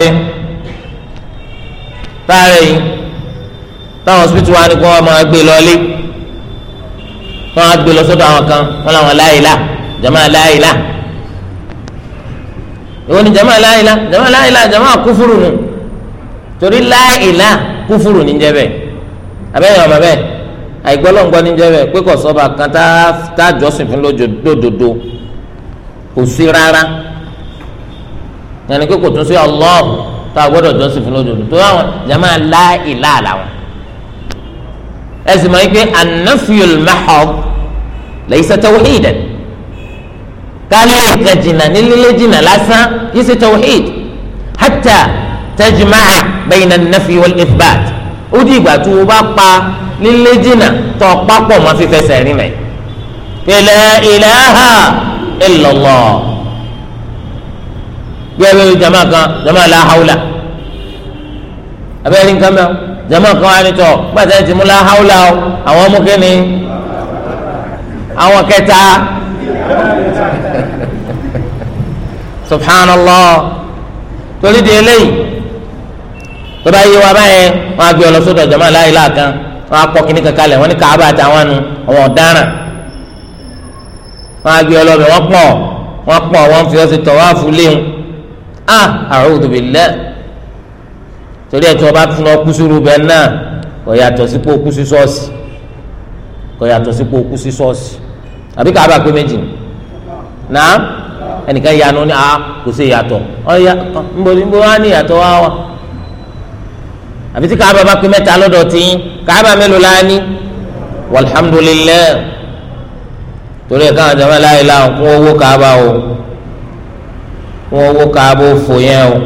pé táàrẹ̀ yìí táwọn hospital wa ni kí wọ́n máa gbé lọ́lé wọ́n á gbé lọ sọ́dọ̀ àwọn kan wọ́n làwọn láìlá jama láìlá ìwọ ni jama láìlá jama láìlá jama kúfúrú nù torí láìlá kúfúrú ní jẹ́ bẹ́ẹ̀ abẹ́yẹn ọmọ bẹ́ẹ̀ àìgbọ́lọ́ngbọ́ ní jẹ́ bẹ́ẹ̀ pé kò sọ́ba kan tá a jọ́sìn fún lódodo kò sí rárá yẹn ni pé kò tún sí Allah tá a gbọ́dọ̀ jọ́sìn fún lódodo tó àwọn jama la ilaha làwọn ẹ sì máa ń pé anafiyul mahab laysa tawhidan kálí ẹ̀ka jìnnà ní lílé jìnnà lásán yìí ṣe tawhid hatta tajma'a bayna an-nafi wal ó di ìgbà tó o bá pa lílé jìnnà tó o pápọ̀ mọ́ fífẹsẹ̀ rìn rẹ̀ la ilaha illallah bí ẹ bẹ lu jama kan jama la hawla abẹ́rẹ́ nǹkan mẹ́wọ́ jama kan wà nítọ̀ gbàtà ẹ̀ ti mú la hawla o àwọn ọmọ kẹ́ni àwọn kẹta subhanallah torí di eléyìí tó bá yé wa báyẹn wọn á gbé ọ lọ sódò jama láyé láàkan wọn á kọ kíní kankan lẹ wọn ní káàbà àtàwọn nu àwọn ọ̀daràn wọn á gbé ọ lọ bẹ wọn pọ̀ wọn pọ̀ wọn fi ọsẹ tọ wọn á fún léwu. a ah, a'udhu billah torí ẹ̀ tí wọ́n bá tún lọ kú sírú bẹ́ẹ̀ náà kò yàtọ̀ sí pé ó kú sí ṣọ́ọ̀ṣì kò yàtọ̀ sí pé kú sí àbí káàbà pé méjì ẹnìkan yanu ah, ni a kò sí ìyàtọ̀ ọ̀ya nbọ wa ni ìyàtọ̀ wa wa àbí tí káàbà bá pé mẹ́ta káàbà mélòó la wọn ka káàbò fò yẹn o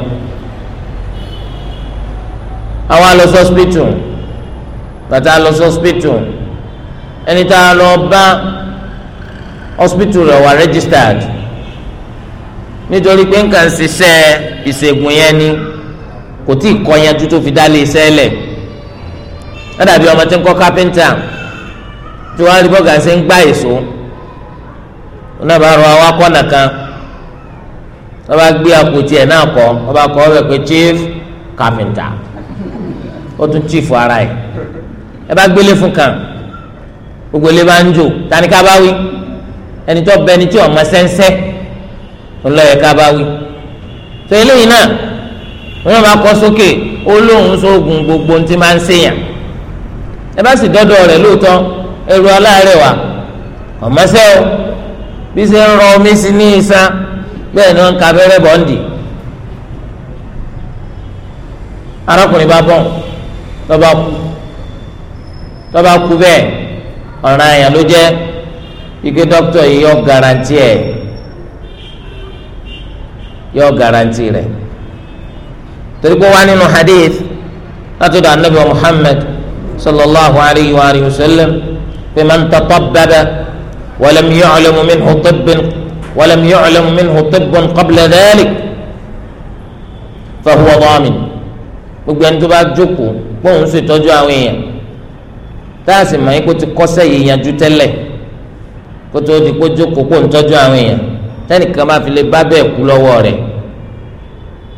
àwọn alọ sọsipítù bàtà alọ ẹni tá a lọ bá ọsipítù rẹ wà rẹjísítàd nítorí pé nǹkan ṣiṣẹ́ ìṣègùn yẹn ni kò tí ì kọ́ yẹn tó tó fi dá lé iṣẹ́ lẹ̀ ẹ ọmọ tí ń kọ́ kápẹ́ńtà tí wọ́n á rí bọ́gà ṣe ń gbá èso bá rọ àwọn akọ́nà wọ́n bá gbé àpótí ẹ̀ náà kọ́ wọ́n bá kọ́ ọ́ bẹ̀ pé chief carpenter ó tún chief ara ẹ̀ ẹ bá gbélé fún kan gbogbo ilé bá ń jò tani ká bá wí ẹni tó bẹ ẹni tí ọmọ sẹ́nsẹ́ ńlọ́yẹ ká bá wí tó eléyìí náà wọ́n bá kọ́ sókè olóhùn sóògùn gbogbo ti máa ń ṣèyàn ẹ bá sì dọ́dọ̀ rẹ̀ lóòótọ́ ẹrù aláàárẹ̀ wa ọ̀mọ́sẹ́ o bí ṣe ń rọ omi sí ní iṣan bẹ́ẹ̀ ni wọ́n ń ka abẹ́rẹ́ bọ́ǹdì arákùnrin bá bọ̀ lọ́ba kú lọ́ba kú bẹ́ẹ̀ ọ̀ràn àyàn ló jẹ́ ike dókítà yìí yọ garanti ẹ̀ yọ garanti rẹ̀ torí pé wá nínú hadith látọ̀dọ̀ anabi muhammed sallallahu alayhi wa sallam pé man tatabbaba wa lam yu'lam minhu tibbun. ولم يعلم منه طب قبل ذلك فهو ضامن gbogbo ẹni tó bá jókòó gbóhùn sí ìtọ́jú àwọn èèyàn tá a sì mọ̀ yín kó ti kọ́sẹ́ yìí yanjú tẹ́lẹ̀ kó tó di kó jókòó kó ń tọ́jú àwọn èèyàn tẹ́nìkan máa fi lè bá bẹ́ẹ̀ kú lọ́wọ́ rẹ̀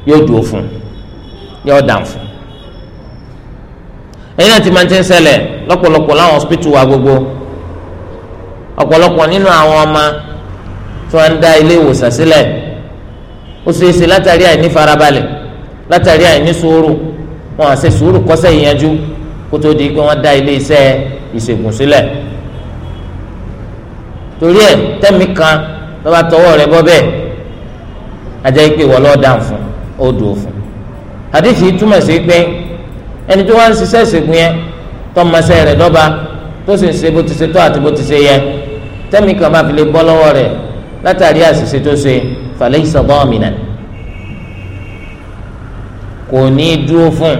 yóò dúró fún yóò dàn fún un. náà ti máa ti ń ṣẹlẹ̀ lọ́pọ̀lọpọ̀ láwọn hospital wa gbogbo ọ̀pọ̀lọpọ̀ nínú àwọn ọmọ tí wọ́n ń dá ilé ìwòsàn sílẹ̀ ó ṣe é ṣe látàrí àìní farabalẹ̀ látàrí àìní sùúrù wọn àṣẹ sùúrù kọ́sẹ̀ ìyanjú kó tó di pé wọ́n dá ilé iṣẹ́ ìṣègùn sílẹ̀ torí ẹ̀ tẹ́mi kan lọ́ba tọwọ́ rẹ bọ́ bẹ́ẹ̀ ajá ìpè wọ́n lọ́ọ́ dàn fún ó dùn fún àdéhìí túmọ̀ sí pé ẹni tó wá ń ṣiṣẹ́ ìṣègùn yẹn tọ́mọṣẹ́ rẹ̀ dọ́ba tó sì ń ṣe bó ti ṣe tó àti bó ti ṣe yẹ tẹ́mi kan fi lè bọ́ lọ́wọ́ rẹ̀ látàrí àṣìṣe tó ṣe falaysa daminan kò ní í dúró fún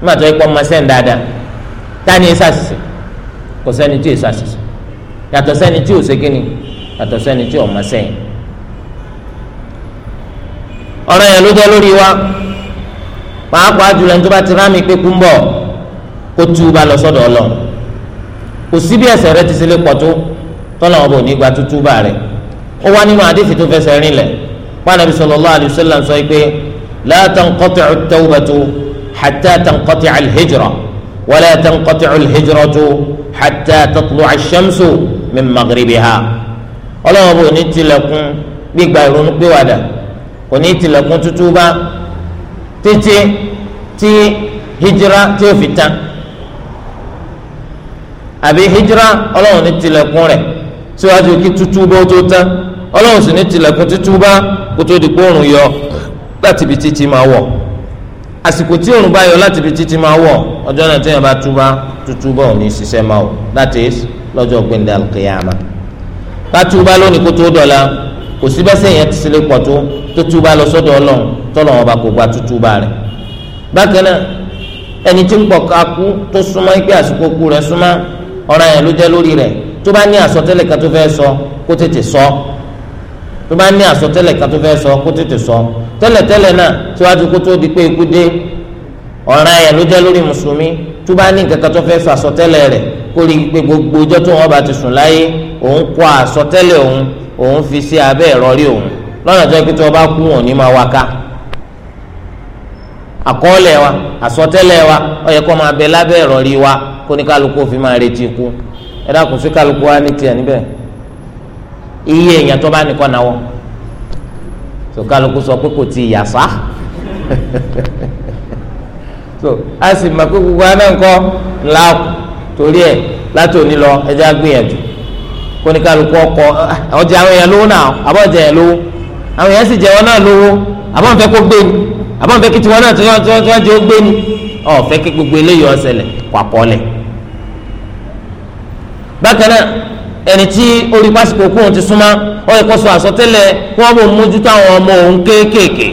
nígbà tó yẹ kó ọmọ sẹ́ni dáadáa tani ẹ ṣàṣìṣe kò sẹ́ni tí ẹ ṣàṣìṣe yàtọ̀ sẹ́ni tí ò ṣe kíni yàtọ̀ sẹ́ni tí ọmọ sẹ́yìn ọ̀rọ̀ yẹn ló dọ́ lórí wa pàápàá jùlọ ní tó bá ti rámi pé kú ń bọ̀ kó tú u bá lọ sọ́dọ̀ ọlọ́ kò síbi ẹ̀ṣẹ̀ rẹ ti ṣe lè pọ̀ tó tọ́lọ̀ ọ̀bọ̀ nígbà tútú bá rẹ̀ ó wá nínú àdéhìí tó fẹsẹ̀ rìn lẹ̀ pàànàbí sallallahu alayhi wa sallam sọ pé la tanqati'u at-tawbatu hatta tanqati'a al-hijra wa la tanqati'u al-hijratu hatta tatlu'a ash-shamsu min maghribiha ọlọ́wọ́ bò ní tilẹ̀kùn gbígba ìrònú pé wàdà kò ní tilẹ̀kùn tútú bá títí tí hijira tí ó fi tán àbí hijira ọlọ́wọ́ ní tilẹ̀kùn rẹ̀ síwájú kí tútúbá ó tó tán ọlọ́run sì ní tilẹ̀kùn tútúbá kó tó di pé òòrùn yọ láti ibi títí máa wọ̀ àsìkò tí òòrùn bá yọ láti ibi títí máa wọ̀ ọjọ́ náà téèyàn bá túbá tútúbá ò ní ṣiṣẹ́ máa wọ̀ that is lọ́jọ́ gbẹ̀ndẹ̀ alkiyama bá túbá lónìí kó tó dọ̀la kò sí bẹ́sẹ̀ yẹn ti sílẹ̀ pọ̀ tó tó túbá lọ sọ́dọ̀ ọlọ́run tọ́lọ́run ọba kò gba tútúbá rẹ̀ bákan náà ẹni tí ń pọ̀ ká tó súnmọ́ pé àsìkò kú rẹ̀ súnmọ́ ọ̀ranyàn tó bá ní àsọtẹ́lẹ̀ kan tó fẹ́ sọ kó tètè sọ tó bá ní àsọtẹ́lẹ̀ kan tó fẹ́ sọ kó tètè sọ tẹ́lẹ̀tẹ́lẹ̀ náà síwájú kó tó di pé ikú dé ọ̀ràn yẹn ló jẹ́ lórí mùsùlùmí tó bá ní nǹkan kan tó fẹ́ sọ àsọtẹ́lẹ̀ rẹ̀ kó rí i pé gbogbo ọjọ́ tó wọn bá ti sùn láyé òun kọ àsọtẹ́lẹ̀ òun òun fi sí abẹ́ ìrọ̀rí òun lọ́nà tó pé tó o bá kú wọn ní máa wá ká wa àsọtẹ́lẹ̀ wa ó máa bẹ lábẹ́ ẹ dákun sí kálukú wa ní tiẹ̀ níbẹ̀ iye èèyàn tó bá nìkan náwó so kálukú sọ pé kò tí yà sá so a sì mọ pé gbogbo aná ńkọ ńlá torí ẹ láti òní lọ ẹjẹ agbìyànjú kó ní kálukú ọkọ ọjà àwọn èèyàn lówó náà àbọ̀ ọjà yẹn lówó àwọn èèyàn sì jẹ wọn náà lówó àbọ̀ nfẹ́ kó gbé ni àbọ̀ nfẹ́ kí tiwọn náà tí wọ́n jẹ́ ó gbé ni ọ̀fẹ́ kí gbogbo eléyìí ọ̀sẹ̀ lẹ̀ wà lẹ̀ bákan náà ẹni tí orí pásítọ̀ kú òun ti súnmọ́ ó yẹ kó sọ àsọtẹ́lẹ̀ kó wọ́n bò mójútó àwọn ọmọ òun kéékèèké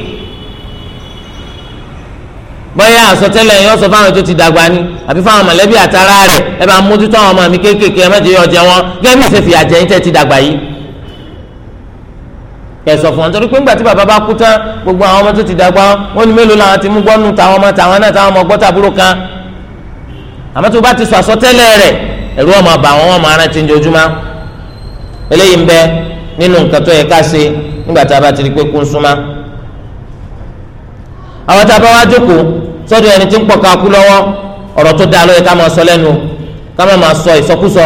bóyá àsọtẹ́lẹ̀ yẹn sọ fáwọn tó ti dàgbà ni àbí fáwọn mọ̀lẹ́bí àtàrà rẹ̀ ẹ bá mójútó àwọn ọmọ mi kéékèèké ẹ mẹ́tẹ̀ẹ́ ọjẹ́ wọn gẹ́gẹ́ bí ìṣèfì àjẹyìn tẹ́ ti dàgbà yìí kẹsọ fún wọn torí pé ńgbà tí bàbá bá kú tán gbogbo àwọn ọmọ tó ti dàgbà wọn ni mélòó làwọn ti mú gbọ́nù tàwọn ọmọ tàwọn náà tàwọn ọmọ gbọ́tàbúrò kan àmọ́ tó bá ti sọ àsọtẹ́lẹ̀ rẹ̀ ẹ̀rú ọmọ àbá wọn wọn máa rántí ojoojúmọ́ eléyìí ń bẹ nínú nǹkan tó yẹ ká ṣe nígbà tá a bá ti rí pé kú ń súnmọ́ àwọn tá a bá wá jókòó sọ́dọ̀ ẹni tí ń kú tó dáa ká máa sọ ká máa máa sọ ìsọkúsọ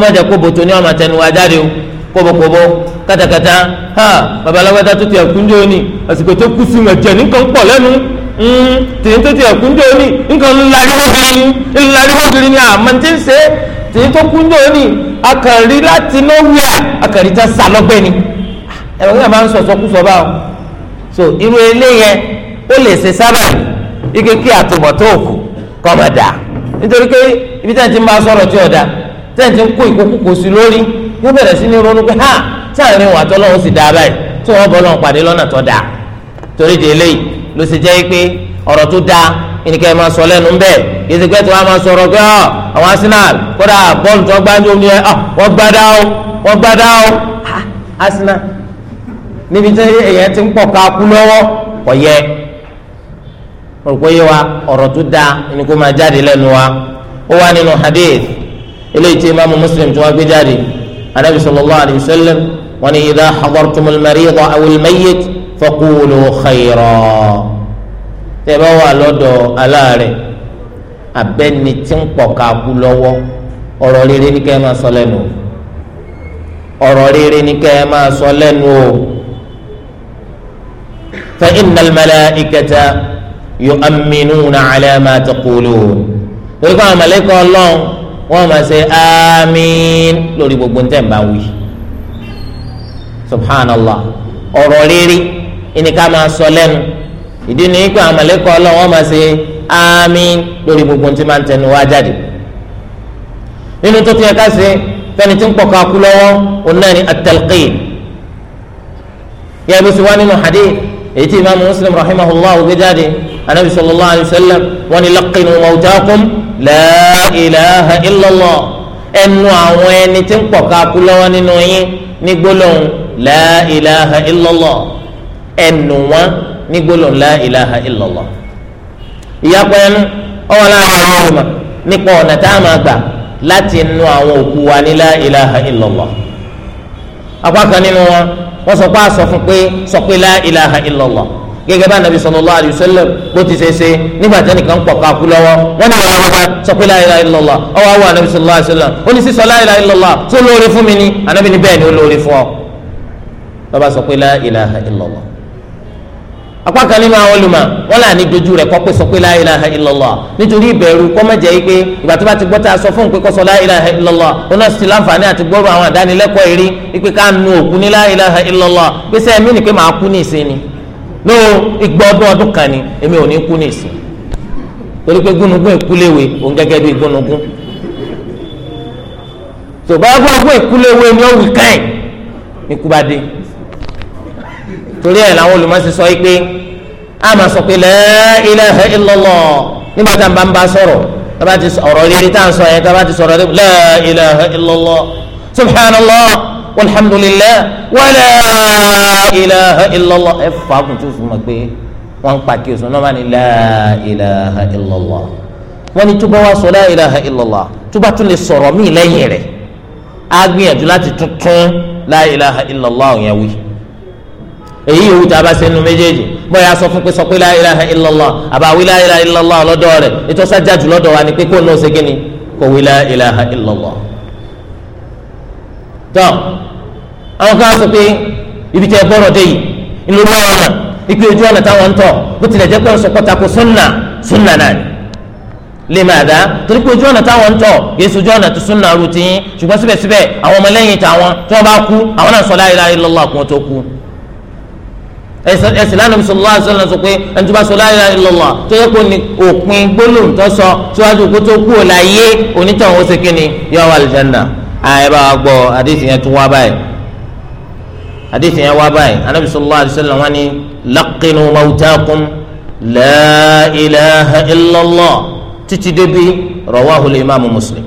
má ní ọmọ o kátàkátà ha babaláwátá tó ti ẹ̀kúnjẹ́ òní àsìkò tó kú sí hmm, tèyí tó ti ẹ̀kúnjẹ́ òní nǹkan ni ni àmọ́ ti tèyí tó kú ní òní akànrí láti nọ́wíà akànrí tán sá lọ́gbẹ́ ni ẹ̀rọ yẹn máa ń sọ̀sọ́ kú sọ́ba o so irú ilé yẹn ó lè ṣe sábà ike kí àtúbọ̀ tó kù kọ́ dà nítorí pé ibi tẹ́ǹtì ń sọ̀rọ̀ tí ọ̀dà tẹ́ǹtì ń kó ìkókùkò sí lórí yóò bẹ̀rẹ̀ sí ní ronú pé ha sáàrin wà sì báyìí tí wọ́n bọ́ lọ́nà tó torí di eléyìí ló ṣe jẹ́ pé ìníkẹ́ ẹ máa sọ lẹ́nu ń bẹ̀ ìsìnkú ẹ̀ tí wọ́n máa sọ̀rọ̀ pé ọ àwọn Arsenal kódà bọ́ọ̀lù tó gbá ní ọ ah, wọ́n gbádá o wọ́n gbádá o Arsenal níbi tí èèyàn ti ń pọ̀ ká kú lọ́wọ́ kò yẹ orúkọ yé wa ọ̀rọ̀ tó dáa ẹni kó máa jáde lẹ́nu wa ó wà nínú hadith eléyìí tí imaamu Muslim tí wọ́n gbé jáde anabi sallallahu alayhi wa sallam wọ́n ní idha hadartumul marida awil mayyit faqulu khayra tẹ́ bá wà lọ́dọ̀ aláàárẹ̀ abẹ́ni tí ń pọ̀ ká kú lọ́wọ́ ọ̀rọ̀ rere ní kẹ́ ẹ máa sọ lẹ́nu o ọ̀rọ̀ rere ní kẹ́ ẹ máa sọ lẹ́nu o fa innal malaikata yu'minuna ala ma taqulun torí kọ́ àwọn ọlọ́run wọ́n máa ṣe àmín lórí gbogbo ní tẹ̀ wí subhanallah ọ̀rọ̀ rere ní ká máa sọ lẹ́nu ìdí ni pé àmàlẹ́kọ̀ ọlọ́wọ́ máa ṣe àmín lórí gbogbo tí máa ń tẹnu wá jáde nínú tó ti yẹ ká ṣe fẹni tí ń pọ̀ káku lọ́wọ́ òun náà ni at-talqin yẹ bí sọ wá nínú hadith èyí tí imaamu muslim rahimahullah gbé jáde anabi sallallahu alayhi wa sallam wọn ni laqinu mawtakum la ilaha ẹnu àwọn ẹni tí ń pọ̀ káku lọ́wọ́ nínú yín ní gbólóhùn la ilaha ẹnu wọn ní gbólóhùn la ilaha illallah ìyapa ẹnu ọwọ́ láàrin àwọn olùmọ̀ nípa ọ̀nà tá a máa gbà láti nu àwọn òkú wa ní la ilaha illallah apá kan nínú wọn wọ́n sọ pé a sọ fún pé sọ pé la ilaha illallah gẹ́gẹ́ bá nàbí sallallahu alayhi wa sallam bó ti ṣeéṣe nígbà tí ẹnìkan pọ̀ káàkú lọ́wọ́ wọ́n ní ìlànà bá sọ pé la ilaha illallah ọwọ́ àwọn ànàbí sallallahu alayhi wa ó ní sísọ la ilaha illallah tó lóore fún mi ni ànàbí ni bẹ́ẹ̀ ni ó lóore fún ọ lọ́ba sọ pé la ilaha illallah apákan nínú àwọn olùmọ̀ wọn là ní dojú rẹ̀ kọ́pẹ́ sọ pé la ilaha illallah nítorí ìbẹ̀rù kọ́mọ̀jẹ́ yìí pé ìgbà tó bá ti gbọ́ tá a sọ fún un pé kó sọ la ilaha illallah ó náà sì láǹfààní àti gbọ́rọ̀ àwọn àdánilẹ́kọ̀ọ́ eré ipe ká nu òkú ní la ilaha pé sẹ́yìn mí ni pé màá kú ní ìsìn ni ló igbó ọdún ọdún kan ni èmi ò ní kú ní ìsìn torí pé gúnugún èkúléwe òun gẹ́gẹ́ bí gúnugún tòbá gbọ́nugún èkúléwe torí ẹ̀ làwọn olùmọ̀ọ́sí sọ yìí pé a máa sọ pé la ilaha illallah nígbà tá à ń bá ń bá sọ̀rọ̀ tábà ti ọ̀rọ̀ rere tá à ń sọ yẹn tábà ti sọ̀rọ̀ la ilaha illallah subhanallah walhamdulillah wala ilaha illallah ẹ fàákùn tó fi mọ̀ pé wọ́n ń pa kí o sọ náà wọ́n ní la ilaha illallah wọ́n ní túbọ̀ wá sọ la èyí yòówù tá a bá sẹnu méjèèjì bóyá sọ fún pé sọ pé la ilaha illallah àbáwí la ilaha illallah lọ́dọ̀ rẹ̀ ìtọ́sájà jù lọ́dọ̀ wa ni pé kó náà ṣe kíni kò wí la ilaha illallah. tọ́ àwọn kan sọ pé ibi tẹ bọ́rọ̀ dé yìí ìlú wọn ọ̀nà ìpè ojú ọ̀nà táwọn ń tọ̀ bó tilẹ̀ jẹ́ pé ń sọ pọ́tàkó sunna sunna náà ni limada torí pé ojú ọ̀nà táwọn ń tọ̀ yéésù ojú ọ̀nà tó sunna rú ṣùgbọ́n síbẹ̀síbẹ̀ àwọn ọmọlẹ́yìn tàwọn tí wọ́n bá kú àwọn náà sọ la ilaha illallah kún tó kú ẹsẹ lánàá bisalòlá àṣọlá sọ pé ẹni tó bá sọ láyé lọlọ tó yẹ kó ní òpin gbólóhùn tó sọ síwájú kó tó kú láyé onítọ̀hún ó ṣe kí ni yọ wà lìjẹ́ndà àyè bá wa gbọ́ àdéhìí yẹn tó wá báyìí àdéhìí yẹn wá báyìí anábì sọlá àṣọlá wọn ni lakinu mawtakum la ilaha títí débi rọwáhu lè máàmù muslim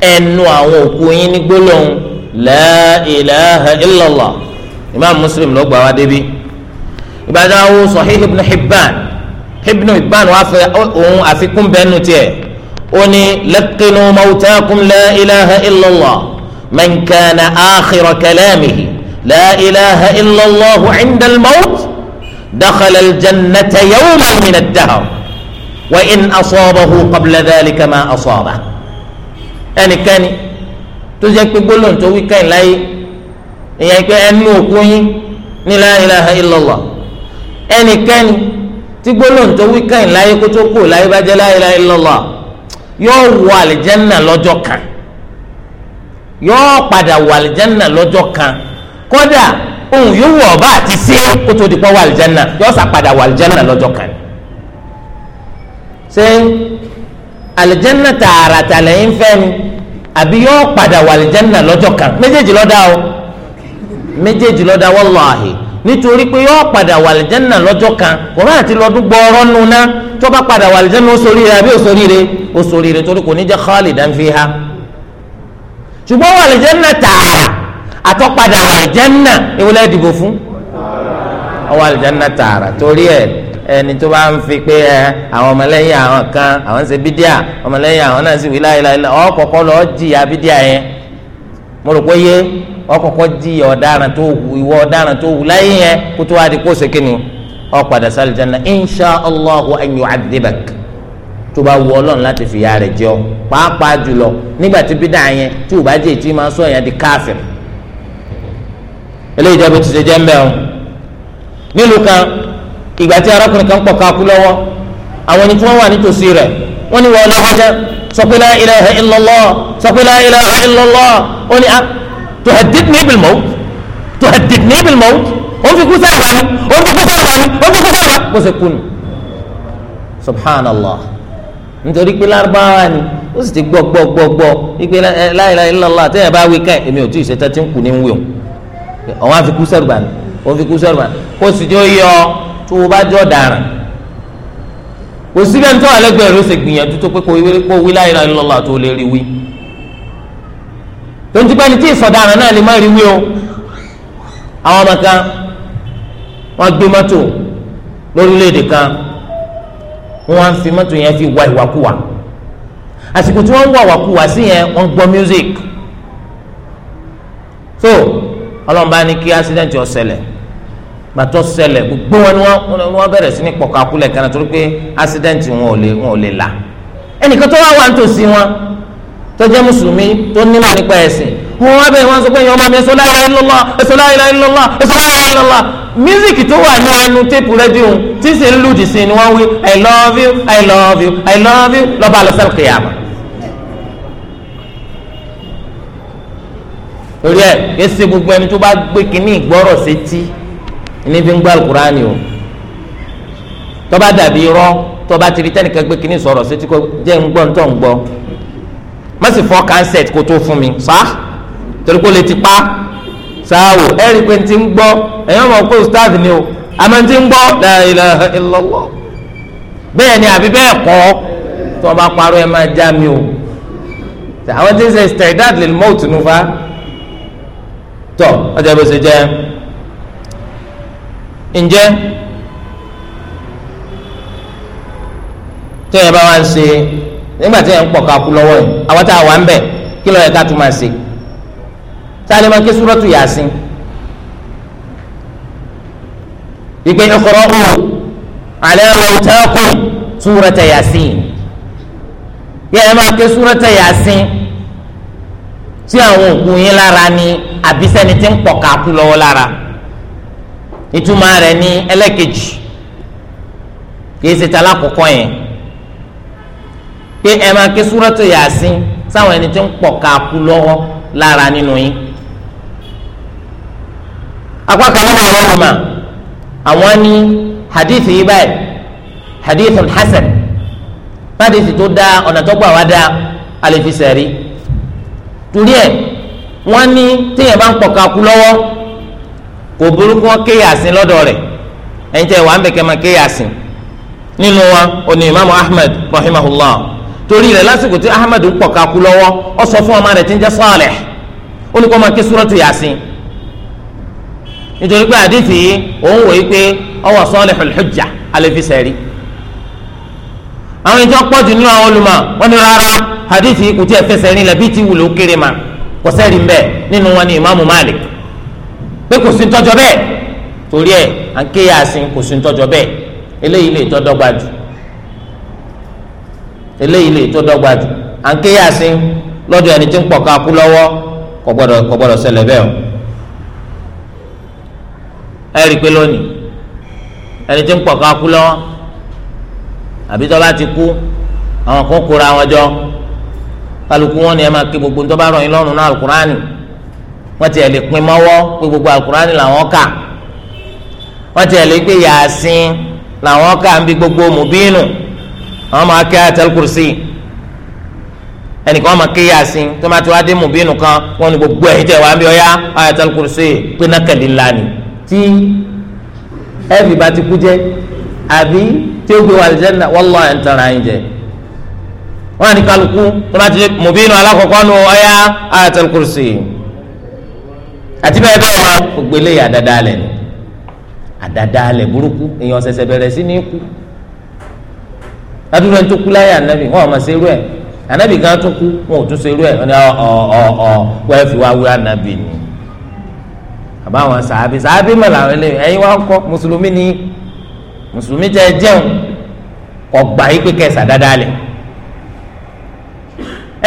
ẹnu àwọn òkú yín ní gbólóhùn la ilaha imam muslim ló gbà wá débi ìbàdàn awo sahih ibn hibban ibn hibban wà fẹ òun àfikún bẹnu tiẹ ó ní laqinu mawtakum la ilaha illallah man kana akhira kalamihi la ilaha illallah inda almawt dakhala aljannata yawman min ad-dahr wa in asabahu qabla dhalika ma asaba ẹnikẹ́ni tó jẹ́ pé gbólóhùn tó wí kẹ́hìn láyé ìyẹn pé ẹnu òkú yín ní la ilaha illallah ẹnikẹ́ni tí gbólóhùn tó wí kàn láyé kó tó kú láyé bá jẹ́ la ilaha illallah yóò wọ àlìjẹ́nà lọ́jọ́ kan yóò padà wọ àlìjẹ́nà lọ́jọ́ kan kódà òun yóò wọ ọba àti sí kó tó di pọ́ wọ àlìjẹ́nà yóò sà padà wọ àlìjẹ́nà lọ́jọ́ kan ṣé àlìjẹ́nà tààràtà lẹ́yìn fẹ́ mi àbí yóò padà wọ àlìjẹ́nà lọ́jọ́ kan méjèèjì lọ́dà o méjèèjì lọ́dà wàláhì nítorí pé yóò padà wà àlìjẹ́nà lọ́jọ́ kan kò náà ti lọ́dún gbọ́ọ́rọ́ nu ná tó bá padà wà àlìjẹ́nà oṣooríire àbí oṣooríire oṣooríire torí kò ní jẹ́ khalidan fiha ṣùgbọ́n wà àlìjẹ́nà tààrà àtọ́padà wà àlìjẹ́nà ìwọlẹ́ ìdìbò fún ọwọ́ àlìjẹ́nà tààrà torí ẹ̀ ẹni tó bá ń fi pé ẹ àwọn ọmọlẹ́yìn àwọn kan àwọn ṣe bídíà ọmọlẹ́yìn àwọn náà sì wí láyé láyé ọ kọ̀kọ́ lọ jìyà bídíà yẹn mo rò pé yé ọkọ̀kọ́ di ọ̀daràn tó wù ìwọ ọ̀daràn tó wù láyé yẹn kó tó wá di kó sèké ni ọ padà sálì jẹ́nà insha allahu an yu'adhibak tó bá wù ọlọ́run láti fìyà rẹ̀ jẹ́ ọ pàápàá jùlọ nígbà tí bídà yẹn tí ò bá jẹ́ ìtì máa sọ yẹn di káfírì eléyìí jẹ́ bó ti ṣe jẹ́ ń bẹ̀ ọ́ nílùú kan ìgbà tí arákùnrin kan pọ̀ káàkú lọ́wọ́ àwọn ẹni tí wọ́n wà nítòsí rẹ̀ wọ́n ní wọ́n lọ́wọ́ jẹ́ sọ pé la ilaha illallah sọ pé la ilaha illallah ó ní ah, tuhaddithni bil maut tuhaddithni bil maut ó fi kú sáàbà ni ó fi kú sáàbà ni ó fi kú sáàbà bó ṣe kú ni subhanallah nítorí pé lárúbáwá ni ó sì ti gbọ́ gbọ́ gbọ́ gbọ́ ìpè la ilaha illallah àtẹ̀yẹ̀ bá wí ká èmi ò tí ì ṣe tẹ́tí ń kù ní wíwọ̀n àwọn àfikún sẹ́rùbà ni wọ́n fi kú sẹ́rùbà ni kó sì jọ yọ tó o bá jọ dàrán kò síbẹ̀ nítorí àlẹ́gbẹ̀ẹ́ rẹ̀ ó sì gbìyànjú tó pé kó wí la ilaha illallah tó lè rí wí tontìpẹ́ni tí ìsọ̀daràn náà lè má rí wí o àwọn ọmọ kan wọ́n gbé mọ́tò lórílẹ̀‐èdè kan wọ́n fi mọ́tò yẹn fi wá ìwàkuwà àsìkò tí wọ́n ń wá ìwàkuwà sí yẹn wọ́n gbọ́ music so ọlọ́run bá ní kí accident ó ṣẹlẹ̀ gbàtọ́ ṣẹlẹ̀ gbogbo wọn ni wọ́n bẹ̀rẹ̀ sí ní pọ̀kàkulẹ̀ kan torí pé accident wọn ò lè wọn ò lè là ẹnìkan tó wá wà nítòsí wọn tó jẹ́ mùsùlùmí tó nímọ̀ nípa ẹ̀sìn wọn wá bẹ́ẹ̀ wọ́n sọ pé ọmọ mi ẹ̀sọ́ la ilaha illallah ẹ̀sọ́ la ilaha illallah ẹ̀sọ́ la ilaha illallah mísíkì tó wà ní ẹnu téèpù rẹ́díò tí sì ń lùdì sí ni wọ́n wí i love you i love you i love you lọ́ba àlọ́sẹ̀lẹ̀ kìyàmà. torí ẹ kése gbogbo ẹni tó bá gbé kínní ìgbọ́rọ̀ sétí ní fi ń gbọ́ alukurani o tó bá dàbí irọ́ tó bá ti rí tẹ́nìkan gbé kínní sọ̀rọ̀ sétí kó jẹ́ ń gbọ́ ń tọ́ ń gbọ́ má sì fọ́ kánṣẹ́t kó tó fún mi sá torí kó lè ti pa sáwò ẹ̀rí pé ti ń gbọ́ ẹ̀yàn mọ̀ pé ustaz ni o àmọ́ ti ń gbọ́ la ilaha illallah bẹ́ẹ̀ ni àbí bẹ́ẹ̀ kọ́ tí wọ́n bá parọ́ ẹ máa já mi o àwọn tí ń ṣe istidad lil maut nu fa tọ́ ọjà bó ṣe jẹ́ ǹjẹ́ tẹ́yẹ bá wá ń ṣe nígbà tí yẹn ń pọ̀ ká kú lọ́wọ́ yìí àwọn tá a wà ń bẹ̀ kí ló yẹ ká tún máa ṣe sáré máa ké súrọ́tù yàsín ìpè ìkọ̀rọ̀ ọ̀hún alẹ́ ọ̀hún tẹ́kù súrọ́tà yàsín yẹ ẹ máa ké súrọ́tà yàsín tí àwọn òkú yín lára ni àbísẹ́ni tí ń pọ̀ ká kú lọ́wọ́ lára ìtumọ̀ rẹ̀ ní ẹlẹ́kejì kì í ṣe tala kọ̀kọ́ yẹn. pé ẹ máa ké súrọ́tù yàsín sáwọn ẹni tí ń pọ̀ káàkú lọ́wọ́ lára nínú yín. apá kan nínú àwọn àwọn ní hadith yìí báyìí hadith hasan hadith tó dáa ọ̀nà tó gbà wá dáa àlefisẹ̀rí torí ẹ̀ wọ́n ní téèyàn bá ń pọ̀ káàkú lọ́wọ́ kò burúkú wọn ké yàsín lọ́dọ̀ rẹ̀ ẹ̀yin ń bẹ̀kẹ́ máa ké yàsín nínú oní imaamu ahmed torí rẹ̀ lásìkò tí ahmed ń pọ̀ka kú lọ́wọ́ ó sọ fún ọmọ rẹ̀ tí ń jẹ́ Saleh ó ní kó máa ké súrọ́tù Yasin nítorí pé àdìsí yìí òun wòye pé ọwọ́ Salihul Hujja alẹ́fisẹ́ rí àwọn ìjọ pọ̀jù nínú àwọn olùmọ̀ wọn ni rárá àdìsí yìí kò tí ẹ fẹsẹ̀ rìn lẹ́bí tí wùlò kéré ma kò sẹ́rìí mbẹ́ nínú wọn ni Imam Malik pé kò sí ń tọ́jọ́ bẹ́ẹ̀ torí ẹ̀ à kò sí ń tọ́jọ́ bẹ́ẹ̀ eléyìí lè tọ́ dọ́gba jù eléyìí lè tó dọ́gba jù à ń ké yàsín lọ́dọ̀ ẹni tí ń pọ̀ ká kú lọ́wọ́ kò gbọ́dọ̀ kò gbọ́dọ̀ ṣẹlẹ̀ bẹ́ẹ̀ o ẹ rí i pé lónìí ẹni tí ń pọ̀ ká kú lọ́wọ́ àbí tó bá ti kú àwọn kan kóra wọn jọ kálukú wọn ni ẹ máa ké gbogbo tó bá rọ̀ yín lọ́rùn náà alukurani wọ́n ti ẹ̀ lè pin mọ́wọ́ pé gbogbo alukurani làwọn kà wọ́n ti ẹ̀ lè pé yàsín làwọn kà ń bi gbogbo mùbínú àwọn máa kí ayatul kursi ẹnìkan máa kí yasin tó máa ti wá dé mùbínú kan wọn ni gbogbo ẹ̀yin tẹ̀ wá bí ọyá ayatul kursi pé nákàlí ńlá ni tí ẹ̀fì bá ti kú jẹ́ àbí tí ó gbé wà lẹ́jẹ̀ náà wọ́n lọ́ ẹ̀ ń tàn ráyìn wọn ni kálukú tó máa ti mùbínú nu ọyá ayatul kursi àti bẹ́ẹ̀ bẹ́ẹ̀ lọ gbélé àdàdà alẹ̀ ni àdàdà alẹ̀ burúkú èèyàn ṣẹ̀ṣẹ̀ bẹ̀rẹ̀ sí ní kú adúlọ ẹni tó kú láyé ànábì wọn ò mà ṣe irú ẹ ànábì gan tó kú wọn ò tún ṣe irú ẹ wọn ni ọ ọ ọ wọ́n fi wá wí ànábì ni àbá wọn sàábì sàábì mọ̀ làwọn eléyìí ẹ̀yin wá kọ́ mùsùlùmí ni mùsùlùmí jẹ́ jẹun ọgbà yìí pé kẹsà dáadáa lẹ̀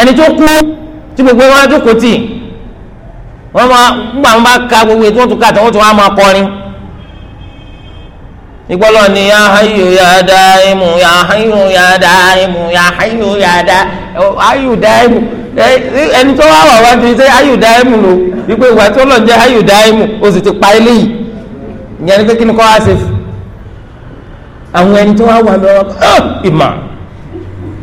ẹni tó kú tí gbogbo wọn á tì wọ́n máa ń gbà wọn bá ka gbogbo ètò wọn tún ká àtàwọn tún wọn máa kọrin ìgbọ́lọ̀ ni ya hayu ya daimu ya hayu ya daimu ya hayu ya da hayu daimu ẹni tó wá wà wá ti ṣe hayu daimu lò wípé ìwà tó lọ jẹ hayu daimu o sì ti pa eléyìí ìyẹn ni kékeré kọ́ wá ṣe fún àwọn ẹni tó wá wà lọ ìmọ̀ ah,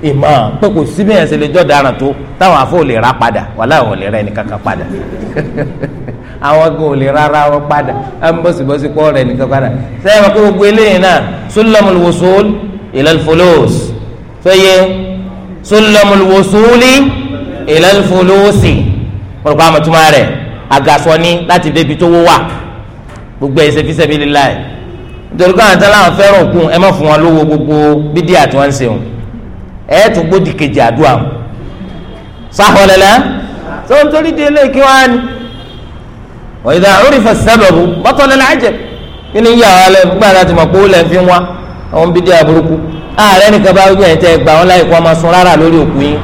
ìmọ̀ pé kò síbi ẹ̀sìn lè jọ́ daràn tó táwọn afọ́ ò lè ra padà wàhálà ò lè ra ẹni kankan padà àwọn gan ò lè rárá wọn padà à ń bọ̀sibọ̀si pọ̀ rẹ̀ nìkan padà sẹ́yìn wọn kó gbogbo eléyìí náà sulamul wusul ilal fulus fẹ́yẹ sulamul wusuli ilal fulusi wọn kó àmọ̀ túmọ̀ rẹ̀ àgàsọ ni láti débi tó wó wà gbogbo ẹ̀ ṣẹ́fí sẹ́bi lílá ẹ̀ nítorí káwọn àti aláwọn fẹ́ràn òkun ẹ má fún wọn lówó gbogbo bídí àti wọn ń ṣe tún gbódì kejì àdúrà wọn sáhọ́ lẹ́lẹ́ tó délé kí wọ́n á ní wa idha urifa sababu bọ́tọ̀ lẹ́nu àjẹ kí ni yàrá lẹ gbàdá ti mọ̀ pé ó lẹ́ fi wá àwọn bídí àbúrúkú ààrẹ nìkan bá wíwẹ̀ tẹ gbà wọn láì kó ọmọ sun rárá lórí òkú yín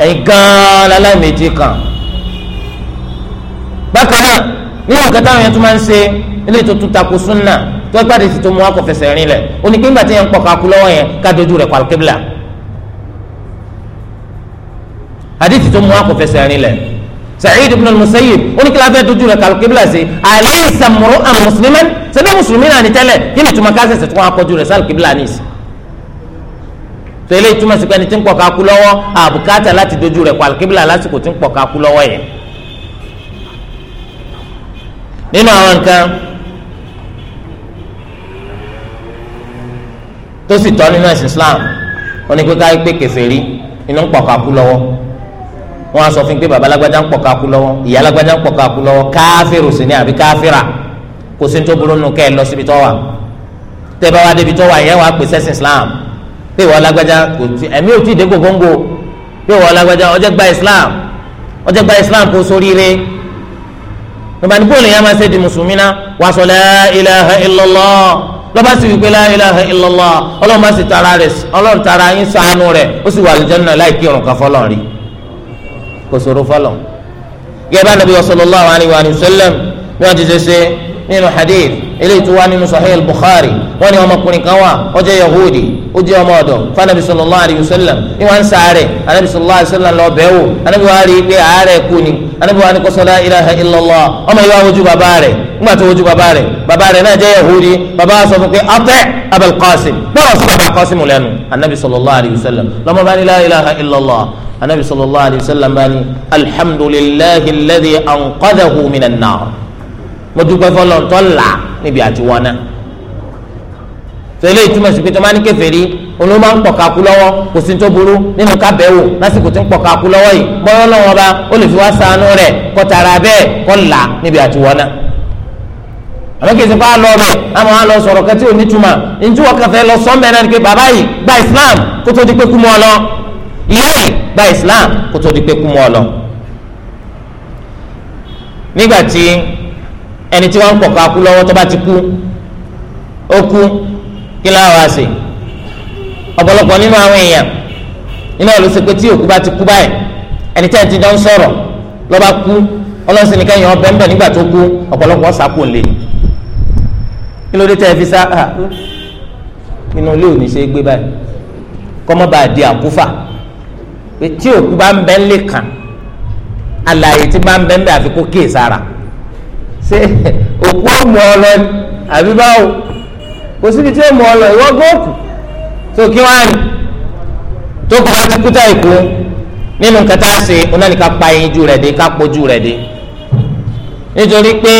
ẹ̀yin gan-an láláì kan bákan náà nínú ọ̀gá táwọn yẹn tún máa ń ṣe ilé tuntun tako sunna tó gbàdé ti tó mu wọn kò fẹsẹ̀ rìn lẹ̀ oníkéńgbà tí yẹn ń pọ̀ kakú lọ́wọ́ yẹn ká rẹ̀ kwalkébìlà àdìtì tó mu wọn kò fẹsẹ̀ rìn lẹ̀ Sa'id ibn al-Musayyib oníkìláfẹ́ dojú rẹ̀ kàlùkìbìlà sí alaysa imru'an musliman sẹ́bẹ̀ mùsùlùmí náà ní tẹ́lẹ̀ kí ni túmọ̀ káṣẹ̀ṣẹ̀ tí wọ́n akọ́jú rẹ̀ sàlùkìbìlà ní ìsìn tó eléyìí túmọ̀ sí pé ẹni tí ń pọ̀ ká kú Abukata àbùkátà láti dojú rẹ̀ kàlùkìbìlà lásìkò tí ń pọ̀ ká kú lọ́wọ́ yẹn. nínú àwọn nǹkan tó sì tọ́ nínú ẹ̀sìn Islam oníkpékáyé pé kèfèrí inú ń pọ̀ ká kú lọ́wọ́ wọn á sọ fún mi pé baba alágbájá ń pọ̀ káku lọ́wọ́ ìyá alágbájá ń pọ̀ káku lọ́wọ́ káfíìrù sí ni àbí káfíìrà kò sí tó burú nù kẹ́ ẹ lọ síbi tó wà tẹ́ bá wá débi tó wà yẹn wàá pè sẹ́sìn Islam pé ìwọ alágbájá ẹ̀mí ò tí ì dé gògóńgò pé ìwọ alágbájá ọjọ́ gba Islam ọjọ́ gba Islam kó sóríire nígbà tí bóòlù yẹn máa ṣe di mùsùlùmí ná wàá sọ lọ́ba sì wípé la ilaha illallah ọlọ́run bá sì tara rẹ̀ ọlọ́run tara yín ṣàánú rẹ̀ ó sì wà àlùjànnà láì kírun kan fọlọ́run rí kò sòro fọlọ gẹ́gẹ́ nabi sallallahu alayhi wa sallam bí wọ́n ti ṣe ṣe nínú hadith eléyìí tó wá nínú sahih al-bukhari wọ́n ní ọmọkùnrin kan wà ó jẹ́ yahudi ó jẹ́ ọmọ ọ̀dọ̀ fanabi sallallahu alayhi wa sallam ní wọ́n ń sàárẹ̀ anabi sallallahu alayhi wa sallam lọ bẹ́ẹ̀ wò anabi wa rí i pé àárẹ̀ kú ni anabi wa ní kọ́sọ́lá ilaha illallah ọmọ yìí wá wojú bàbá rẹ̀ nígbà tó wojú bàbá rẹ̀ bàbá rẹ̀ náà jẹ́ yahudi bàbá sọ fún pé atẹ́ abel qasim bẹ́ẹ̀ sọ bàbá qasim lẹ́nu anabi sallallahu alayhi wa sallam ilaha illallah anabi sallallahu alayhi wa sallam bá ní alhamdulillahi alladhi anqadhahu minan nar mo dúpẹ́ fọlọ́n tó là níbi àti wọná tẹlẹ ìtumọ̀ sí pé tó máa ní kèfèrí olú máa ń pọ̀ kakú lọ́wọ́ kò sí tó burú nínú kábẹ́wò lásìkò tí ń pọ̀ kakú lọ́wọ́ yìí bọ́lá lọ́wọ́ bá ó lè fi wá níbi àti wọná àwọn kìí sèpá lọ bẹ àmọ́ àlọ sọ̀rọ̀ kẹtí onítùmọ̀ ntí kẹfẹ lọ sọmbẹ náà ni pé bàbá yìí gba Islam kó di pé kú lọ ìyá yìí islam kó tó di pé kú mọ́ ọ lọ. nígbà tí ẹni tí wọ́n ń pọ̀ka kú lọ́wọ́ tó bá ti kú ó kú kí láwọn á ṣe ọ̀pọ̀lọpọ̀ nínú àwọn èèyàn nínú ọ̀lọ́sẹ̀ pé tí òkú bá ti kú báyìí ẹni tí ẹni tí wọ́n ń sọ̀rọ̀ lọ́ba kú ọlọ́sìn ní kẹ́yìn ọbẹ̀ ńbẹ̀ nígbà tó kú ọ̀pọ̀lọpọ̀ sápò lé kí ló dé tẹ́ ẹ fi sá ah, inú ilé ò ní ṣe é gbé báyìí kọ́mọ́ bá a di àkúfà pé tí òkú bá ń bẹ́ ń lè kàn àlàyé tí bá ń bẹ́ ń bẹ́ àfikún kéè sára ṣé òkú ó mú ọ lọ ni àbí báwo kò síbi tí ó mú ọ lọ ìwọ gbọ́ òkú tó kí wọ́n á ní tó kọ́ bá ti kú tá ìkú nínú nǹkan tá a ṣe oná ní ká pa ẹyinjú rẹ̀ dé ká pojú rẹ̀ dé nítorí pé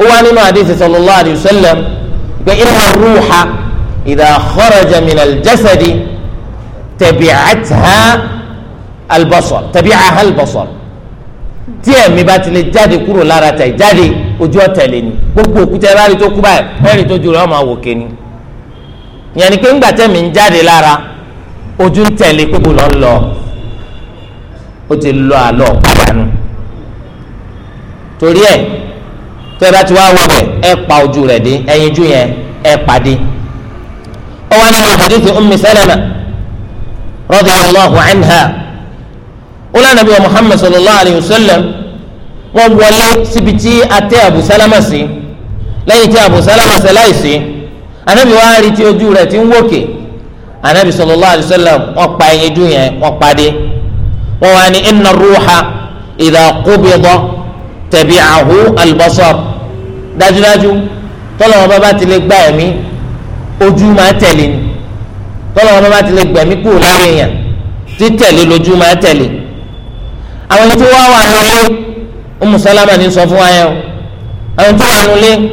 ó wá nínú àdéhùn sallallahu alaihi wasallam pé inna ruha idha kharaja min tabi'atha al-basar tabi'aha al-basar tí ẹ̀mí bá ti lè jáde kúrò lára tẹ̀ jáde ojú ọ̀tẹ̀lẹ̀ ni gbogbo òkúta ẹ̀rọ tó kú báyìí ẹ̀rì tó ju rẹ̀ ọmọ àwòké ni yẹn ni pé ńgbà tẹ̀mí ń jáde lára ojú ń tẹ̀lé gbogbo lọ́n lọ ó ti lọ àlọ́ pàdánù torí ẹ̀ tó ẹ bá ti wá wọ bẹ̀ ẹ pa ojú rẹ̀ dé ẹyinjú yẹn ẹ pàdé ó wá nínú hadith Ummi Salama radiyallahu anha ọlá nàbí wa muhammad sallallahu alayhi wa sallam wọ́n wọlé síbi tí atẹ abu salama sí lẹ́yìn tí abu salama sí láìsí anabi wa rí tí ojú rẹ̀ ti ń wòkè anabi sallallahu alayhi wa sallam wọ́n pa ẹyin dùn yẹn wọ́n padé wọ́n wá ní inna ruuxa idha qubida tabi'ahu albasar dájúdájú tọ́lọ́mọba bá ti lè gbá ẹ̀mí ojú máa tẹ̀lé ni. tọlọ wọn bá ti lè gbẹ̀mí kúrò lára èèyàn títẹ̀lé lójú máa tẹ̀lé àwọn ẹni tí wọ́n wà nílé ọmọ ní sọ fún wa yẹn o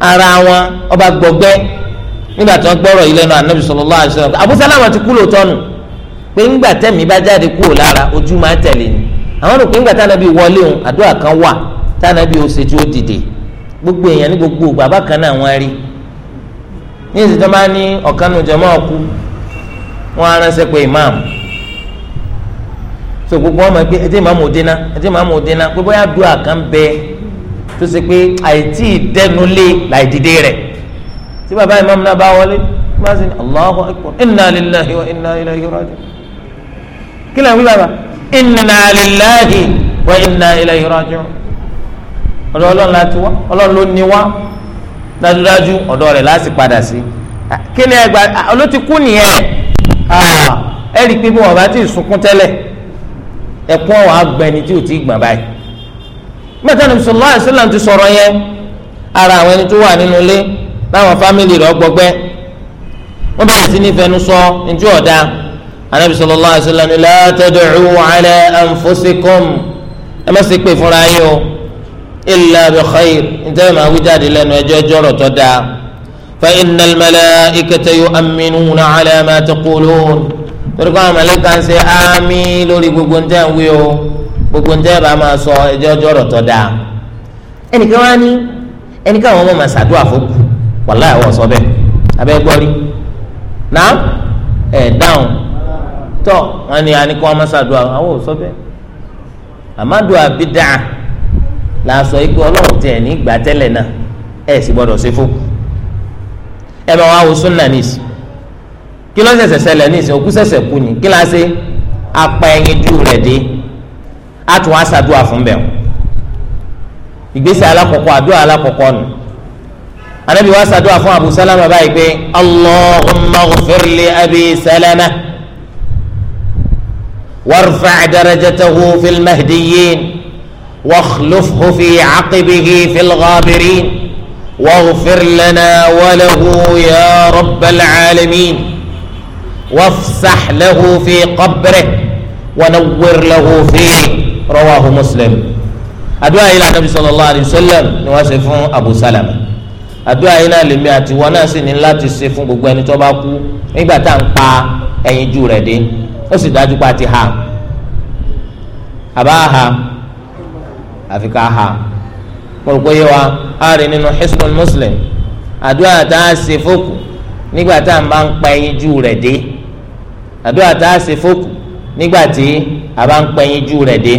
ara wọn ọba gbọgbẹ́ nígbà tí wọ́n gbọ́rọ̀ yìí lẹ́nu ànábì sallallahu alaihi wasallam Abu Salama ti kú lóòótọ́ pé ńgbà tẹ̀mí bá jáde lára ojú máa tẹ̀lé ni àwọn kan wà anabi ṣe tí ó gbogbo èèyàn ní gbogbo bàbá kan náà wọ́n ní ìsìtọ́ máa ní ọ̀kanu jọmọ́ ọ̀kú wọn aránṣẹ́ pé imam so gbogbo ọmọ pé ẹtí màmú dínà ẹtí màmú dínà pé bóyá dùà kan bẹ tó ṣe pé àìtí ìdẹnulé láì dìde rẹ̀ tí bàbá imam náà bá wọlé bá sì ní Allahu akbar inna lillahi wa inna ilayhi raji'un kí lè wí bàbá inna lillahi wa inna ilayhi raji'un ọ̀dọ̀ ọlọ́run láti wá ọlọ́run ló ní wá dájúdájú ọ̀dọ̀ rẹ̀ láti padà sí kí ni ẹgbà ló ti kú nìyẹn ah, ẹ rí i pé bí wọn bá ti sunkún tẹ́lẹ̀ ẹkún ọ̀hún agbẹni tí ò ti gbọ̀n báyìí mẹ́ta ní bisalòlá àṣìlá ti sọ̀rọ̀ yẹn ara àwọn ẹni tó wà nínú ilé láwọn fámìlì rẹ̀ ọgbọgbẹ́ wọ́n bẹ̀rẹ̀ sí ní fẹnu sọ ntí ọ̀dà anabi sallallahu alaihi wasallam la tad'u ala anfusikum ẹ má ṣe pè fúnra yín o illa bi khair nítorí màá wí jáde lẹ́nu ẹjọ́ jọ̀rọ̀ tó dáa fa innal malaikata yu'minuna ala ma taqulun torí kọ́ àwọn màláíkà ń ṣe ámì lórí gbogbo ń tẹ́ ń wí o gbogbo ń tẹ́ bá máa sọ ẹjọ́ jọ̀rọ̀ tó dáa ẹnìkan wá ní ẹnìkan àwọn ọmọ màá ṣàdúrà fókù wàláyà wọ̀ sọ bẹ́ẹ̀ abẹ́ gbọ́ rí náà ẹ̀ dáhùn tọ́ wọn ni àníkọ́ ọmọ ṣàdúrà àwọn ò sọ bẹ́ẹ̀ àmàdùn àbídà la sọ yìí pé ọlọ́run tiẹ̀ ní ìgbà tẹ́lẹ̀ náà ẹ̀ sì gbọ́dọ̀ ṣe fún ẹ bá wa wo sunna níìsì kí ló ṣẹ̀ṣẹ̀ ṣẹlẹ̀ níìsì òkú ṣẹ̀ṣẹ̀ kú ni kí la ṣe apá ẹyin dú rẹ̀ dé a tún wá ṣàdúrà fún bẹ́ẹ̀ ìgbésẹ̀ alákọ̀ọ́kọ́ àdúrà alákọ̀ọ́kọ́ nù anabi wa ṣàdúrà fún abu salama báyìí pé allahumma ghfir abi salama warfa' darajatahu fil واخلفه في عقبه في الغابرين واغفر لنا وله يا رب العالمين وافسح له في قبره ونور له فيه رواه مسلم àdúà yìí la Ànábì sallallahu alayhi wa sallam ni wọ́n ṣe fún Abu Salama àdúà yìí náà lèmi àti wọn náà sì ní láti ṣe fún gbogbo ẹni tó bá kú nígbà tá à ń pa ẹyinjú rẹ̀ dé ó sì dájú pa ti ha àbá ha àfi ká ha mo rò pé yé wa a rí nínú Hisnul Muslim àdúrà tá a ṣe fókù nígbà tá a bá ń pa ẹyin jù rẹ̀ dé àdúrà tá a ṣe fókù nígbà tí a bá ń pa ẹyin jù rẹ̀ dé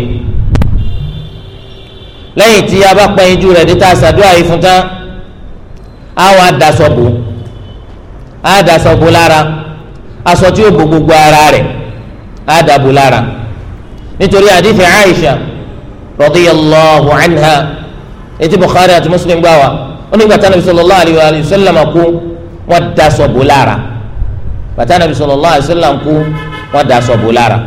lẹ́yìn tí a bá pa ẹyin jù rẹ̀ dé tá a ṣàdúrà yìí fún tán a wà daṣọ bò a daṣọ bò lára aṣọ tí ó bo gbogbo ara rẹ̀ a dàbò lára nítorí àdìfẹ́ Aisha. رضي الله عنها. Bukhari àti Muslim gbà wá ó ní gbàtà nàbì sallallahu alayhi wa sallam kú wọ́n daṣọ bò lára gbàtà nàbì sallallahu alayhi wa sallam kú wọ́n daṣọ bò lára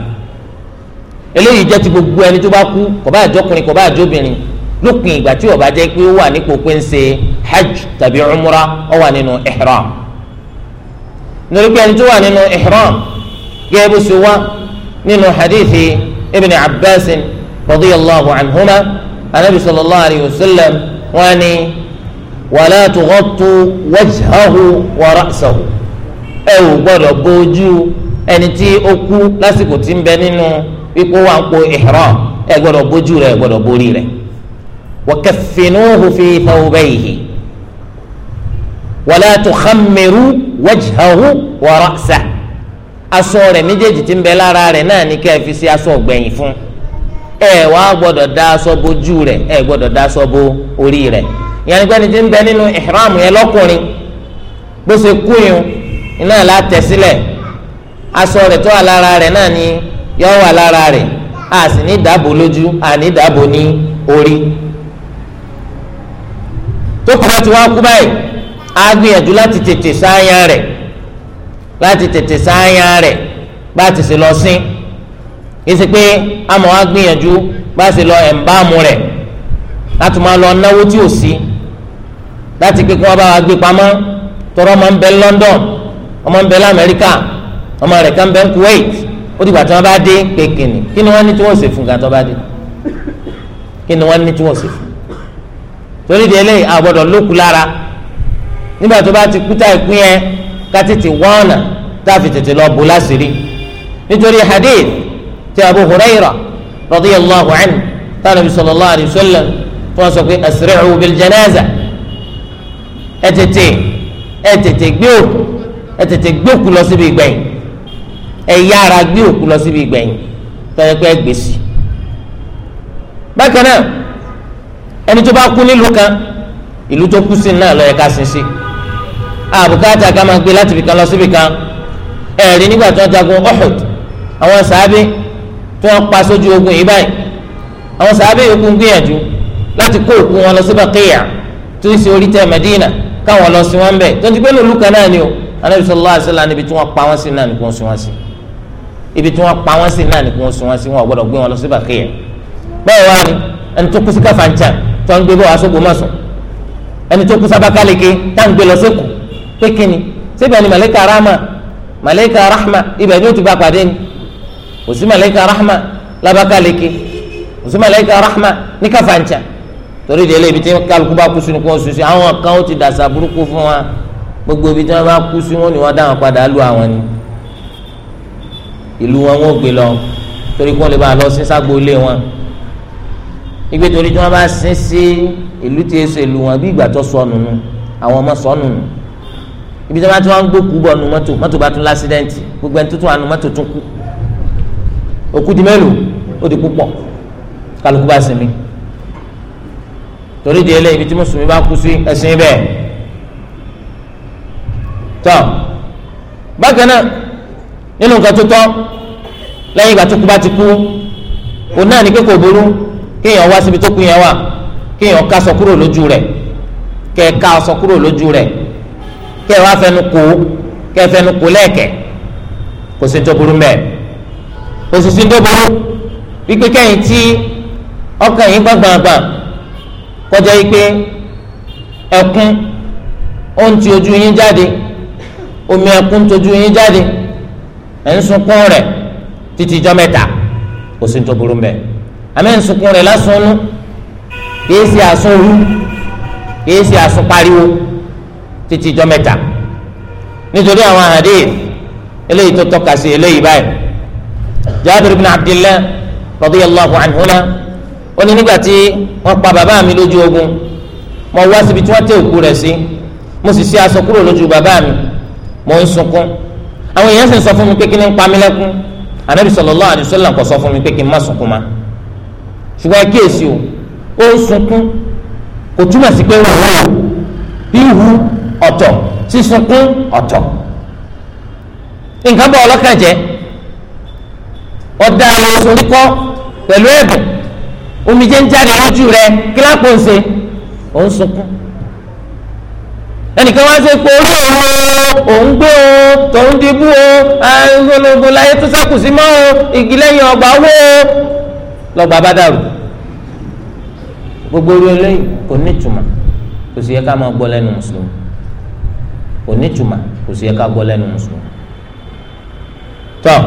eléyìí jẹ́ ti gbogbo ẹni tó bá kú kò bá àjọkùnrin kò bá àjọbìnrin lópin ìgbà tí ó bá jẹ́ pé ó wà nípò pé ń ṣe hajj tàbí umra ó wà nínú ihram nítorí pé ẹni tó wà nínú ihram gẹ́gẹ́ bó ṣe wá nínú hadithi ibn abbasin radiyallahu anhuma anabi sallallahu alayhi wa sallam wọ́n ní wala tughattu wajhahu wa ra'sahu ẹ ò gbọ́dọ̀ bójú ẹni tí ó kú lásìkò tí ń bẹ nínú ipò wa ń po ihram ẹ gbọ́dọ̀ bójú rẹ̀ ẹ gbọ́dọ̀ borí rẹ̀ wa kaffinuhu fi thawbayhi wala tukhammiru wajhahu wa ra'sahu aṣọ rẹ̀ méjèèjì tí ń bẹ lára rẹ̀ náà ní kẹ́ ẹ fi sí aṣọ ọ̀gbẹ̀yìn fún un. ẹ wá gbọ́dọ̀ dá aṣọ bojú rẹ ẹ gbọ́dọ̀ dá aṣọ orí rẹ. ìyẹn nípa ń bẹ nínú ihram yẹn lọ́kùnrin bó ṣe kú iná la tẹ̀ aṣọ rẹ̀ tó wà lára rẹ̀ náà ni yọ wà lára a sì ní ìdáàbò lójú a ní ìdáàbò ní orí tó ti wá kú kìí ṣe pé àmọ́ wa gbìyànjú bá a ṣe lọ ẹ̀ǹbáàmù rẹ̀ láti máa lọ náwó tí ò sí láti pé kí wọ́n bá wa gbé pamọ́ tọrọ ọmọ ń bẹ London ọmọ ń bẹ lamẹ́ríkà ọmọ rẹ̀ kan bẹ Kuwait ó dìgbà tí wọ́n bá dé kékeré kí ni wọ́n ní tí wọ́n ṣe fún gàtọ́ tó bá dé kí ni wọ́n ní tí wọ́n ṣe fún torí de eléyìí àgbọ̀dọ̀ lóku lára nígbà tó bá ti kúta ìpín yẹn ká tètè wọ́n ọ̀nà tá a fi tètè lọ bó láṣìírí nítorí hadith ti abu hurayra radiyallahu anhu tànàbí sallallahu alayhi wa sallam tí wọ́n sọ pé asri'u bil janaza ẹ tètè ẹ tètè gbé òkú ẹ tètè gbé òkú lọ síbi ìgbẹ̀yìn ẹ yára gbé òkú lọ síbi ìgbẹ̀yìn tọ́jú pé ẹ gbèsè bákan náà ẹni tó bá kú nílùú kan ìlú tó kú sí náà ló yẹ ká sin àbùkátà ká máa gbé láti ibìkan lọ síbìkan ẹ̀rí nígbà tó ń jagun Uhud àwọn sàábì tí wọ́n pa sójú ogun yìí báyìí àwọn sàábẹ́ yòókù ń gbìyànjú láti kó òkú wọn lọ sí Baqiya tó ń ṣe orí tẹ Medina káwọn lọ sí wọn bẹ tó ti gbé lòlú kan náà ni o Ànábì sallallahu alaihi wasallam níbi tí wọ́n pa wọ́n sí náà ni kò ń sun wọn sí ibi tí wọ́n pa wọ́n sí náà ni kò ń sun wọn sí wọn ò gbọ́dọ̀ gbé wọn lọ sí Baqiya bẹ́ẹ̀ wá ni ẹni tó kú sí káfáńtà tó ń gbé bọ́ aṣọ́gbó má sùn ẹni tó kú sábàkálẹ̀kẹ́ tá ń gbé lọ sẹ́kù pé kíni síbẹ̀ ni màlẹ́kà rahma màlẹ́kà rahma ibẹ̀ ni ó ti bá pàdé ni kò rahma labakaleke kò sí rahma ní kàfàǹtsà torí de ilé ibi tí kálukú bá kú sí ni kò wọ́n sùsù àwọn kan ó ti dàsà burúkú fún wa gbogbo ibi tí wọ́n bá kú sí wọn ni wọ́n dáhùn padà lu àwọn ni ìlú wọn wọ́n gbé lọ torí kí wọ́n lè bá lọ sí ságbó ilé wọn igbe torí tí wọ́n bá sin sí ìlú tí èso ìlú wọn bí ìgbà tó sọnù nù àwọn ọmọ sọnù nù ibi tí wọ́n bá ti wọ́n gbókùú bọ̀ nù mọ́tò mọ́tò bá tún lásídẹ́ǹtì gbogbo ẹni tuntun àná mọ́tò tún kú òkú di mélòó ó di púpọ̀ kálukú bá sinmi torí di eléyìí ibi tí mùsùlùmí bá kú sí ẹ̀sìn ibẹ̀ tọ́ bákan náà nínú nǹkan tó tọ́ lẹ́yìn ìgbà tó kú bá ti kú òun náà ní pé kò burú kéèyàn wá síbi tó kú yẹn wà kéèyàn ká aṣọ kúrò lójú rẹ̀ kẹ́ ẹ ká aṣọ kúrò lójú rẹ̀ kẹ́ wá fẹnu kú kẹ́ fẹnu kú lẹ́ẹ̀kẹ́ kò sí tó burú mẹ́ẹ̀ òsìsì ń dóboró wípé kẹ́yìn tí ọkàn yín gbàgbàgbà kọjá yìí pé ẹkún ó ń ti ojú yín jáde omi ẹkún tójú yín jáde ẹ̀ ń sunkún rẹ̀ títí ijọ́ mẹ́ta òsì ń tó burú mbẹ́ àmì ń sunkún rẹ̀ lásán nú kìí ṣe àsun òru kìí ṣe àsun pariwo títí ijọ́ mẹ́ta nítorí àwọn àhàdé eléyìí tó tọ́ka sí eléyìí báyìí jaabir ibn abdillah radiyallahu anhuma ó ní nígbà tí wọ́n pa bàbá mi lójú ogun mo wá síbi tí wọ́n tẹ òkú rẹ̀ sí mo sì ṣe aṣọ kúrò lójú bàbá mi mo ń sunkún àwọn èèyàn sì ń sọ fún mi pé kí ni ń pa mí lẹ́kún anabi sallallahu alayhi kò sọ fún mi pé kí n má sunkún ma ṣùgbọ́n kíyèsí o ó ń sunkún kò túmọ̀ sí pé wọ́n wọ́n ihu ọ̀tọ̀ sísunkún ọ̀tọ̀ nǹkan bọ̀ ọlọ́kàn jẹ́ ọ̀dà àwọn oṣù oníkọ́ pẹ̀lú ẹ̀bùn omijé ń jáde lójú rẹ kílápò ń ṣe ò ń sunkún ẹnìkan wá sí pé orí òun òun gbé o tòun dìbò o gbogbo láyé tó sákù sí mọ́ o igi lẹ́yìn ọgbà wó o lọ́gbà bá dàrú gbogbo orí eléyìí kò ní ìtumọ̀ kò sí yẹ ká máa gbọ́ lẹ́nu mùsùlùmí kò ní ìtumọ̀ kò sí yẹ ká gbọ́ lẹ́nu mùsùlùmí tọ́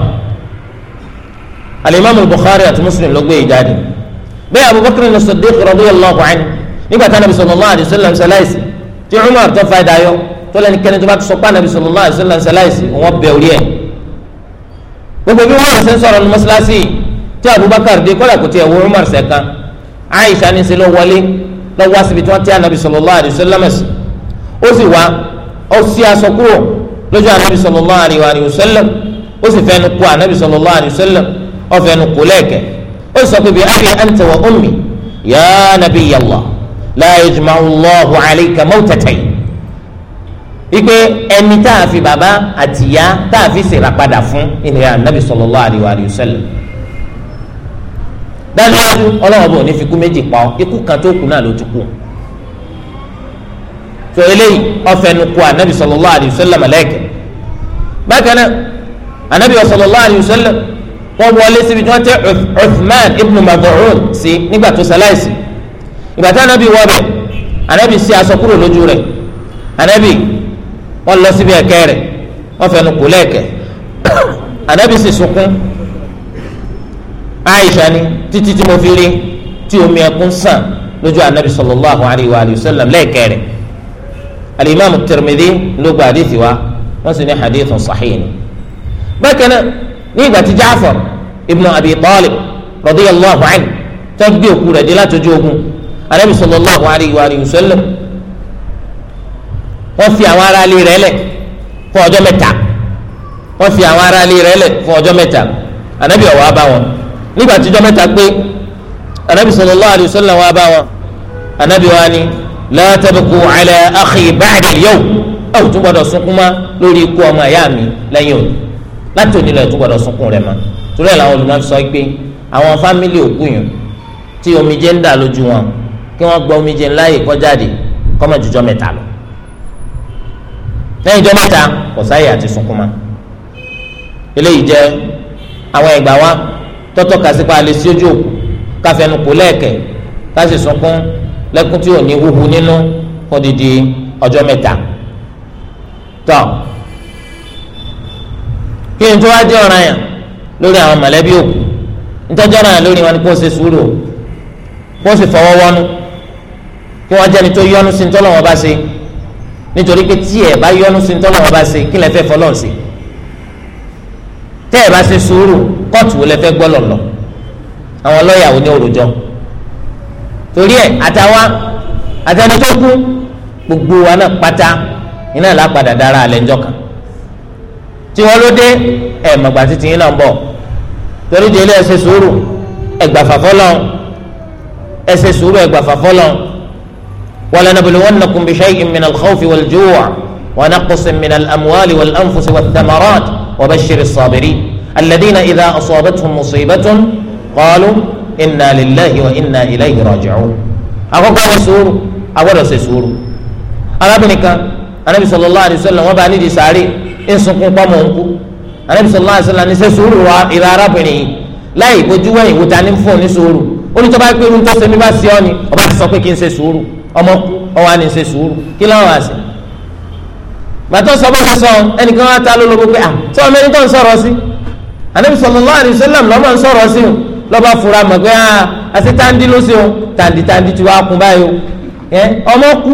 alimami bukhari àti muslim ló gbé e jáde bẹ́ẹ̀ abubakar ní sadiq radiyallahu anhu nígbà tí anabi sallallahu alayhi wa sallam ṣaláìsì tí umar tó fàdà yọ tó lẹni kẹni tó bá sọ pé anabi sallallahu alayhi wa sallam ṣaláìsì wọn bẹ orí ẹ gbogbo bí wọn ṣe ń ní mọ́ṣáláṣí tí abubakar dé kọ́lá kò tiẹ̀ umar sẹ́kan aisha ní sẹ́lẹ̀ wọlé lọ́wọ́ síbi tí wọ́n ti anabi sallallahu alayhi wa sallam ẹ̀sìn ó sì wá ó sì aṣọ kúrò lójú anabi sallallahu alayhi wa sallam ó sì fẹ́ẹ́ nu kú anabi sallallahu alayhi wa sallam ọfẹ nu kò lẹkẹ ó sọ pé bí abi anta wa ummi ya nabi yalla la yajma'u Allahu alayka mawtatayn ipe ẹni tá a fi bàbá àti ìyá tá a fi ṣèrà padà fún ìnira nabi sallallahu alayhi wa sallam dájúdájú ọlọ́wọ́n bò ní fi kú méjì pa ọ́ ikú kan tó kù náà ló ti kú tó eléyìí ọfẹ nu kú anabi sallallahu alayhi wa sallam bákan náà anabi sallallahu alayhi wa sallam wọ́n wọlé síbi tí wọ́n tẹ Uthman ibn Mad'un sí nígbà tó ṣaláìsí ìgbà tí anabi wọ bẹ̀ anabi sí aṣọ kúrò lójú rẹ̀ anabi wọ́n lọ síbi ẹ̀kẹ́ rẹ̀ wọ́n fẹnu kò lẹ́ẹ̀kẹ́ anabi sì sunkún Aisha ni títí tí mo fi rí tí omi ẹkún sàn lójú anabi sallallahu alayhi wa sallam lẹ́ẹ̀kẹ́ rẹ̀ alimami Tirmidhi ló gba hadith wa wọ́n sì ní hadith sahih bákan náà ní ìgbà tí Jaafar ibn Abi Talib radiyallahu anhu tó gbé òkú rẹ̀ dé látọjú ogun Ànábì sallallahu alayhi wa sallam wọ́n fi àwọn ará ilé rẹ̀ lẹ̀ fún ọjọ́ mẹ́ta wọ́n fi àwọn ará ilé rẹ̀ lẹ̀ fún ọjọ́ mẹ́ta Ànábì ó wá bá wọn nígbà tí ọjọ́ mẹ́ta pé Ànábì sallallahu alayhi wa sallam wá bá wọn Ànábì wa ni la tabku ala akhi ba'da ẹ̀ ò tún gbọdọ̀ sunkún mọ́ lórí ikú ọmọ ìyá mi lẹ́yìn òní láti òní lọ ìtúgbọdọ sunkún rẹ mọ torí ẹ làwọn olùmọ̀ sọ pé àwọn fámìlì òkú yìí tí omijé ń dà lójú wọn kí wọn gba omijé ńlá yìí kọjáde kọmọ jùjọ mẹ́ta lọ lẹ́yìn ìjọ mẹ́ta kò sáyè àti sunkún mọ́ eléyìí jẹ àwọn ìgbà wa tọtọ kàṣípa alẹ sí ojú òkú káfẹnu kò lẹẹkẹ káṣí sunkún lẹ́kún tí ò ní huhu nínú fọdìdì ọjọ́ mẹ́ta tọ. So, kí ni tó wá jẹ́ ọ̀ràn yàn lórí àwọn mọ̀lẹ́bí òkú nítọ́jú ọ̀ràn yàn lórí wọn ni kó o ṣe sùúrù o kó o sì fọwọ́ wọnú kí wọ́n jẹ́ni tó yọnu sí ntọ́lọ́ wọn bá ṣe nítorí pé tí ẹ̀ bá yọnu sí ntọ́lọ́ wọn bá ṣe kí lẹ fẹ́ fọlọ́ ṣe tẹ́ ẹ̀ bá ṣe sùúrù kóòtù wo lẹ fẹ́ gbọ́ lọ̀lọ̀ àwọn lọ́ọ̀yà wo ni òròjọ́ torí ẹ̀ àtàwa àtẹnitọ́kù gbogbo wa náà pátá iná làá dára alẹ́ njọ́ kan tí wọ́n ló dé ẹ̀ mọ̀gbà títí yín náà ń bọ̀ torí délé ẹ ṣe sùúrù ẹ gbàfà fọlọ́n ẹ ṣe sùúrù ẹ gbàfà fọlọ́n ولنبلونكم بشيء من الخوف والجوع ونقص من الأموال والأنفس والثمرات وبشر الصابرين الذين إذا أصابتهم مصيبة قالوا إنا لله وإنا إليه راجعون أقول سور أقول سور أنا ابنك النبي صلى الله عليه وسلم وبعني دي ساري nsukun pamọ́ nkú anabi sọlá àṣàlá ní sẹ sùúrù wa ìlà arábìnrin yìí láì bójú wẹ̀yìn wò tani fún ní sùúrù ó ní tó bá pé irun tó ṣe mi bá ṣe ọ ni ọba ti sọ pé kí n ṣe sùúrù ọmọ kú ọwọ́ ni n ṣe sùúrù kí ló wà sí. bàtọ́ sọ bó ṣe sọ ẹnìkan wá ta lólobó pé ah, à sọ ọmọ ẹni tó ń sọ̀rọ̀ sí anabi sọlá àdìsẹ́lẹ̀m lọ́mọ ń sọ̀rọ̀ sí o lọ́ba fura mọ̀ pé ah, àṣetandí ló ṣe o tàǹdìtàǹdì ti wá kún báyìí o ọmọ kú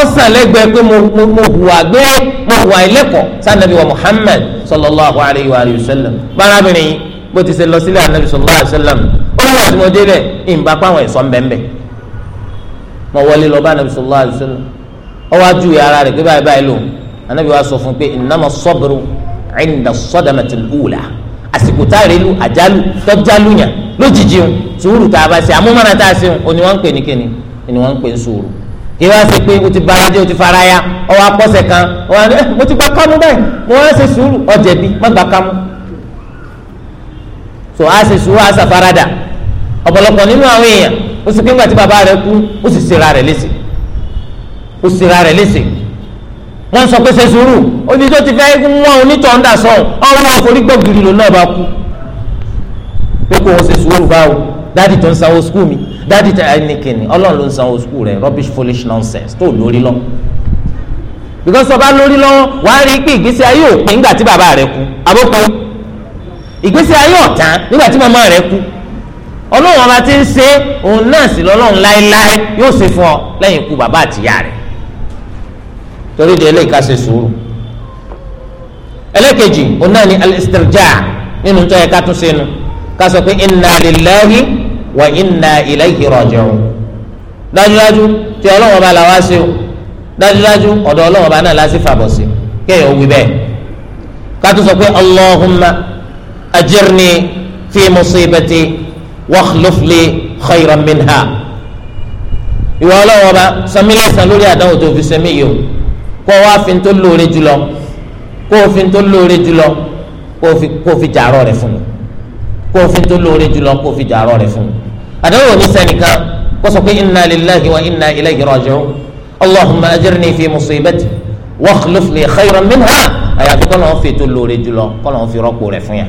ọsàn lẹ́gbẹ̀ẹ́ pé mo mo mo hùwà gbé mo hùwà ẹlẹ́kọ̀ọ́ sanabi wa muhammad sallallahu alayhi wa sallam barabirin bó ti ṣe lọ sílẹ̀ anabi sallallahu alayhi wa sallam ó ní àti mo délẹ̀ ìnba pa àwọn ẹ̀sọ́ mbẹ́mbẹ́ mo wọlé lọ bá anabi sallallahu alayhi wa sallam ó wá ju ara rẹ̀ pé báyìí báyìí lò anabi wa sọ fún pé innama sabru inda sọdamati ula àsìkò tá a rèé lu àjálù tọ́jálù yàn lójijì sùúrù tá a bá ṣe àmúmọ́ra ìwà ṣe pé o ti bara o ti fara ya ọwọ́ apọ́sẹ̀ kan ọwọ́ ẹ eh, mo ti gba kámú báyìí mo wá ṣe sùúrù ọ̀jẹ̀bi má gba kámú so a ṣe sùúrù a ṣàfaradà ọ̀pọ̀lọpọ̀ nínú àwọn èèyàn ó sì pé ńgbà tí bàbá rẹ̀ kú ó sì ṣera rẹ̀ léṣe ó ṣera rẹ̀ léṣe wọ́n sọ pé ṣe sùúrù omi tó ti fẹ́ wọ́n onítọ̀ ń dà sọ̀hún ọ̀run àforígbọ̀gìrì ló náà bá kú pé kò wọ́n ṣe sùúrù báwo dáàdì tó ń sanwó skul mi dáàdì tó ẹni kìnnì ọlọ́run ló ń sanwó skul rẹ rubbish foolish nonsense tó lórí lọ because tó bá lórí lọ́wọ́ wàá rí pé ìgbésí ayé ò pín nígbà tí bàbá rẹ kú abókù ìgbésí ayé ọ̀tán nígbà tí màmá rẹ kú ọlọ́run ọba ti ń ṣe òun náà sì lọ́lọ́run láéláé yóò ṣe fún ọ lẹ́yìn ikú bàbá àtìyá rẹ̀ torí de eléyìí ká ṣe sùúrù ẹlẹ́kejì òun náà ni alistirja nínú tó yẹ ká tún ṣe nu ká sọ pé inna lillahi wa inna ilayhi raji'un dájúdájú tí ọlọ́wọ́n bá la wá sí o dájúdájú ọ̀dọ̀ ọlọ́wọ́n bá náà lásì fàbọ̀ sí kéèyàn ó wí bẹ́ẹ̀ kátó sọ pé allahumma ajirni fi musibati wakhlufli khayran minha ìwọ ọlọ́wọ́n bá sọmílẹ̀sán lórí àdánwò tó fi sẹ́mi yìí o kó wá fi tó lóore jùlọ kó fi tó lóore jùlọ kó fi jàrọ̀ rẹ̀ fún mi kó o fi tó lóore jùlọ kó o fi jàrọ rẹ fún un àdéhùn ní sẹnìkan kó sọ pé inna lillahi wa inna ilayhi raji'un allahumma ajirni fi musibati wa akhlif li khayran minha àyàfi kọ́ lọ́n fi tó lóore jùlọ kọ́ lọ́n fi rọ́pò rẹ fún yà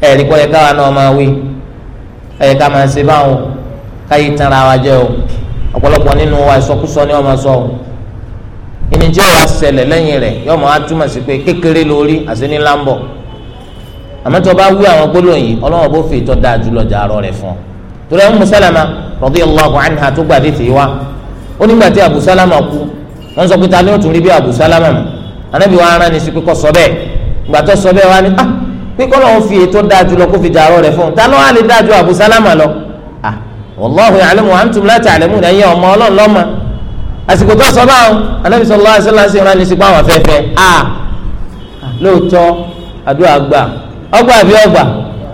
ẹ̀rí kọ́ yẹ káwa náà máa wí ẹ̀yẹ máa ṣe báwọn káyé tanra wa jẹ́ o ọ̀pọ̀lọpọ̀ nínú wa ìsọkúsọ ni wọ́n máa sọ ìníjẹ́ wa ṣẹlẹ̀ lẹ́yìn rẹ̀ yọ́ọ́ máa túmọ̀ sí pé kékeré lórí àti ní láńbọ̀ àmọ́ tó bá wí àwọn gbólóhùn yìí ọlọ́wọ́n bó fi ìtọ́ da jùlọ jà arọ rẹ̀ fún un torí àwọn musalama radiyallahu anha tó gbàdé tèé wa ó nígbà tí abu salama kú wọ́n sọ pé ta ni ó tún rí bí abu salama mọ́ anabi wa ara ni sí kíkọ́ sọ bẹ́ẹ̀ ìgbà tó sọ bẹ́ẹ̀ wa ni ah kíkọ́ lọ́wọ́ fi ètò da jùlọ kó fi jà arọ rẹ̀ fún un ta ló ah, ah, àdúrà gbà ọgbà àbí ọgbà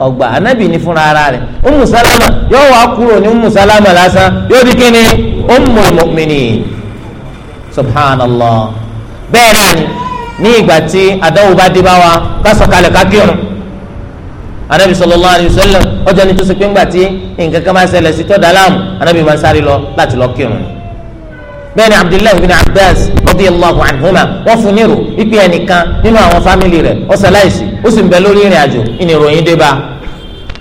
ọgbà anabi ní fúnra ara rẹ̀ Ummu Salama yóò wá kúrò ní Ummu Salama lásán yóò di kíni Ummul Mu'minin subhanallah bẹ́ẹ̀ náà ni ní ìgbà tí adáwò bá dé bá wa ká sọ̀kalẹ̀ ká kírun anabi sallallahu alayhi wa sallam ọjọ́ ni tó ṣe pé ńgbà tí nǹkan kan máa ṣẹlẹ̀ sí tó dá anabi máa sáré lọ láti lọ kírun ni bẹ́ẹ̀ ni abdullahi bin abbas radiyallahu anhuma wọ́n fún nírò ipe ẹnìkan nínú àwọn fámìlì rẹ̀ ọ̀sálàìsì ó sì ń bẹ lórí ìrìn àjò ìnìròyìn dé bá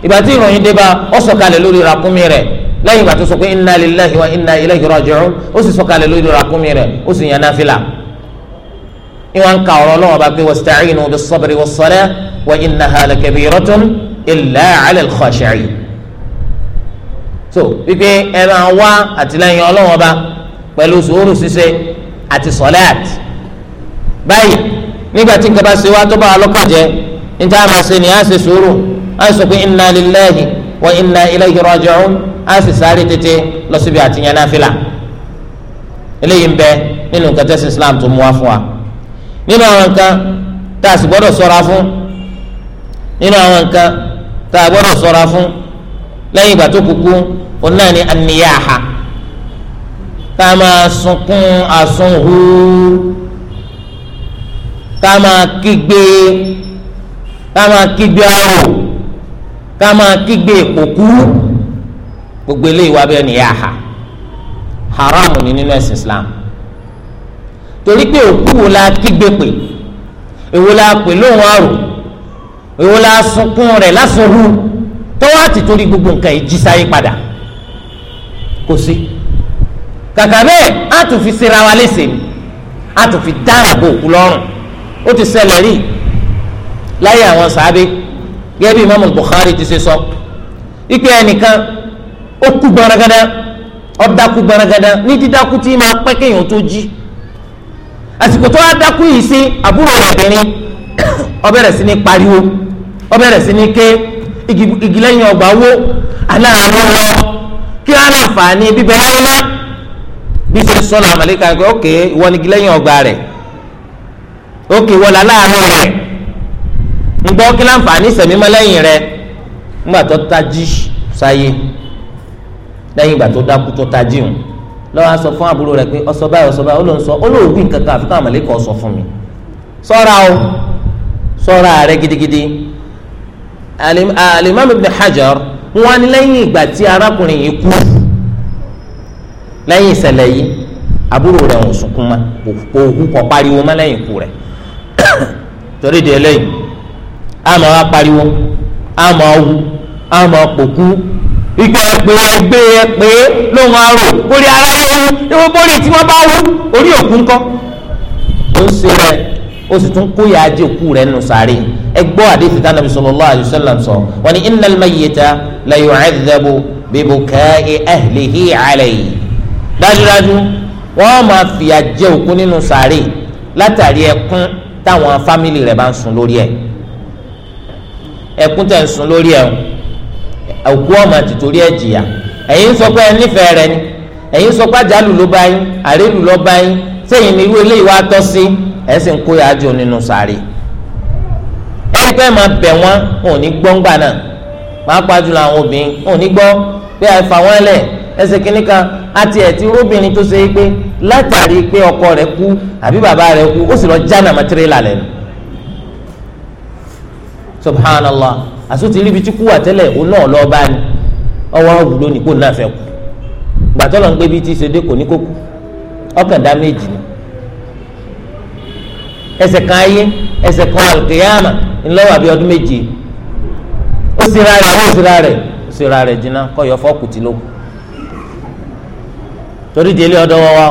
ìgbà tí ìròyìn dé bá ó sọ̀kalẹ̀ lórí ràkúnmí rẹ̀ lẹ́yìn ìgbà tó sọ pé inna lillahi wa inna ilayhi raji'un ó sì sọ̀kalẹ̀ lórí ràkúnmí rẹ̀ ó sì yàn náfìlà ìwọ̀n ka ọ̀rọ̀ lọ́wọ́ bá pé wasta'inu pẹ̀lú sùúrù ṣíṣe àti sọ̀láàt báyìí nígbà tí nǹkan bá ṣe wá tó bá wa lọ́kàn jẹ́ níta àmà ṣe ni a ṣe sùúrù a sọ pé inna lillahi wa inna ilayhi raji'un a sì sáré tètè lọ síbi àtìyàn náà fìlà eléyìí ń bẹ nínú nǹkan tẹ́sí Islam tó mú wá fún wa nínú àwọn nǹkan tá a sì gbọ́dọ̀ ṣọ́ra fún nínú àwọn nǹkan tá a gbọ́dọ̀ ṣọ́ra fún lẹ́yìn ìgbà tó kúkú òun náà ni aniyaha ká máa sunkún àsunhu ká máa kígbe ká máa kígbe àrò ká máa kígbe ìkòkú gbogbo eléyìí wá bẹ́ẹ̀ nìyá ha haram ni nínú ẹ̀sìn Islam torí pé òkú wo la kígbe pè èwo la pè lóhùn àrò èwo la sunkún rẹ̀ lásùnhu tó wá ti torí gbogbo nǹkan yìí jí sáyé padà kò sí kàkà bẹ́ẹ̀ á tún fi sera wa léṣe ni á tún fi dára bo òkú lọ́rùn ó ti ṣẹlẹ̀ rí láyé àwọn sàábé gẹ́gẹ́ bí imaamu Bukhari ti ṣe sọ ipe ẹnìkan ó kú gbaragada ó dákú ní dídákú tí máa pẹ́ kéèyàn tó jí àsìkò tó wá yìí sí àbúrò rẹ̀ bìnrin sí ní pariwo ó sí ní ké igi lẹ́yìn ọgbà wo aláàánú lọ kí á ní bíbẹ̀ láyé náà bí ṣe ń sọ̀rọ̀ àmàlẹ́kà pé ok ìwọ ni lẹ́yìn ọgbà rẹ̀ ok ìwọ là láàánú rẹ̀ ń gbọ́ kí láǹfààní sẹ̀mímọ́ lẹ́yìn rẹ̀ ńgbà tó tají sáyé lẹ́yìn ìgbà tó dákú tó tají hùn lọ́wọ́ sọ fún àbúrò rẹ̀ pé ọsọ báyìí ọsọ báyìí ó ló ń sọ ó ló wí nǹkan àfikún àmàlẹ́kà ọsọ fún mi sọ́ra o sọ́ra rẹ̀ gidigidi alimami ibn hajar wọn ni lẹ́yìn ìgbà tí arákùnrin yìí kú lẹ́yìn ìṣẹ̀lẹ̀ yìí àbúrò rẹ̀ ń sunkún ma òhun kò pariwo ma lẹ́yìn ikú rẹ̀ torí di eléyìí àmọ́ wa pariwo àmọ́ wu àmọ́ pòkú ìgbà ẹgbẹ́ ẹgbẹ́ ẹgbẹ́ lóhun arò orí aráyé wu ewu bórí tí wọ́n bá wu orí òkú ńkọ́ ó ṣe rẹ̀ ó sì tún kó yàá jẹ òkú rẹ̀ nù sáré ẹgbọ́ àdéhùn tí Ànábì sallallahu alaihi wasallam sọ wọ́n ní innal mayyita la yu'adhabu bi bukai ahlihi alayhi dájúdájú wọ́n máa fìyà jẹ òkú nínú sàárè látàrí ẹkún táwọn fámìlì rẹ̀ bá ń sun lórí ẹ̀ ẹkún tẹ̀ ń sun lórí ẹ̀ òkú ọmọ ti torí ẹ̀ jìyà ẹ̀yin sọ pé ẹ nífẹ̀ẹ́ rẹ̀ ni ẹ̀yin sọ pé àjálù ló bá yín àrélù ló bá yín sẹ́yìn ni irú eléyìí wá tọ́ sí ẹ̀ sì ń kó yàjò nínú sàárè ẹ̀yin pé máa bẹ̀ wọn ò ní náà máa pàjùlọ àwọn obìnrin wọn ò pé ẹ fà wọ́n ẹsẹ̀ kínní kan àti ẹ̀tí róbìnrin tó ṣe é pé látàrí pé ọkọ rẹ̀ kú àbí bàbá rẹ̀ kú ó sì lọ jánà mọ́tírélà lẹ́nu subhanallah àsùtì ríbi tí kú wà tẹ́lẹ̀ òun náà bá ní ọwọ́ òwúlò nípò náà fẹ́ kú gbàtọ́ lọ ń gbé bí tí kò ní kó kú ọkàn dá méjì ni kan ayé kan àbí ọdún méje ó torí délé ọ̀dọ̀ wọ wa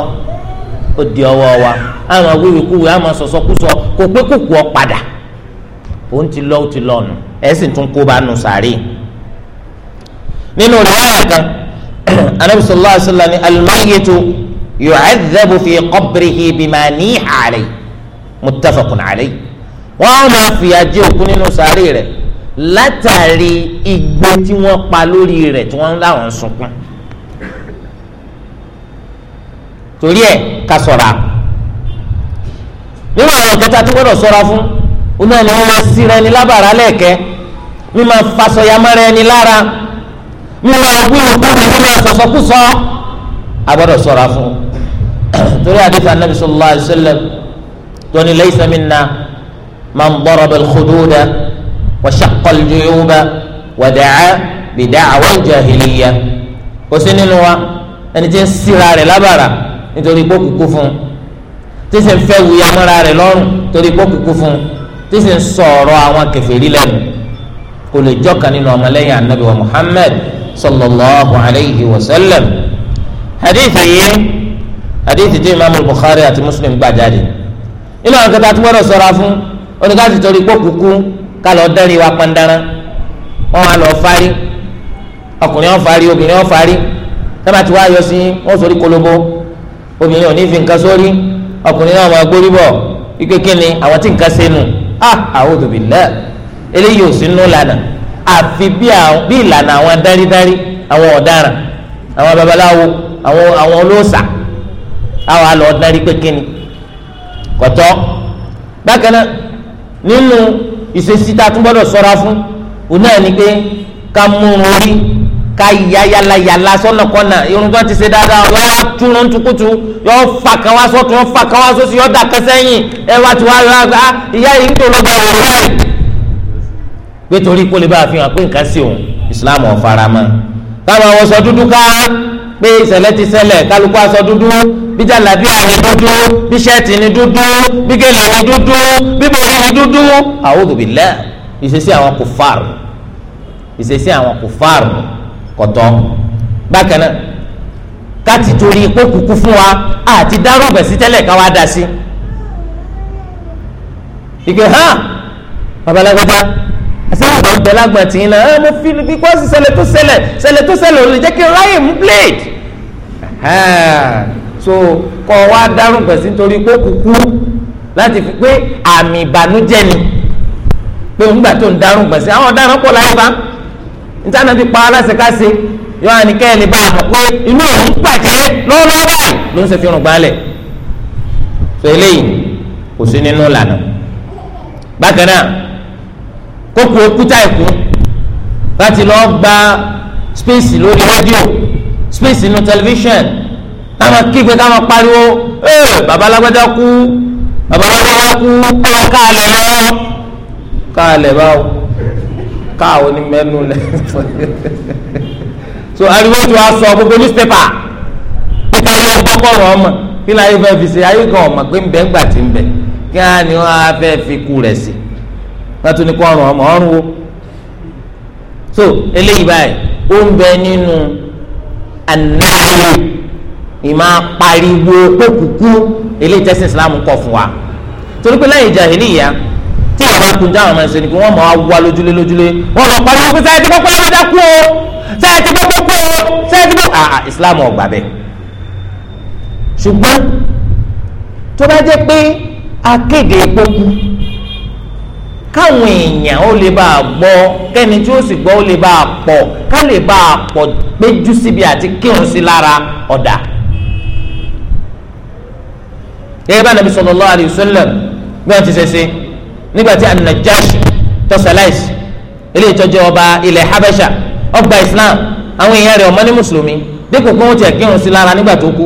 ó di ọwọ́ wa àmọ́ wíwí kúwì àmọ́ sọsọ kúsọ kò pé kòkó ọ padà òun ti lọ ó ti lọ nù ẹ sì tún kó bá nù sàárè nínú riwaya kan anabi sallallahu alaihi wa sallam ni al-mayyitu yu'adhabu fi qabrihi bima niha alayhi muttafaqun alayhi wọn á máa fìyà jẹ òkú nínú sàárè rẹ̀ látàrí igbe tí wọ́n pa lórí rẹ̀ tí wọ́n láwọn sunkún. torí ẹ̀ ká ṣọ́ra nínú àwọn ìkẹta tó gbọ́dọ̀ ṣọ́ra fún oní ẹni wọn máa síra ẹni lábàrá lẹ́ẹ̀kẹ́ mi máa fasọ̀yà mọ́ra ẹni lára mi máa wí òkúni mi máa sọ̀sọ̀kúsọ a gbọ́dọ̀ ṣọ́ra fún torí hadith Annabi sallallahu alaihi wasallam tóní laysa minna man daraba al-khududa wa shaqqa al-juyuba wa da'a bi da'wa al-jahiliyya kò sí nínú wa ẹni tí ń síra rẹ̀ lábàrá nítorí pé kúkú fún un tí sì ń fẹ́ wuya mọ́ra rẹ̀ lọ́rùn torí pé kúkú fún un tí sì ń sọ̀rọ̀ àwọn kèfèrí lẹ́nu kò lè jọ́kan nínú ọmọlẹ́yìn anabi wa muhammad sallallahu alayhi wa sallam hadithi yìí hadithi tí imaamu bukhari ati muslim gbà jáde nínú àwọn kẹta tí wọ́n rẹ̀ sọ̀rọ̀ fún oníkàtí torí pé kúkú kálọ̀ dẹ́rì wa pandara wọ́n wá lọ fárí ọkùnrin ọ̀fárí obìnrin ọ̀fárí sábà tí wọ́n á sí wọ́n sọ kolobo obìnrin ò ní fi nǹkan sórí ọkùnrin náà máa gbórí bọ̀ ike kíni àwọn tí nǹkan ṣe nù ah a'udhu billah eléyìí ò sí nù lànà àfi bí ìlànà àwọn dáridári àwọn ọ̀daràn àwọn babaláwo àwọn àwọn olóòṣà àwọn àlọ́ dárí pé kíni kọ̀tọ́ bákan náà nínú ìṣesí tá a tún gbọ́dọ̀ sọ́ra fún òun náà ni pé ká mú un rí ká yala yala sọ́nàkọ́nà irun tó ti ṣe dáadáa ọ̀rọ̀ yà túnrún tukutu yọ fà kan wá sọ́tún yọ fà kan wá sọ́sì yọ dà kẹsẹ́yìn ẹ wá ti wá yọ àgbà ah, ah, ìyá yìí ń tó lọ́ba wò láì. pé torí kó lè bá a fi hàn pé nǹkan sí òun Islam ò fara mọ́ káwọn àwọn sọ dúdú ká pé ìṣẹ̀lẹ̀ ti ṣẹlẹ̀ kálukú aṣọ dúdú bí jàlábí àní dúdú bí ṣẹ́ẹ̀tì ni dúdú bí gèlè ni dúdú bí borí ni dúdú a'udhu billah ìṣesí àwọn kò fáàrù ìṣesí àwọn kò fáàrù kọ̀tọ́ bákan náà káti torí pé kúkú fún wa àti dárò ọ̀bẹ̀ sí tẹ́lẹ̀ ká wá dá sí ike hàn babalágbádá àṣeyàwó ọ̀bẹ lágbọ̀n tì í náà ẹ mo fi bí kọ́sì ṣẹlẹ̀ tó ṣẹlẹ̀ ṣẹlẹ̀ tó ṣẹlẹ̀ olè jẹ́ kí n ráyè mú blade so kọ́ wa dárò ọ̀bẹ̀ torí pé kúkú láti fi pé àmì ìbànújẹ́ ni pé nígbà tó ń dárò ọ̀bẹ̀ àwọn ọ̀daràn pọ̀ láyé bá ń nítaná ti pa aláṣekáṣe yọ àníkẹ́ ẹni bá a mọ̀ pé inú òun pàjẹ́ lọ́wọ́lọ́wọ́ báyìí ló ń ṣe fi rùn gbálẹ̀ tó eléyìí kò sí nínú ìlànà bákan náà kókò òkúta ẹ̀kú láti lọ́ọ́ gba space lórí rédíò space nínú tẹlifíṣàn táwọn kígbe táwọn pariwo ee babalágbádá kú babalágbádá kú ẹ lọ káàlẹ̀ lọ káàlẹ̀ báwo káà onímẹ́nu lẹ̀ so ariwo tí wàá sọ gbogbo newspaper nípa ẹ̀rọ gbọ́kọ̀rọ̀ ọmọ kí láyé fẹ́ fi ṣe ayé kan ọmọ pé ń bẹ́ ń gbà tí ń bẹ̀ kí á ní wọ́n á fẹ́ fi ku rẹ̀ sí wọ́n tún ní kó ọrùn ọmọ ọrùn wo so eléyìí báyìí ó ń bẹ nínú anáyé ìmọ̀ pariwo kókùkú eléyìí tẹ́sí Islam kọ̀ fún wa torí pé láyé jàhílíyà tí ìyàwó kun táwọn máa ń ni pé wọ́n máa wá lójúlé lójúlé lọ pariwo pé sáyẹ́ ti gbọ́ kú o sáyẹ́ ti kú o sáyẹ́ ti gbọ́ ah, ah, Islam ò gbà bẹ́ẹ̀. ṣùgbọ́n tó bá jẹ́ pé akéde epo kú káwọn èèyàn ó lè bá a gbọ́ kẹ́ni tí ó sì gbọ́ ó lè bá a pọ̀ ká lè bá a pọ̀ péjú síbi àti kírun sí lára ọ̀dà. gẹ́gẹ́ bá nàbí sallallahu alaihi wasallam bí wọ́n ti ṣe ṣe nígbàtí anajashi tọ́sálàìsì ilé ìtọ́jú ọba ilẹ̀ habasha ọgbà islam àwọn èèyàn rẹ̀ ọmọ ní mùsùlùmí dípò pé wọ́n ti ẹ̀kírun sí lára nígbà tó kú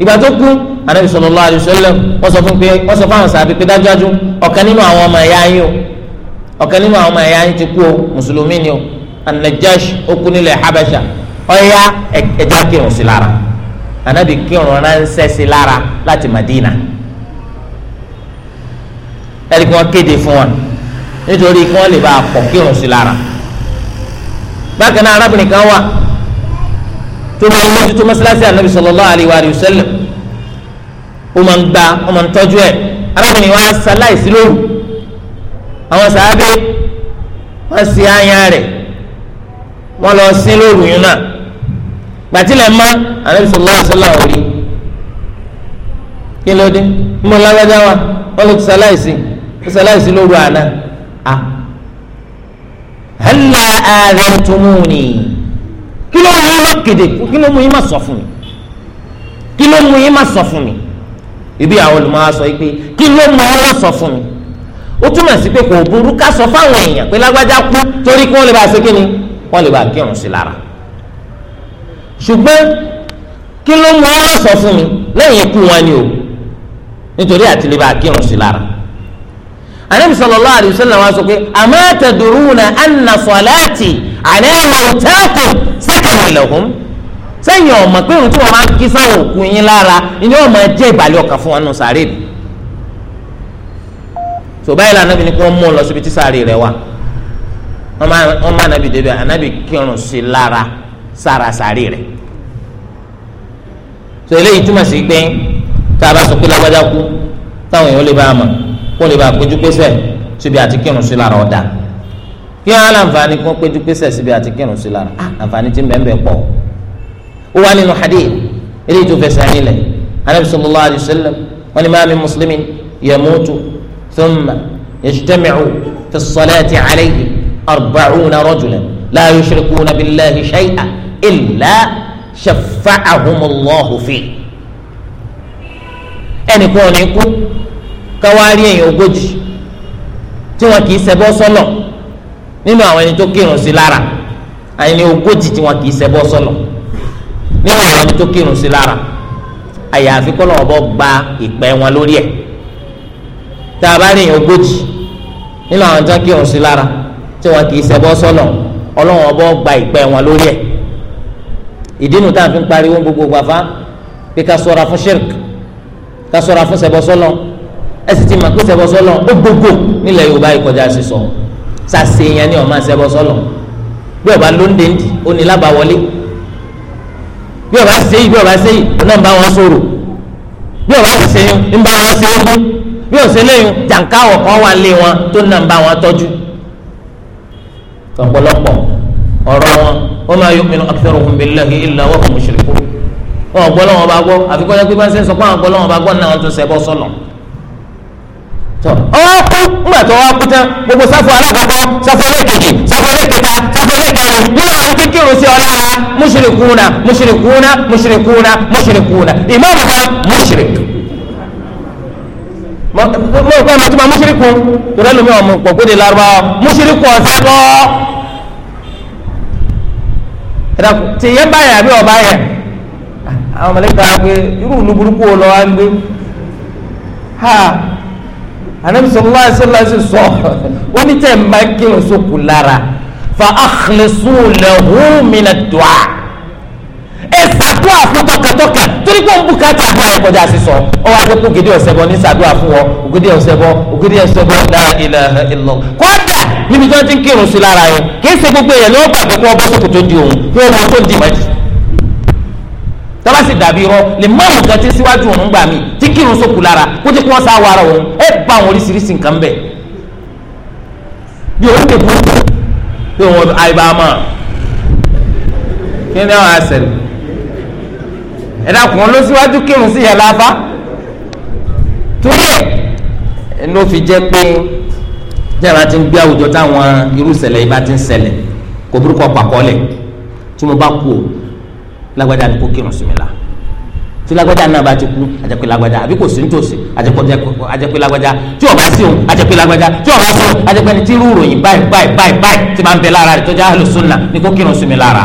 ìgbà tó kú anabi sallallahu alaihi wasallam wọ́n sọ fún pé wọ́n sọ fáwọn sàbí pé dájúdájú ọ̀kan nínú àwọn ọmọ ẹ̀yà yín o ọ̀kan nínú àwọn ọmọ ẹ̀yà yín ti kú o mùsùlùmí ni o anajashi ó kú nílẹ̀ habasha ọ̀ya ẹ̀já kírun sí lára anabi kírun ránṣẹ́ sí lára láti madina ẹni kí wọ́n kéde fún wọn nítorí kí wọ́n lè bá a pọ̀ kí òun sí lára bákan náà arábìnrin kan wà tó máa ń mójútó mọ́sálásí ànábì sallallahu alaihi wa sallam ó máa ń gba ó máa ń tọ́jú ẹ̀ arábìnrin wa ṣaláìsí lóru àwọn sàábé wọ́n sì áyàn rẹ̀ wọ́n lọ sí lóru yìí náà gbàtílẹ̀ mọ́ ànábì sallallahu alaihi wa sallam kí ló dé mọ́ lágbájá wa wọ́n lọ ti mọ́sálásí lóru àná à ah. hàlà ààrẹ tùmù ni kí ló mú yín má kéde kí ló mú yín má sọ fún mi kí ló mú yín má sọ fún mi ibi àwọn olùmọ̀ọ́ sọ pé kí ló mú yín sọ fún mi ó túmọ̀ sí pé kò burú ká sọ fáwọn èèyàn pé lágbájá kú torí kí wọ́n lè bá ṣe kíni wọ́n lè bá kírun sí lára ṣùgbọ́n kí ló mú yín sọ fún mi lẹ́yìn ikú wọn ni o nítorí àti kírun sí lára anabi sallallahu alayhi wa sallam wa sọ pé àmọ́ tẹ̀dùrúnà anna sọ̀láàtì àlẹ́ àwòtáàkù sẹ́kẹ̀rẹ̀ lẹ́hùn sẹ́yìn ọ̀mọ̀ pé ohun tí wọ́n máa ń kí sáwọn òkú yín lára ni wọ́n máa jẹ́ ìbàlẹ̀ ọkàn fún wọn nù sáré ni so báyìí la anabi ni kí wọ́n mú un lọ síbi tí sáré rẹ̀ wà wọ́n má anabi débi anabi kírun sí lára sára sáré rẹ̀ so eléyìí túmọ̀ sí pé tá a bá sọ pé lágbájá kú táwọn èèyàn lè bá a mọ̀ kó lè bá péjú pésẹ̀ síbi àti kírun sí lára ọ̀dà kí wọn láǹfààní kó péjú pésẹ̀ síbi àti kírun sí lára ah, àǹfààní tí ń bẹ́ẹ̀ bẹ́ẹ̀ pọ̀ ó wà nínú hadith eléyìí tó fẹsẹ̀ nílẹ̀ anabi sallallahu alayhi wa sallam wọn ni máa mi mùsùlùmí yamutu thumma yajtami'u fi salati alayhi arba'una rajulan la yushrikuna billahi shay'an illa shafa'ahumullahu fi ẹnì kan ò ní káwá rí èèyàn ogójì tí wọn kì í ṣẹbọ sọlọ nínú àwọn ẹni tó kírun sí lára àyìnlẹ ogójì tí wọn kì í ṣẹbọ sọlọ nínú àwọn ẹni tó kírun sí lára àyàfi kọlọ ọbọ gba ìpẹ́ wọn lórí ẹ̀ tá a bá rí èèyàn ogójì nínú àwọn tó kírun sí lára tí wọn kì í ṣẹbọ sọlọ Ọlọ́run ọbọ gba ìpẹ́ wọn lórí ẹ̀ ìdí tá a fi ń pariwo gbogbo gbàfa pé ká ṣọ́ra fún shirk ká ṣọ́ra fún ṣẹbọ sọlọ ẹ sì ti mọ̀ pé sẹ́bọ̀ sọ́lọ̀ ó gbogbo nílẹ̀ yorùbá yìí kọjá sí sọ sàṣe yẹn ni ọ̀ma sẹ́bọ̀ sọ́lọ̀ bí ọba ló ń dèndì ó ní lábàwọlé bí ọba ṣe yìí bí ọba ṣe yìí ọ̀nà ń bá wọn sọ̀rọ̀ bí ọba ṣe yìí ń bá wọn ṣe yìí bí ọ̀ṣẹ́ lẹ́yìn jàǹkáwọ̀ kan wà lé wọn tó ń nà ń bá wọn tọ́jú ọ̀pọ̀lọpọ̀ ọ̀rọ̀ wọn wọ́n máa yọ pinnu akitẹ́rù fún mi lẹ́hìn ilẹ̀ wọ́n kò mú ṣèlú wọn bá gbọ́ àfikún ẹgbẹ́ bá ń sẹ́ sọ pé àwọn ọ̀gbọ́n lọ́wọ́ bá gbọ́ náà wọ́n tún ṣẹbọ sọ̀lọ̀ tọ ọwọ kú ńgbà tó wá kú tán gbogbo sáfù alákọ̀ọ́kọ́ sáfù ẹlẹ́kejì sáfù ẹlẹ́kẹta sáfù ẹlẹ́kẹrin nínú àwọn tó kírun sí ọlá wa mushrikuna mushrikuna mushrikuna mushrikuna ìmáàmù wa mushrik mo kọ́ ọ́ ma tó ma mushriku tó lẹ́nu mi ò mọ̀ pọ̀kú de Lárúbáwá mushriku ọ̀sẹ̀ kọ́ tìyẹ́ báyà àbí ọ̀bá yẹ àwọn mọ̀lẹ́kà pé irú ìlú burúkú wo lọ́wọ́ á ń gbé ha anabi sallallahu alaihi wasallam sì sọ wọ́n ní tẹ̀ ń bá kírun sókù lára fa akhlisu lahu min ad-du'a ẹ ṣàdúrà fún tọkàntọkàn torí pé òun bùkátà àdúrà ẹ kọjá sí sọ ọ wá pé ògidì fún ọ ògidì ọ̀sẹ̀bọ ògidì ọ̀sẹ̀bọ la ilaha illallah kọ́dà níbi tí wọ́n ti ń kírun lára yẹn kì í gbogbo èèyàn ló gbàgbé kí wọ́n bọ́ sókòtò di òun kí wọ́n mọ tó di mọ́jú tọ́ba sì dàbí irọ́ lè má mú kan tí síwájú òun gbà mí tí kírun sókù lára kó tí wọ́n sá wàrà òun ẹ bá àwọn oríṣiríṣi nǹkan bẹ̀. bí òun kẹ̀kọ́ pé òun àìbá mọ̀ kí ni àwọn àṣẹlẹ̀ ẹ̀dá kùn ló síwájú kírun sí yẹn láfa torí ẹ̀ ló fi jẹ́ pé jẹ́ra ti ń gbé àwùjọ táwọn irú ìṣẹ̀lẹ̀ yìí ti ń ṣẹlẹ̀ kò burúkọ pàkọ́lẹ̀ tí mo bá kú o lágbádá ni kò kírun sí mi la tí lágbádá náà bá ti kú àjẹpẹ́ lágbádá àbí kò sí nítòsí àjẹpẹ́ lágbádá tí o bá sí òun àjẹpẹ́ lágbádá tí o bá sí òun àjẹpẹ́ ni tí irú ròyìn báyìí báyìí báyìí báyìí ti máa ń bẹ lára rẹ̀ tó jẹ́ àlùsùnà ni kò kírun sí mi lára.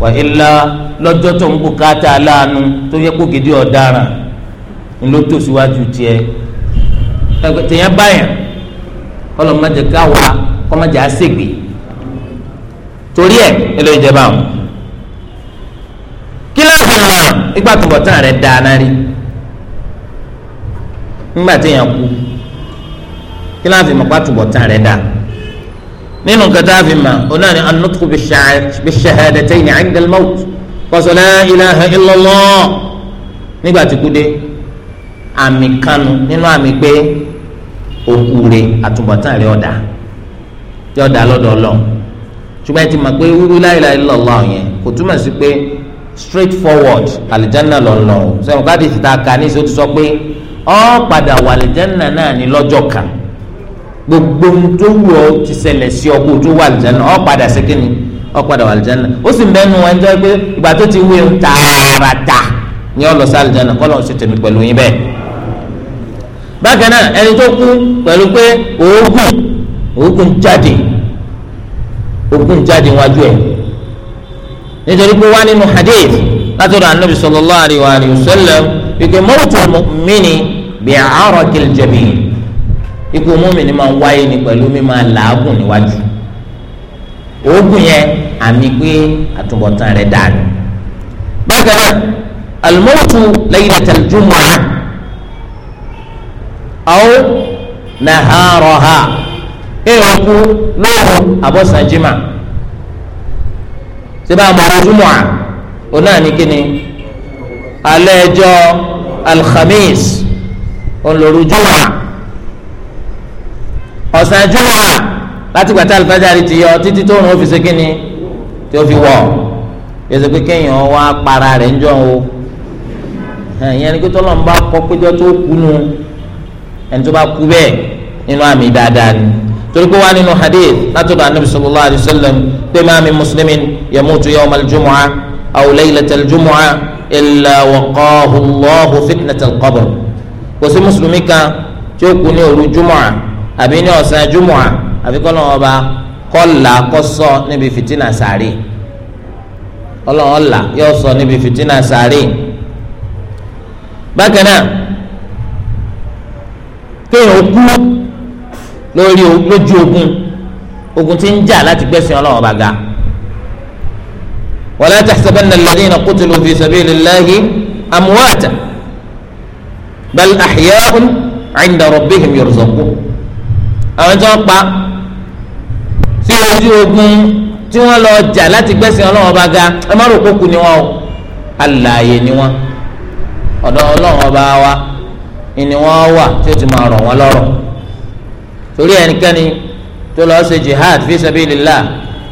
wà á ilá lọ́jọ́ tó ń kó káàtà láàánú tó yẹ kó gidi ọ̀daràn ńlọ tó síwájú tiẹ̀ tèèyàn báyà kọ́lọ́ má jẹ káwa kọ́ má jẹ torí ẹ̀ ẹ lọ́ mọ̀ nígbà tó rẹ̀ dáná rí nígbà tí èèyàn kú kí láàfin mọ̀ rẹ̀ nínú ọ̀nà ni anutku bi shahadatayn 'inda al-mawt kọsọ ilaha illallah nígbà tí kú dé àmì kanu nínú àmì pé òkú rẹ̀ àtúbọ̀tán rẹ̀ ọ̀dà yọ̀ọ̀dà ṣùgbọ́n ẹ ti mọ̀ pé straight forward alijanna lọ́nà o sẹ́wọ̀n káàdì ti ta ka ní sọ ti sọ pé ọ́ padà wà alijanna náà ní lọ́jọ́ kan gbogbo ohun tó wù ọ́ ti ṣẹlẹ̀ sí ọ kó o tó wà alijanna ọ́ padà sẹ́kìnì ọ́ padà wà alijanna ó sì mẹ́nu wọn jẹ́ pé ìgbà tó ti wé tààràtà ni ọ lọ sí alijanna kọ́ lọ́n ṣe tèmi pẹ̀lú yín bẹ́ẹ̀. bákan náà ẹni tó kú pẹ̀lú pé òógùn òógùn jáde òógùn jáde wájú ẹ̀ nítorí pé wá nínú hadith látọ̀dọ̀ anabi sallallahu alayhi wa alayhi wa sallam ìpè mọ́tò mọ́mìnì bí arakil jabin ikú mọ́mìnì máa ń wáyé ni pẹ̀lú mímọ́ làágùn níwájú òógùn yẹn àmì pé àtúbọ̀tán rẹ̀ dànù. bákan náà alimọ́tò laylatal jumu'ah aw naharaha èrò kú lóhùn àbọ̀sánjìmá síbá àmọ̀ràn júmọ̀ à òun náà ní kíni alẹ́ ẹjọ́ alhamis òun lòru júmọ̀ à ọ̀sán júmọ̀ à láti gbàtà alifájárì ti yọ títí tó rún òfìsè kíni tí ó fi wọ̀ yẹsẹ pé kéèyàn wá para rẹ̀ ń o ìyẹn ni pé tọ́lọ́ kọ́ péjọ tó kú ẹni tó bá kú bẹ́ẹ̀ nínú àmì dáadáa ni torí kó wá nínú hadith látọ̀dọ̀ anabi sallallahu alayhi wa sallam pé máa mi muslimin yamutu yawma aljumu'a aw laylata aljumu'a illa waqaahu allahu fitnata alqabr kò sí mùsùlùmí kan tí ó kú ní òru jumu'a àbí ní ọ̀sán jumu'a àbí kọ́ lọ́wọ́ bá kọ́ là kọ́ sọ níbi fìtínà sàárè ọlọ́wọ́ là yóò sọ bákan náà kéèyàn kú lórí lójú ogun ogun tí ń jà láti gbẹ̀sìn ọlọ́wọ́n bá ga. wala tahsabanna alladhina qutilu fi sabilillahi amwata bal ahya'un 'inda rabbihim yurzaqun. àwọn tí wọ́n pa sí ojú ogun tí wọ́n lọ jà láti gbẹ̀sìn ọlọ́wọ́n bá ga ẹ má rò kókù ni wọ́n o alààyè ni wọ́n ọ̀dọ̀ ọlọ́wọ́n bá wa ni wà tí ó ti máa rọ̀ wọ́n lọ́rọ̀ torí ẹnikẹ́ni tó lọ́ọ́ ṣe jihad fi sabilillah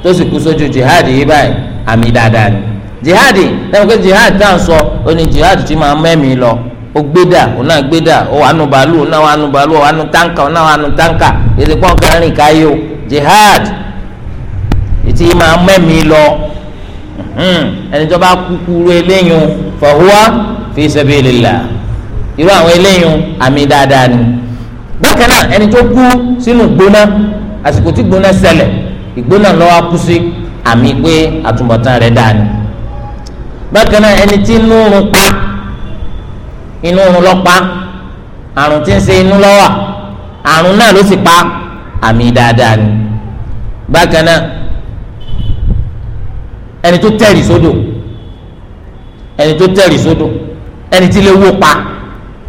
tó sì kú sójú jihad yìí báyìí àmì dáadáa ni jihad ẹ̀wọ̀n pé jihad tá à ń sọ ó ní jihad tí máa mẹ́mìí lọ ó gbédà ó náà gbédà ó wà nù bàálù ó náà wà nù bàálù ó wà nù táǹkà ó náà wà nù táǹkà ètò ìpọ́n káyé o jihad ètò máa mẹ́mìí lọ hmm, ẹni kúkúrú eléyìn fahuwa fi sabilillah irú àwọn eléyìn àmì dáadáa ni bákan náà ẹni tó kú sínú gbóná àsìkò tí gbóná ṣẹlẹ̀ ìgbóná lọ́wọ́ kú sí àmì pé àtúbọ̀tán rẹ̀ dáa ni bákan náà ẹni tí inú run pa inú run lọ pa àrùn tí ń ṣe inú lọ́wọ́ àrùn náà ló sì pa àmì dáadáa ni bákan náà ẹni tó tẹ̀rì sódò ẹni tó tẹ̀rì sódò ẹni tí lè wó pa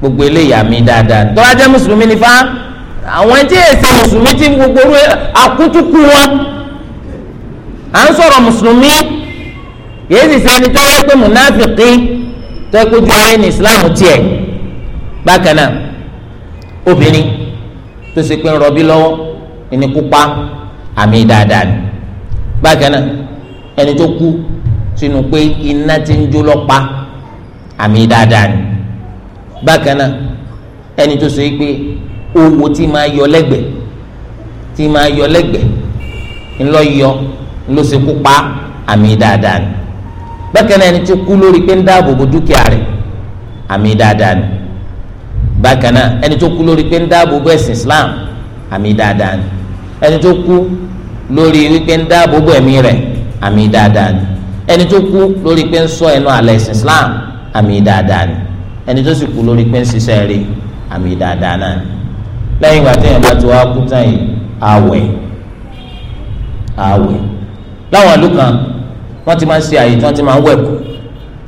gbogbo eléyà mi dáadáa tó bá jẹ́ mùsùlùmí ni fa àwọn tí èsì mùsùlùmí ti gbogbo rú akutuku wọn à ń sọ̀rọ̀ mùsùlùmí kìí sì sẹ́ni tó wáyé pé mùnáfìkì tó kó ju ayé ní islam tiẹ̀ bákan náà obìnrin tó ṣe pé ń rọbí lọ́wọ́ ẹni kópa àmì dáadáa ni bákan náà ẹni tó kú sínú pé iná ti ń jó lọ́pa àmì dáadáa ni bákan náà ẹni tó so yìí pé owó tí máa yọ lẹ́gbẹ̀ẹ́ tí máa yọ lẹ́gbẹ̀ẹ́ ńlọ yọ ńlọ ṣekú pa àmì dáadáa ni bákan náà ẹni tó kú lórí pé ń dáàbò bo dúkìá rẹ̀ àmì dáadáa ni bákan náà ẹni tó kú lórí pé ń dáàbò bo ẹ̀sìn Islam àmì dáadáa ni ẹni tó kú lórí wípé ń dáàbò bo ẹ̀mí rẹ̀ àmì dáadáa ni ẹni tó kú lórí pé ń sọ ẹnu àlẹ́ ẹ̀sìn Islam àmì dáadáa ni ẹni tó sì kú lórí pé ń ṣiṣẹ́ rí àmì dáadáa náà lẹ́yìn ìgbà téèyàn bá ti wá kú tán yìí àwẹ̀ àwẹ̀ láwọn ìlú kan wọ́n ti máa ń ṣe àyè tí wọ́n ti máa ń wẹ̀kú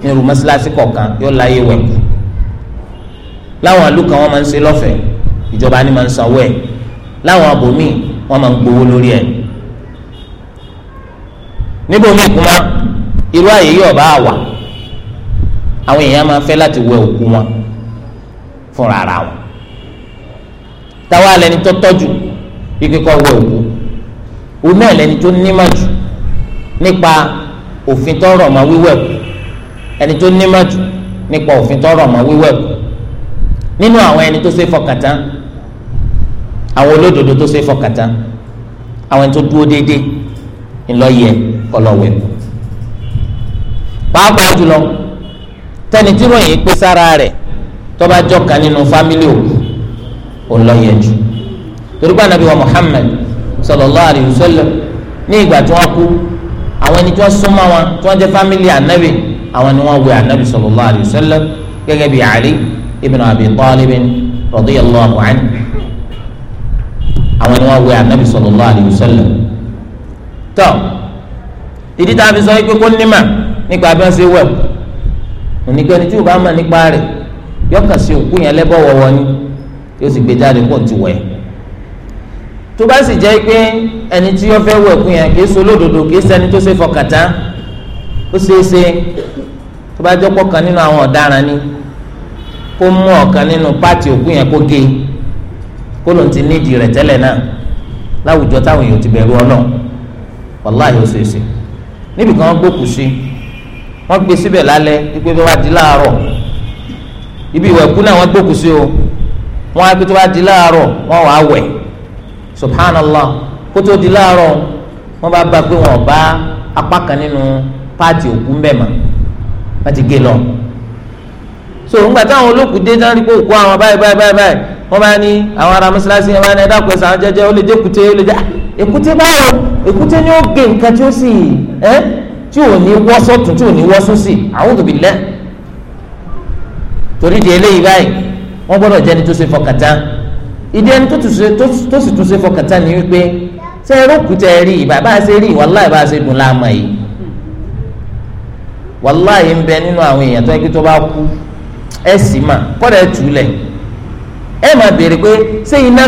ní irú mọ́ṣáláṣí kọ̀ọ̀kan yóò láyé wẹ̀kú láwọn ìlú kan wọ́n máa ń ṣe lọ́fẹ̀ẹ́ ìjọba ni máa ń sanwó ẹ̀ láwọn abòmíì wọ́n máa ń gbowó lórí ẹ̀ níbòmíì kúmá irú àyè yóò bá wà àwọn èèyàn máa fẹ́ láti wẹ òkú wọn fúnra ara wọn táwa lẹni tó tọ́jú ike kọ́ wẹ òkú òun náà lẹni tó nímọ̀ jù nípa òfin tó rọ̀ mọ́ wíwẹ̀ kù ẹni tó nímọ̀ jù nípa òfin tó rọ̀ mọ́ wíwẹ̀ kù nínú àwọn ẹni tó ṣe fọkàntán àwọn olódodo tó ṣe fọkàntán àwọn ẹni tó dúró déédéé ńlọ yẹ kọlọ pàápàá jùlọ tẹni tí ròyìn pé sára rẹ̀ tó bá jọka nínú fámílì òkú òun lọ yẹ jù torí pé anabi wa Muhammad sallallahu alayhi wa sallam ní ìgbà tí wọ́n kú àwọn ẹni tí wọ́n súnmọ́ wọn tí wọ́n jẹ́ fámílì anabi àwọn ni wọ́n wẹ anabi sallallahu alayhi wa sallam gẹ́gẹ́ bí Ali ibn Abi Talib radiyallahu anhu àwọn ni wọ́n wẹ anabi sallallahu alayhi wa sallam tó ìdí tá a fi sọ pé kó nímà nípa bí ṣe wẹ̀ kú onígbẹ́ni tí o bá mọ̀ nípa rẹ̀ yọkàn sí òkú yẹn lẹ́bọ̀ wọ̀wọ́ ni yóò sì gbé jáde pọ̀ ti wẹ̀ tó bá sì jẹ́ pé ẹni tí wọ́n fẹ́ wẹ̀ kú yẹn kì í so lódodo kì í ṣẹni tó ṣe fọkàtà ó ṣeé tó bá jọ́pọ̀ kan nínú àwọn ọ̀daràn ni kó mú ọ̀kan nínú pààtì òkú yẹn kó gé e, kó ló ń ti nídìí rẹ̀ tẹ́lẹ̀ náà láwùjọ táwọn èèyàn ti bẹ̀rù ọ náà wàláhì ó ṣeé níbi kan gbókùú sí i wọ́n gbé síbẹ̀ lálẹ́ wípé tó bá di láàárọ̀ ibi ìwẹ̀ kú náà wọ́n gbókù sí o wọ́n á gbé tó bá láàárọ̀ wọ́n wàá wẹ̀ subhanallah kó di láàárọ̀ wọ́n bá bá pé wọ́n bá apá kan nínú páàtì òkú ń bẹ̀ mọ́ so ńgbà táwọn olókùú dé àwọn báyìí báyìí báyìí báyìí wọ́n bá ní àwọn ará mọ́sálásí yẹn bá ní ẹ̀dá tí ò ní wọ́ sọ́tún tí ò ní wọ́ sósì a'udhu billah torí di eléyìí báyìí wọ́n gbọ́dọ̀ jẹ́ ẹni tó ṣe fọkàtà ìdí ẹni tó sì tún ṣe fọkàtà ni wípé ṣé ẹ tẹ rí i bàbá ṣe rí i wàláì bá ṣe dùn láàmú yìí wàláì ń bẹ nínú àwọn èèyàn tó yẹ kí tó bá kú ẹ sì mà kọ́dà ẹ tù ú lẹ̀ ẹ máa béèrè pé ṣé iná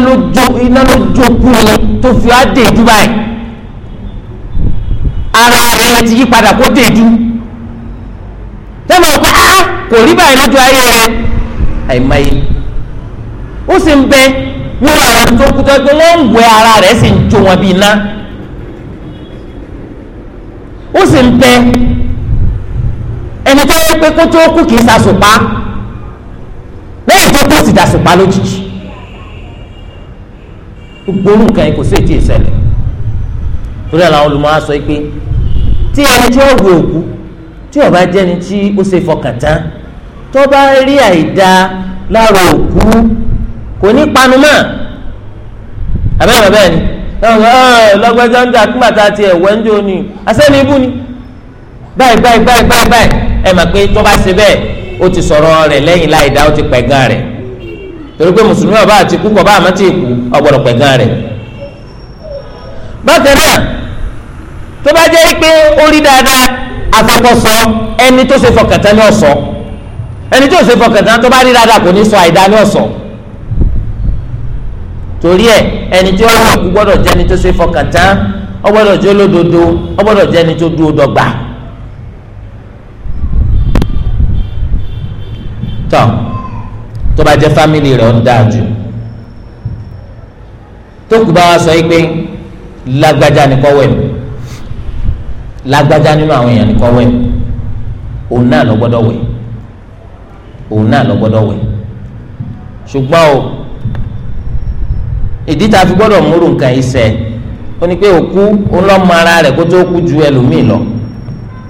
ara rẹ̀ ti yí padà kó tèjú tẹ́lẹ̀ ọ̀pá á kò rí báyìí lójú ayé rẹ̀ àìmáyé ó sì ń bẹ nínú àwọn tó kú tó gbé wọ́n ń wẹ ara rẹ̀ sì ń jó wọn bí iná ó sì ń bẹ ẹni tó yẹ pé kó tó kú kì í sasùpá lẹ́yìn tó kú sì dasùpá lójijì gbogbo nǹkan yẹn kò sí ètí ìṣẹ̀lẹ̀ torí àwọn olùmọ̀ á sọ pé. tí ẹni tí ó wù òkú tí ó bá jẹ́ni tí ó ṣe fọkàn tó bá rí àìda lára òkú kò ní panu mọ́ àbẹ́rẹ́ bẹ́ẹ̀ ni ah, lọ́gbẹ́jọ́ ń dà kúgbà tá ti ń jó ni asẹ́ni ni báyìí báyìí báyìí báyìí báyìí ẹ mà pé tó bá ṣe bẹ́ẹ̀ ó ti sọ̀rọ̀ rẹ̀ lẹ́yìn láìda ó ti rẹ̀ torí pé mùsùlùmí ọba àti àmọ́ ti kú rẹ̀ bákan tó bá jẹ́ pé ó rí dáadáa afọkọsọ ẹni tó ṣe fọkàntán ní ọ̀sọ́ ẹni tó ṣe fọkàntán tó bá rí dáadáa kò ní sọ àìdá ní ọ̀sọ́ torí ẹ ẹni tí wọn kú gbọ́dọ̀ jẹ́ ẹni tó ṣe fọkàntán ó gbọ́dọ̀ jẹ́ olódodo ó gbọ́dọ̀ jẹ́ ẹni tó dúró dọ́gba. tọ tó bá jẹ́ fámìlì rẹ̀ ń dáa jù tó kù bá wa sọ yìí lágbájá ni kọ́wé mi lágbájá nínú àwọn èèyàn nìkan wẹ̀ òun náà lọ gbọ́dọ̀ wẹ̀ òun náà lọ gbọ́dọ̀ wẹ̀ ṣùgbọ́n o ìdí tá a fi gbọ́dọ̀ múrù nǹkan ìṣe ó ní pé òkú òun ara rẹ̀ kó tó kú ju ẹlòmíì lọ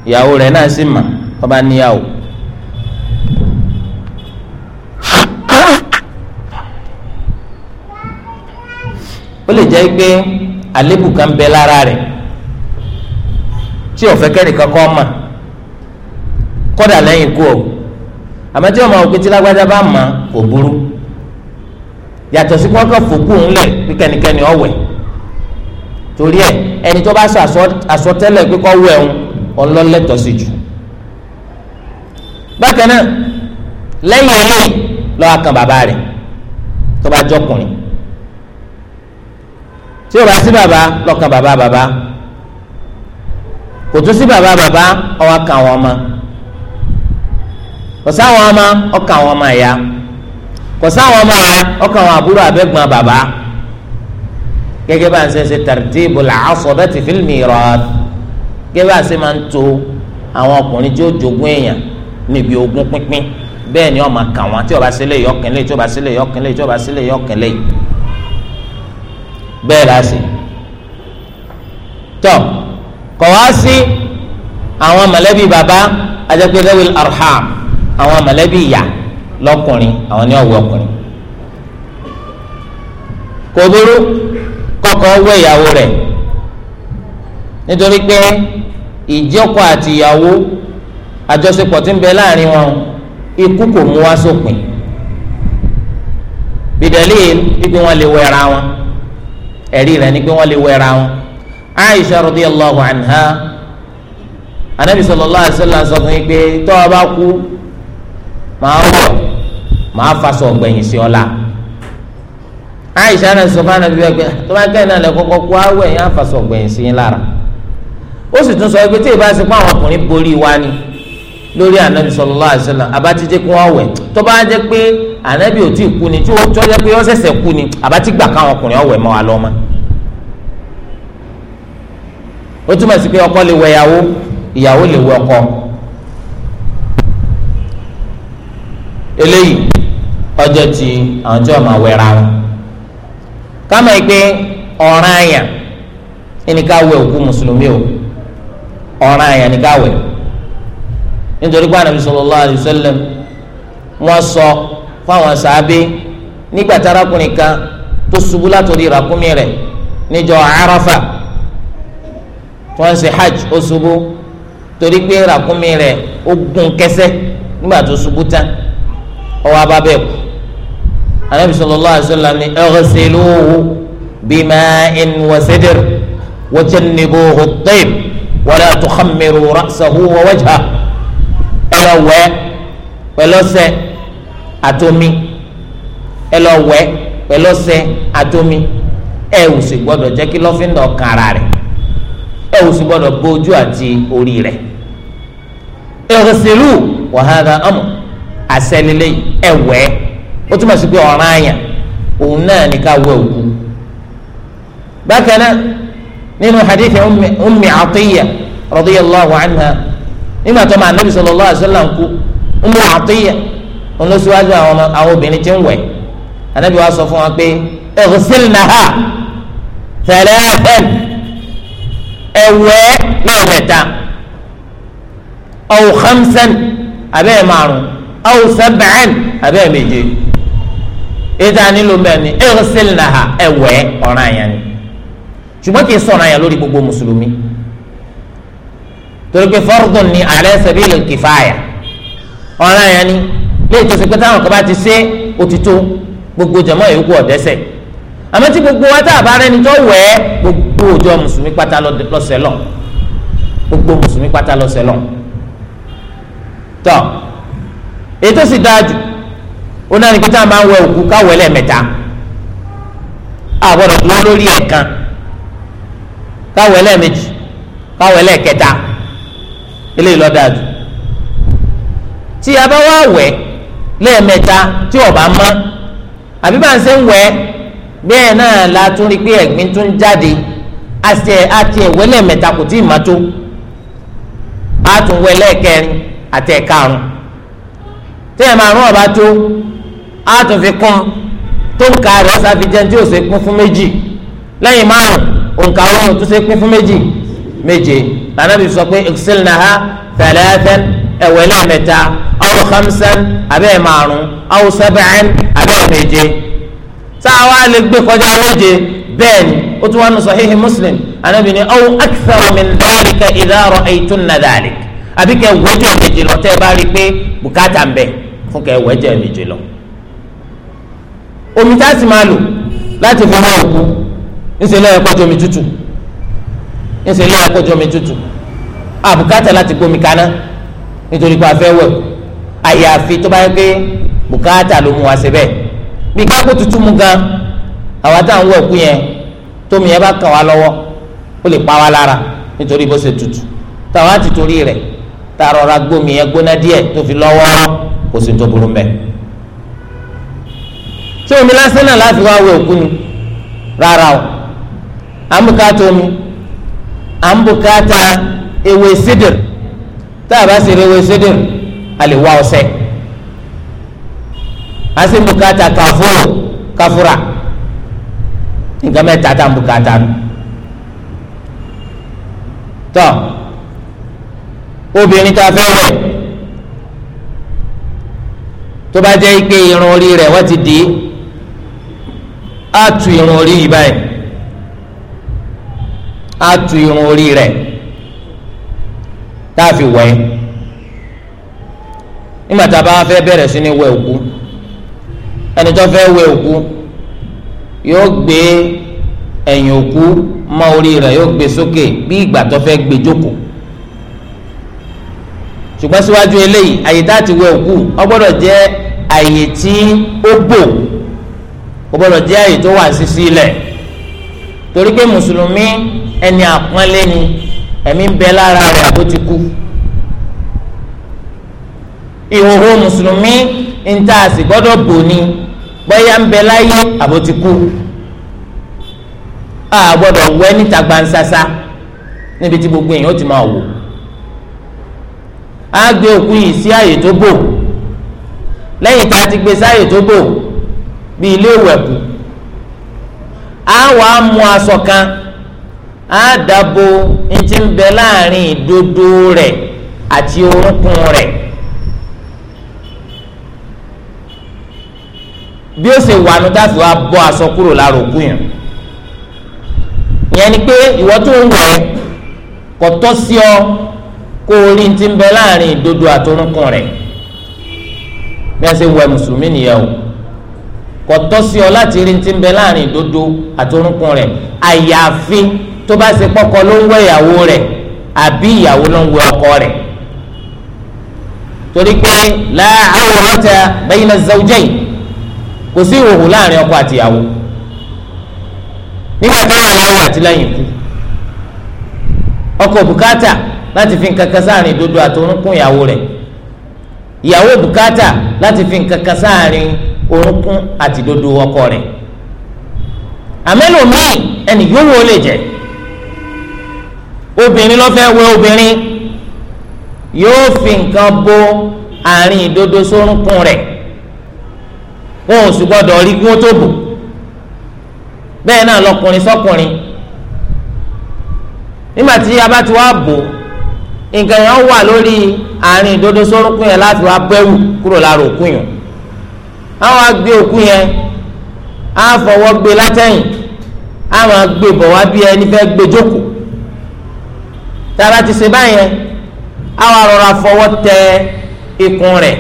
ìyàwó rẹ̀ náà sì mà tó bá níyàwó. ó lè jẹ́ pé àlébù kan bẹ lára rẹ̀ tí ọ̀fẹ́ kẹ́nìkan kọ́ mà kọ́dà lẹ́yìn kú o àmọ́ tí ọmọ òkú tí lágbájá bá mà kò burú yàtọ̀ sí pọ́ńkọ́ fòkú ńlẹ̀ pé kẹ́nìkẹ́nì ọ̀wẹ̀ torí ẹ ẹni tó bá sọ àsọtẹ́lẹ̀ pé kọ́ wẹ̀ ń ọlọ́lẹ́tọ̀ sí jù bákan náà lẹ́yìn eléyìí lọ́wọ́ kan bàbá rẹ̀ tó bá jọkùnrin tí o bá sí bàbá lọ́kàn bàbá bàbá kò tún sí bàbá bàbá ọwọ́ kan àwọn ọmọ kò sáwọn ọmọ ọkàn àwọn ọmọ ẹ̀yà kò sáwọn ọmọ ọkàn àwọn àbúrò abẹ́gbọ̀n bàbá gẹ́gẹ́ bá ń ṣe ṣe tartibu al-asabati fil mirath gẹ́gẹ́ bá ń ṣe máa ń to àwọn ọkùnrin tí ó jogún èèyàn níbi ogún pínpín bẹ́ẹ̀ ni ó máa kà tí ó sílẹ̀ yọkàn lẹ́yìn tí ó sílẹ̀ yọkàn lẹ́yìn tí ó sílẹ̀ yọkàn lẹ́yìn bẹ́ẹ̀ la ṣe tọ́ kọ̀ wá sí àwọn mọ̀lẹ́bí bàbá ajẹ́pẹ́ lẹ́wìl arham àwọn mọ̀lẹ́bí ìyá lọ́kùnrin àwọn ní ọ̀wọ́ ọkùnrin kò burú kọ́kọ́ wẹ̀ ìyàwó rẹ̀ nítorí pé ìjọkọ àti ìyàwó àjọṣepọ̀ tí ń bẹ láàrin wọn ikú kò mú wá sópin bìdẹ̀lì ni pé wọ́n lè wẹ̀ra wọn ẹ̀rí rẹ̀ ni pé wọ́n lè wẹ̀ra wọn aisha radiyallahu anha anabi sallallahu alayhi wa sallam sọ fún yín pé tó o bá kú wọ sí ọlá aisha náà sọ fún anabi tó bá kẹ́hìn náà lẹ kọ́kọ́ kú sí yín lára ó sì sọ pé tí ìbá sí àwọn ọkùnrin borí wa ni lórí anabi sallallahu wọn wẹ tó bá pé anabi ò tí ì ni tí ó jẹ pé ó ni abati gbà káwọn ọkùnrin ọwẹ mọ ó túmọ̀ sí pé ọkọ lè wẹ ìyàwó ìyàwó lè wẹ ọkọ eléyìí ọjọ́ ti àwọn tí wọ́n máa wẹra wọn kámẹ́ pé ọ̀ràn àyàn ẹni ká wẹ òkú mùsùlùmí o ọ̀ràn àyàn ni ká wẹ nítorí pé Ànábì sallallahu alayhi wa sallam wọ́n fáwọn sàábé nígbà tárakùnrin kan tó ṣubú látòrí ìràkúnmí rẹ̀ níjọ́ Àrafà wọ́n ṣe hajj ó ṣubú torí pé ràkúnmí rẹ̀ ó gún kẹsẹ́ nígbà tó ṣubú tán ọwọ́ abá bẹ́ẹ̀ kú anabi sallallahu alaihi wasallam ni ẹ̀rọ̀sẹ̀lúhu bima'in wa sidr wa jannibuhu at-tayb wa la tukhammiru ra'sahu wa wajhahu ẹlọ́wẹ́ pẹ̀lọ́sẹ̀ àtomi ẹlọ́wẹ́ pẹ̀lọ́sẹ̀ àtomi ẹ̀ ò sì gbọ́dọ̀ jẹ́ kí lọ́fíńdà ọ̀kan rẹ̀ ẹ ò sì gbọ́dọ̀ bo ojú àti orí rẹ̀ ìrìnsìlú wàhálà ọmọ àṣẹlélẹ ẹwẹ ó túmọ̀ sí pé ọ̀ràn àyàn òun náà ní ká wẹ òkú bákan náà nínú hadith ummi atiya radiyallahu anha nígbà tó máa nábì sallallahu alaihi wasallam kú ummi atiya òun àwọn obìnrin tí ń wẹ̀ anábì wa sọ fún wa pé ìrìnsìlú náà tẹ̀lé ẹ̀fẹ̀ ẹ̀wẹ́ lọ́wọ́ mẹ́ta aw khamsan abẹ́ márùn aw sab'an abẹ́ méje ètò ànílò mẹ́ni ighsilnaha ẹ̀wẹ́ ọ̀ràn àyàn ni ṣùgbọ́n kì í sọ̀rọ̀ àyàn lórí gbogbo mùsùlùmí torí pé fardun ni ala sabil kifaya ọ̀ràn àyàn ni lẹ́yìn tó ṣe pé táwọn kan ti ṣe òtítọ́ gbogbo jẹ̀mọ́ yòókù ọ̀dẹ́sẹ̀ àmọ́ tí gbogbo wa tá a bá rẹni tó wẹ̀ ẹ́ gbogbo òjò mùsùlùmí pátá lọ́sẹ̀ lọ gbogbo mùsùlùmí pátá lọ́sẹ̀ lọ. tọ́ ètò sì dáa jù ó náà ní pé tá a máa ń wẹ òkú káwẹ́ lẹ́ẹ̀mẹ́ta àbọ̀dọ̀ dúró lórí ẹ̀kan káwẹ́ lẹ́ẹ̀mejì káwẹ́ lẹ́ẹ̀kẹta eléyìí ló dáa jù tí a bá wá wẹ̀ lẹ́ẹ̀mẹ́ta tí ọ̀bá mọ́ àbí bá ń ṣe ń wẹ̀ ẹ́ bẹ́ẹ̀ náà la tún rí pé ẹ̀gbin tún jáde àti àti ẹ̀wẹ́lẹ̀ mẹ́ta kò tí ì má tó a tún wẹ lẹ́ẹ̀kẹrin àti ẹ̀karùn tẹ́yẹ̀ márùn ọ̀bá tó a tún fi kún tó ń ka rẹ̀ ọ̀sà fi jẹun tí ó ṣe pín fún méjì lẹ́yìn márùn òǹkà wọn ò ṣe pín fún méjì méje lànàbí sọ pé ìṣẹ̀lẹ̀ha thalathan ẹ̀wẹ́lẹ̀ mẹ́ta aw khamsan abẹ́ẹ̀ márùn aw sab'an abẹ́ẹ̀ méje sáwa lè gbé kọjá méje bẹ́ẹ̀ ni ó tún wà nù sahihi muslim anabi ni aw akthar min dhalika idha ra'aytunna dhalik àbí kẹ wẹ́jọ méje lọ tẹ́ ẹ bá rí i pé bùkátà ń bẹ fún kẹ wẹ́jọ méje lọ. omi tá a sì máa lò láti fi wọ́n òkú ńṣe lọ́yẹ kọjọ mi tútù ńṣe lọ́yẹ kọjọ mi tútù àbùkátà láti gbómi kaná nítorí pé a fẹ́ wẹ̀ àyàfi tó bá yẹ pé bùkátà ló mú wa ṣe bẹ́ẹ̀ bí kákó tutù mu gan àwa tá à ń wọ òkú yẹn tómi yẹn bá kàn wá lọ́wọ́ ó lè pa wá lára nítorí bó ṣe tutù táwa ti torí rẹ̀ tá a rọra gbómi yẹn gbóná díẹ̀ tó fi lọ́wọ́ kò sí tó burú mbẹ́. ṣé omi lásán náà láti wá wọ òkú ni rárá o à ń bùkátà omi à ń bùkátà ewé sídìrì tá a bá ṣe ewé sídìrì a lè wá ọṣẹ asi bukata kafuro kafura nǹkan mẹ́ta tá bukata nù tọ obìnrin tá a fẹ́ wẹ̀ tó bá jẹ́ ike irun orí rẹ̀ wọ́n ti dì í á tu irun orí yìí báyìí á tu irun orí rẹ̀ tá a fi wẹ̀ nígbà tá a bá fẹ́ bẹ̀rẹ̀ sí ní òkú ẹni tó fẹ́ wẹ òkú yóò gbé ẹ̀yìn òkú mọ́ orí rẹ̀ yóò gbé sókè bí ìgbà tó fẹ́ gbé jókòó ṣùgbọ́n síwájú eléyìí àyè tá a ti wẹ òkú ó gbọ́dọ̀ jẹ́ àyè tí ó bò ó gbọ́dọ̀ jẹ́ àyè tó wà sísí ilẹ̀ torí pé mùsùlùmí ẹni àpọ́nlé ni ẹ̀mí ń bẹ lára rẹ̀ àbó ti kú ìhòòhò mùsùlùmí Nta asị gbọdọ bò ní ń bẹ láyé a gbọ́dọ̀ wẹ níta gbansasa níbi tí gbogbo èèyàn ó ti máa wò á gbé òkú yìí sí tó bò lẹ́yìn a ti gbé sáyè tó bò bí ilé ìwẹ̀kù á wà á mú aṣọ kan á dàbò ntí ń láàrin ìdodo bí ó ṣe wà ní táfi wá bọ́ aṣọ kúrò lára òkú yẹn ìyẹn ni pé ìwọ tó ń wẹ̀ kò tọ́ sí ọ kó o rí ti ń bẹ láàrin ìdodo àtọrúnkún rẹ̀ bí a ṣe wẹ̀ mùsùlùmí nìyẹn o kò tọ́ sí ọ láti rí ti ń bẹ láàrin ìdodo àtọrúnkún rẹ̀ àyàfi tó bá ṣe pọ́kọ ló ń wẹ̀ ìyàwó rẹ̀ àbí ìyàwó ló ń wẹ̀ ọkọ rẹ̀ torí pé la awrata bayna az-zawjayn kò sí ìhòòhò láàrin ọkọ àtìyàwó nígbà tó wà láwọ àti lẹ́yìn ikú ọkọ bùkátà láti fi nǹkan kan sáàrin dodo àtòrúnkún ìyàwó rẹ̀ ìyàwó bùkátà láti fi nǹkan kan sáàrin orúnkún àti dodo ọkọ rẹ̀ àmẹ́lòmíì ẹnì yóò wọ lè jẹ obìnrin ló fẹ́ wẹ obìnrin yóò fi nǹkan bo àárín ìdodo sórúnkún rẹ̀ wọn ò sì gbọ́dọ̀ rí kí wọ́n tó bò bẹ́ẹ̀ náà lọkùnrin sọkùnrin nígbà tí a bá ti wá bò nǹkan yẹn wà lórí àárín ìdodo sórúnkún yẹn láti wá bẹ́rù kúrò lára òkú yẹn àwọn agbé òkú yẹn á fọwọ́ gbé látẹ̀yìn á máa bọ̀ wá bí ẹni fẹ́ gbé jókòó tá ti ṣe báyẹn á wà fọwọ́ tẹ ikùn rẹ̀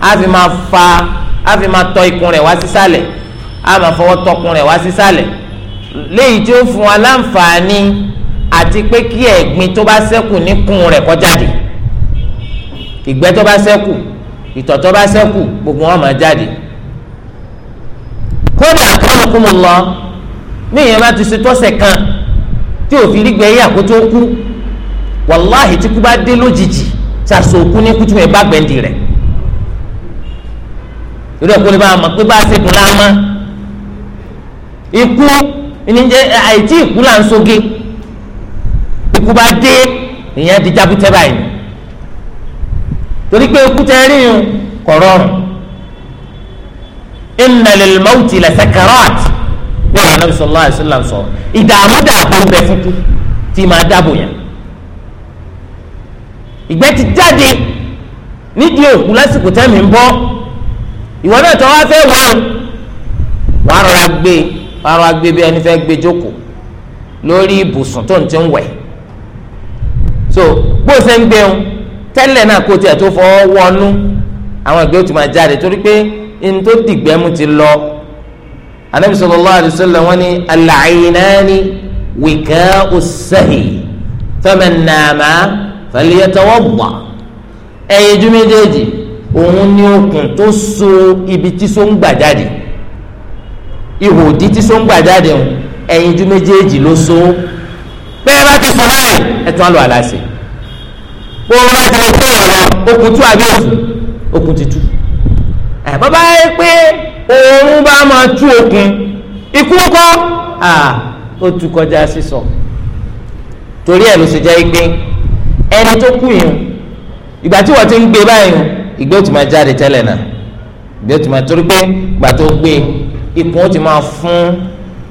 á fi máa fa a fi máa tọ ikùn rẹ̀ wá sísàlẹ̀ a máa fọwọ́ tọkùn rẹ̀ wá sísàlẹ̀ léyìí tí ó fún wa láǹfààní àti pé kí ẹ̀gbin tó bá ṣẹ́kù níkùn rẹ̀ kó jáde ìgbẹ́ tó bá ṣẹ́kù ìtọ̀ tó bá ṣẹ́kù gbogbo wọn máa jáde kódà akramakumullah ní ìyẹn bá ti ṣe tọ́sẹ̀ kan tí òfin rígbẹ́ yà kó tó kú wàláhì tí kú bá dé lójijì ṣàṣòkú ní kútu ẹ̀ bá gbẹ̀ǹdì rẹ̀ torí ẹ̀kọ́ lè bá a mọ̀ pé bá a ṣe dùn láàmú ikú ìníjẹ àìtí ikú là ń soge ikú bá dé ìyẹn di jábútẹ́ báyìí torí pé ikú tẹ́ rí yun kọ̀ rọrùn inna lil mawti la sakarat bí ọ̀rọ̀ Ànábì sallallahu alaihi wasallam sọ ìdààmú dààbò bẹ fún tí máa dáàbò yẹn ìgbẹ́ ti jáde nídìí òkú lásìkò tẹ́mi ń bọ́ ìwọ náà tó wá fẹ́ wá wàá rọra gbé wàá rọra gbé bí ẹni fẹ́ gbé jókòó lórí ibùsùn tó ń ti ń wẹ̀ so bó ṣe ń gbẹun tẹ́lẹ̀ náà kó tiẹ̀ tó fọwọ́ wọnú àwọn ìgbé tó máa jáde torí pé n tó dìgbẹ́ mu ti lọ anabi sallallahu alaihi wasallam wọn ni al-aynani wika'u as-sahi faman nama falyatawadda ẹyẹjú òun ni okùn tó so ibi tí so ń gbà jáde ihò òdì tí so ń gbà jáde o ẹ̀yinjú méjèèjì ló so bẹ́ẹ̀ bá ti sọ̀rọ̀ rẹ̀ ẹ̀ tún á lọ àlàsì bó o bá ti lọ pé ọ̀rọ̀ okùn tú àbí òtù okùn ti tú ẹ̀ bàbá yẹ pé òun bá máa tú okùn ikú kọ́ à ó tú kọjá sísọ torí ẹ̀ ló ṣe jẹ́ pé ẹni tó kú yìí ìgbà tí wọ́n ti ń gbé báyìí ìgbẹ́ ó ti máa jáde tẹ́lẹ̀ náà ìgbẹ́ ó ti máa torí pé gbà tó gbé ikùn ó ti máa fún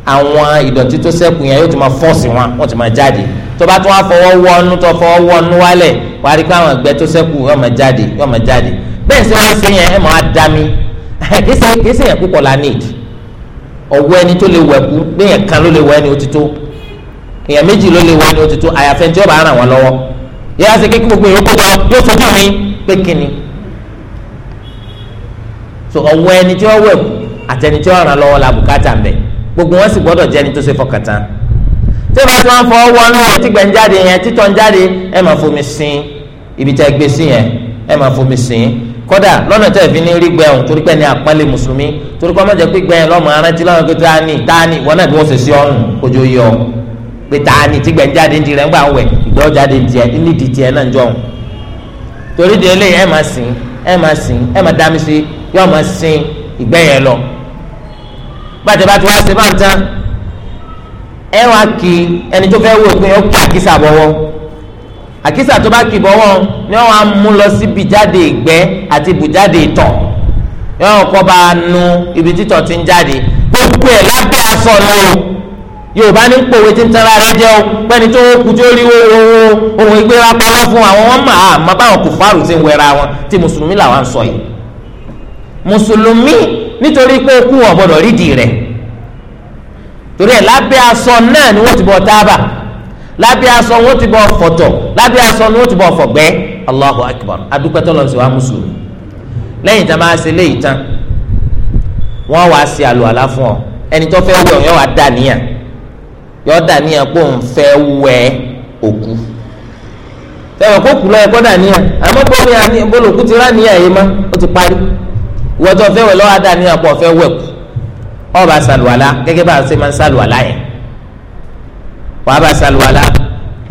àwọn ìdọ̀tí tó ṣẹ́kù yẹn yóò ti máa fọ́ọ̀sì wọn wọ́n ti máa jáde tó bá tún wá fọwọ́ wọnú tó fọwọ́ wọnú wálẹ̀ wà á rí pé àwọn ìgbẹ́ tó ṣẹ́kù yóò máa jáde yóò máa jáde bẹ́ẹ̀ sẹ́ wá sí yẹn ẹ̀ máa dá mi kìí sẹ́yìn púpọ̀ la need ọ̀wọ́ ẹni tó lè wẹ̀kú gbẹ̀yẹn kan ló lè wẹ̀ ẹni ó ti tó èèyàn méjì ló lè wẹ̀ ẹni ó ti tó àyàfẹ́ tí ó bá ràn wọ́n lọ́wọ́ yẹ́n á sẹ́ kékeré gbogbo èèyàn kó jọ yóò fojú mi pé kíni so ọwụwa ẹni tí wọ́n wẹ̀kú àtẹni tí wọ́n ràn lọwọ la bùkátà ń bẹ gbogbo wọn sì gbọdọ jẹ ẹni tó ṣe tí ti wọ́n fọ ọwọ́ náà ń jáde yẹn títọ́ ń jáde ẹ̀ máa fomi sin ibi gbé sí yẹn ẹ máa fomi sin kódà lọ́nà fi ní rí torí pé ní mùsùlùmí torí pé pé lọ́mọ arántí pé tání tání wọn náà bí wọ́n ṣe sí yọ pé yóò máa sin ìgbẹ́ yẹn lọ gbàtẹ́ bá ti wá sí bá ń tán ẹ wá kí ẹni tó fẹ́ wò pé ó kí àkísà bọ̀wọ́ àkísà tó bá kì bọ̀wọ́ ni wọ́n á mú lọ sí bìjáde ìgbẹ́ àti bùjáde ìtọ̀ yọ̀ọ́ kọ́ bá nu ibi títọ̀ ti ń jáde gbogbo ẹ̀ lábẹ́ aṣọ náà yorùbá ní pòwe tí ń tẹ́ra rẹ jẹ́ o pẹ́ni tó kú tó rí owó ohun ìgbéra pamọ́ fún àwọn wọn mà á ah, má báwọn kò fárùn sí ń wẹra wọn tí mùsùlùmí làwọn sọ yìí mùsùlùmí nítorí pé okùn ọ̀gbọ́dọ̀ rídìí rẹ̀ torí ẹ̀ lábẹ́ aṣọ náà ni wọ́n ti bọ̀ tábà lábẹ́ aṣọ wọ́n ti bọ̀ fọ̀tọ̀ lábẹ́ aṣọ ni wọ́n ti bọ̀ fọ̀gbẹ́ Allahu akbar adúpẹ́tọ́ lọ sí wa mùsùlùmí lẹ́yìn tá a máa ṣe léyìí tán wọ́n wá ṣe àlùwàlá fún ọ ẹni tó fẹ́ wẹ̀ ọ́ yọ wá dà yọ dà pé òun fẹ́ wẹ̀ òkú fẹ́ràn kó kú lọ́yẹ̀ kọ́ dà àmọ́ pọ́ mi àní ti rá níyà yìí má ó ti parí wọ́n tó fẹ́ wẹ̀ lọ́wọ́ adá ní ọ̀pọ̀ fẹ́ wẹ̀ kù ọba ṣàlùwàlá gẹ́gẹ́ bá a ṣe máa ń ṣàlùwàlá yẹn wàá bá ṣàlùwàlá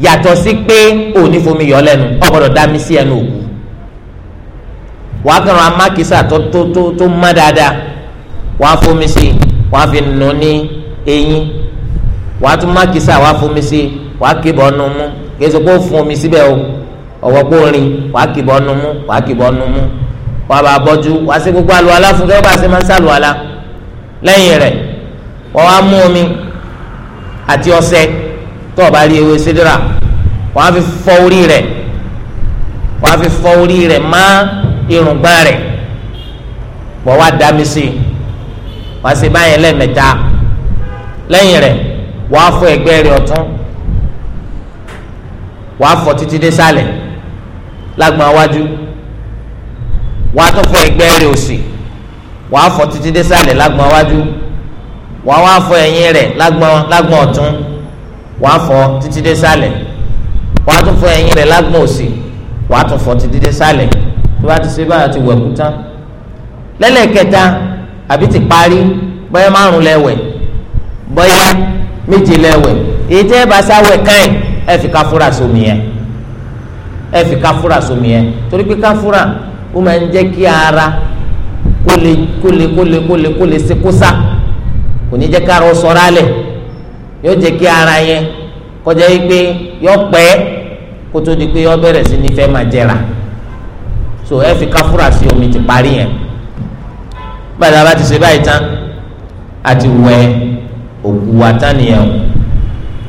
yàtọ̀ sí pé òní fomi yọ lẹ́nu ọ̀gbọ́dọ̀ dá mi sí ẹnu òkú wàá kàn án mákìsà tó tó tó tó má dáadáa wàá fomi sí wàá fi nù ní eyín wàá tún mákìsà wàá fomi sí wàá kébọ̀ nù mú kí ẹ sọ pé ó fún omi síbẹ̀ o ọ̀wọ́ pé ó rin wàá kébọ̀ nù mú wàá kébọ̀ nù mú wàá bá bọ́jú wàá sí gbogbo àlùwàlá fún kẹ́kọ̀ọ́ àti máa ń sàlùwàlá lẹ́yìn rẹ̀ wọ́n wá mú omi àti ọṣẹ tó o bá rí ewé sídìrà wọ́n á fi fọ orí rẹ̀ wọ́n á fi fọ orí rẹ̀ má irùngbà rẹ̀ wọ́n wá dá mi sí i wọ́n á báyẹn lẹ́ẹ̀mẹ́ta lẹ́yìn rẹ̀ wọ́n á fọ ẹ̀gbẹ́ rẹ̀ ọ̀tún wọ́n á fọ títí dé sálẹ̀ lágbọ̀n iwájú wàá tún fọ ẹ̀gbẹ́ rẹ̀ òsì wàá fọ títí dé sàlẹ̀ lágbọ̀n wájú wàá wàá fọ ẹ̀yìn rẹ̀ lágbọ̀n ọ̀tún wàá fọ títí dé sàlẹ̀ wàá tún fọ ẹ̀yìn rẹ̀ lágbọ̀n òsì wàá tún fọ títí dé sàlẹ̀ tó bá ti ṣe báyà ti wẹ̀ kú tán lẹ́lẹ́kẹta àbí ti parí bóyá márùn lẹ́wẹ̀ bóyá méje lẹ́wẹ̀ èyí tẹ́ bá sáwẹ̀ káyìn ẹ fi káfúrà sómi yẹn ẹ fi káfúrà sómi yẹn torí pé káfúrà ó máa ń jẹ́ kí ara kólé kólé kólé kólé kólé sí kósá kò ní jẹ́ kí ara sọ̀rọ̀ alẹ̀ yóò jẹ́ kí ara yẹn kọjá yìí pé yọ pẹ́ kó tó di pé yọ bẹ̀rẹ̀ sí ní fẹ́ máa jẹrà so ẹ fi káfúrà sí omi ti parí yẹn báyìí lábá ti ṣe báyìí tán àti wẹ òkú wa tán nìyẹn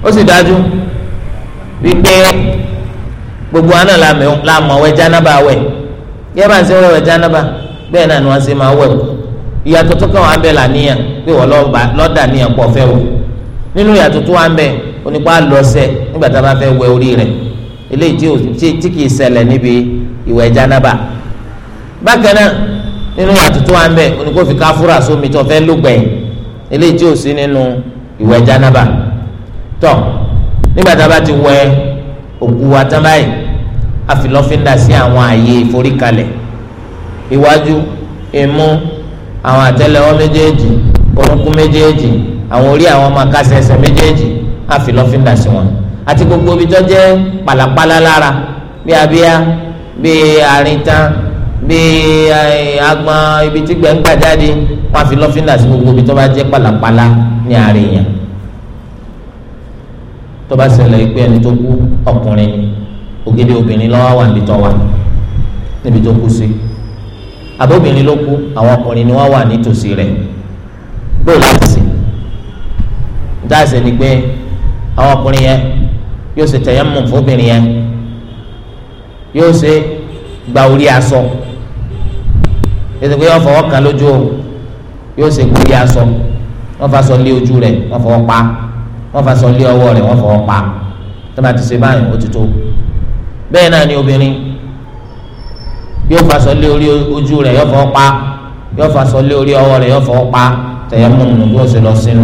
o ó sì dájú wípé gbogbo àná làmọ̀ wẹ jánábà wẹ̀. yẹ bá ń ṣe wẹ̀wẹ̀ jánábà bẹ́ẹ̀ náà ni wọ́n ṣe máa wẹ̀ kú ìyàtọ̀ tó kàn wá ń làníyàn pé nínú ìyàtọ̀ tó wá ń onípa lọ́sẹ̀ nígbà tá a bá fẹ́ wẹ orí rẹ̀ eléyìí tí kì níbi ìwẹ̀ bákan náà nínú ìyàtọ̀ tó onípa òfin káfúrà sómi tó fẹ́ lùgbẹ̀ eléyìí nínú ìwẹ̀ tọ̀ àfìlọ́fíńdà sí àwọn ààyè ìforíkalẹ̀ iwájú imú àwọn àtẹ́lẹwọ́ méjèèjì orúnkún méjèèjì àwọn orí àwọn ọmọ akásẹ̀ ẹsẹ̀ méjèèjì àfìlọ́fíńdà sí wọn àti gbogbo ibi tó jẹ́ pàlàpàlà lára bí abíyá bí àrìntàn bí eh, agbọn ibi tí gbẹ̀ ń gbà jáde wọn àfìlọ́fíńdà sí gbogbo ibi tó bá jẹ́ pàlàpàlà ní àárín yẹn tó bá ṣẹlẹ̀ pé ẹni tó kú ọkùnrin ni ògidì obìnrin lọ́wọ́ wà níbi tó wà níbi tó kú sí àbóbìnrin ló kú àwọn ọkùnrin ni wọ́n wà nítòsí rẹ̀ bóò láti sè dáàsì ni pé àwọn ọkùnrin yẹn yóò ṣe tẹ̀yẹ́mù fóbìnrin yẹn yóò ṣe gba orí aṣọ ètò pé wọ́n fọwọ́ kan lójú o yóò ṣe gba orí aṣọ wọ́n fa aṣọ lé ojú rẹ̀ wọ́n fọwọ́ pa wọ́n fa aṣọ lé ọwọ́ rẹ̀ wọ́n fọwọ́ pa tó bá ti ṣe báyìí ó ti tó. bẹ́ẹ̀ náà ni obìnrin yóò fasọ lé orí ojú rẹ̀ yóò pa lé orí ọwọ́ rẹ̀ pa mú bí wọ́n ṣe lọ sínú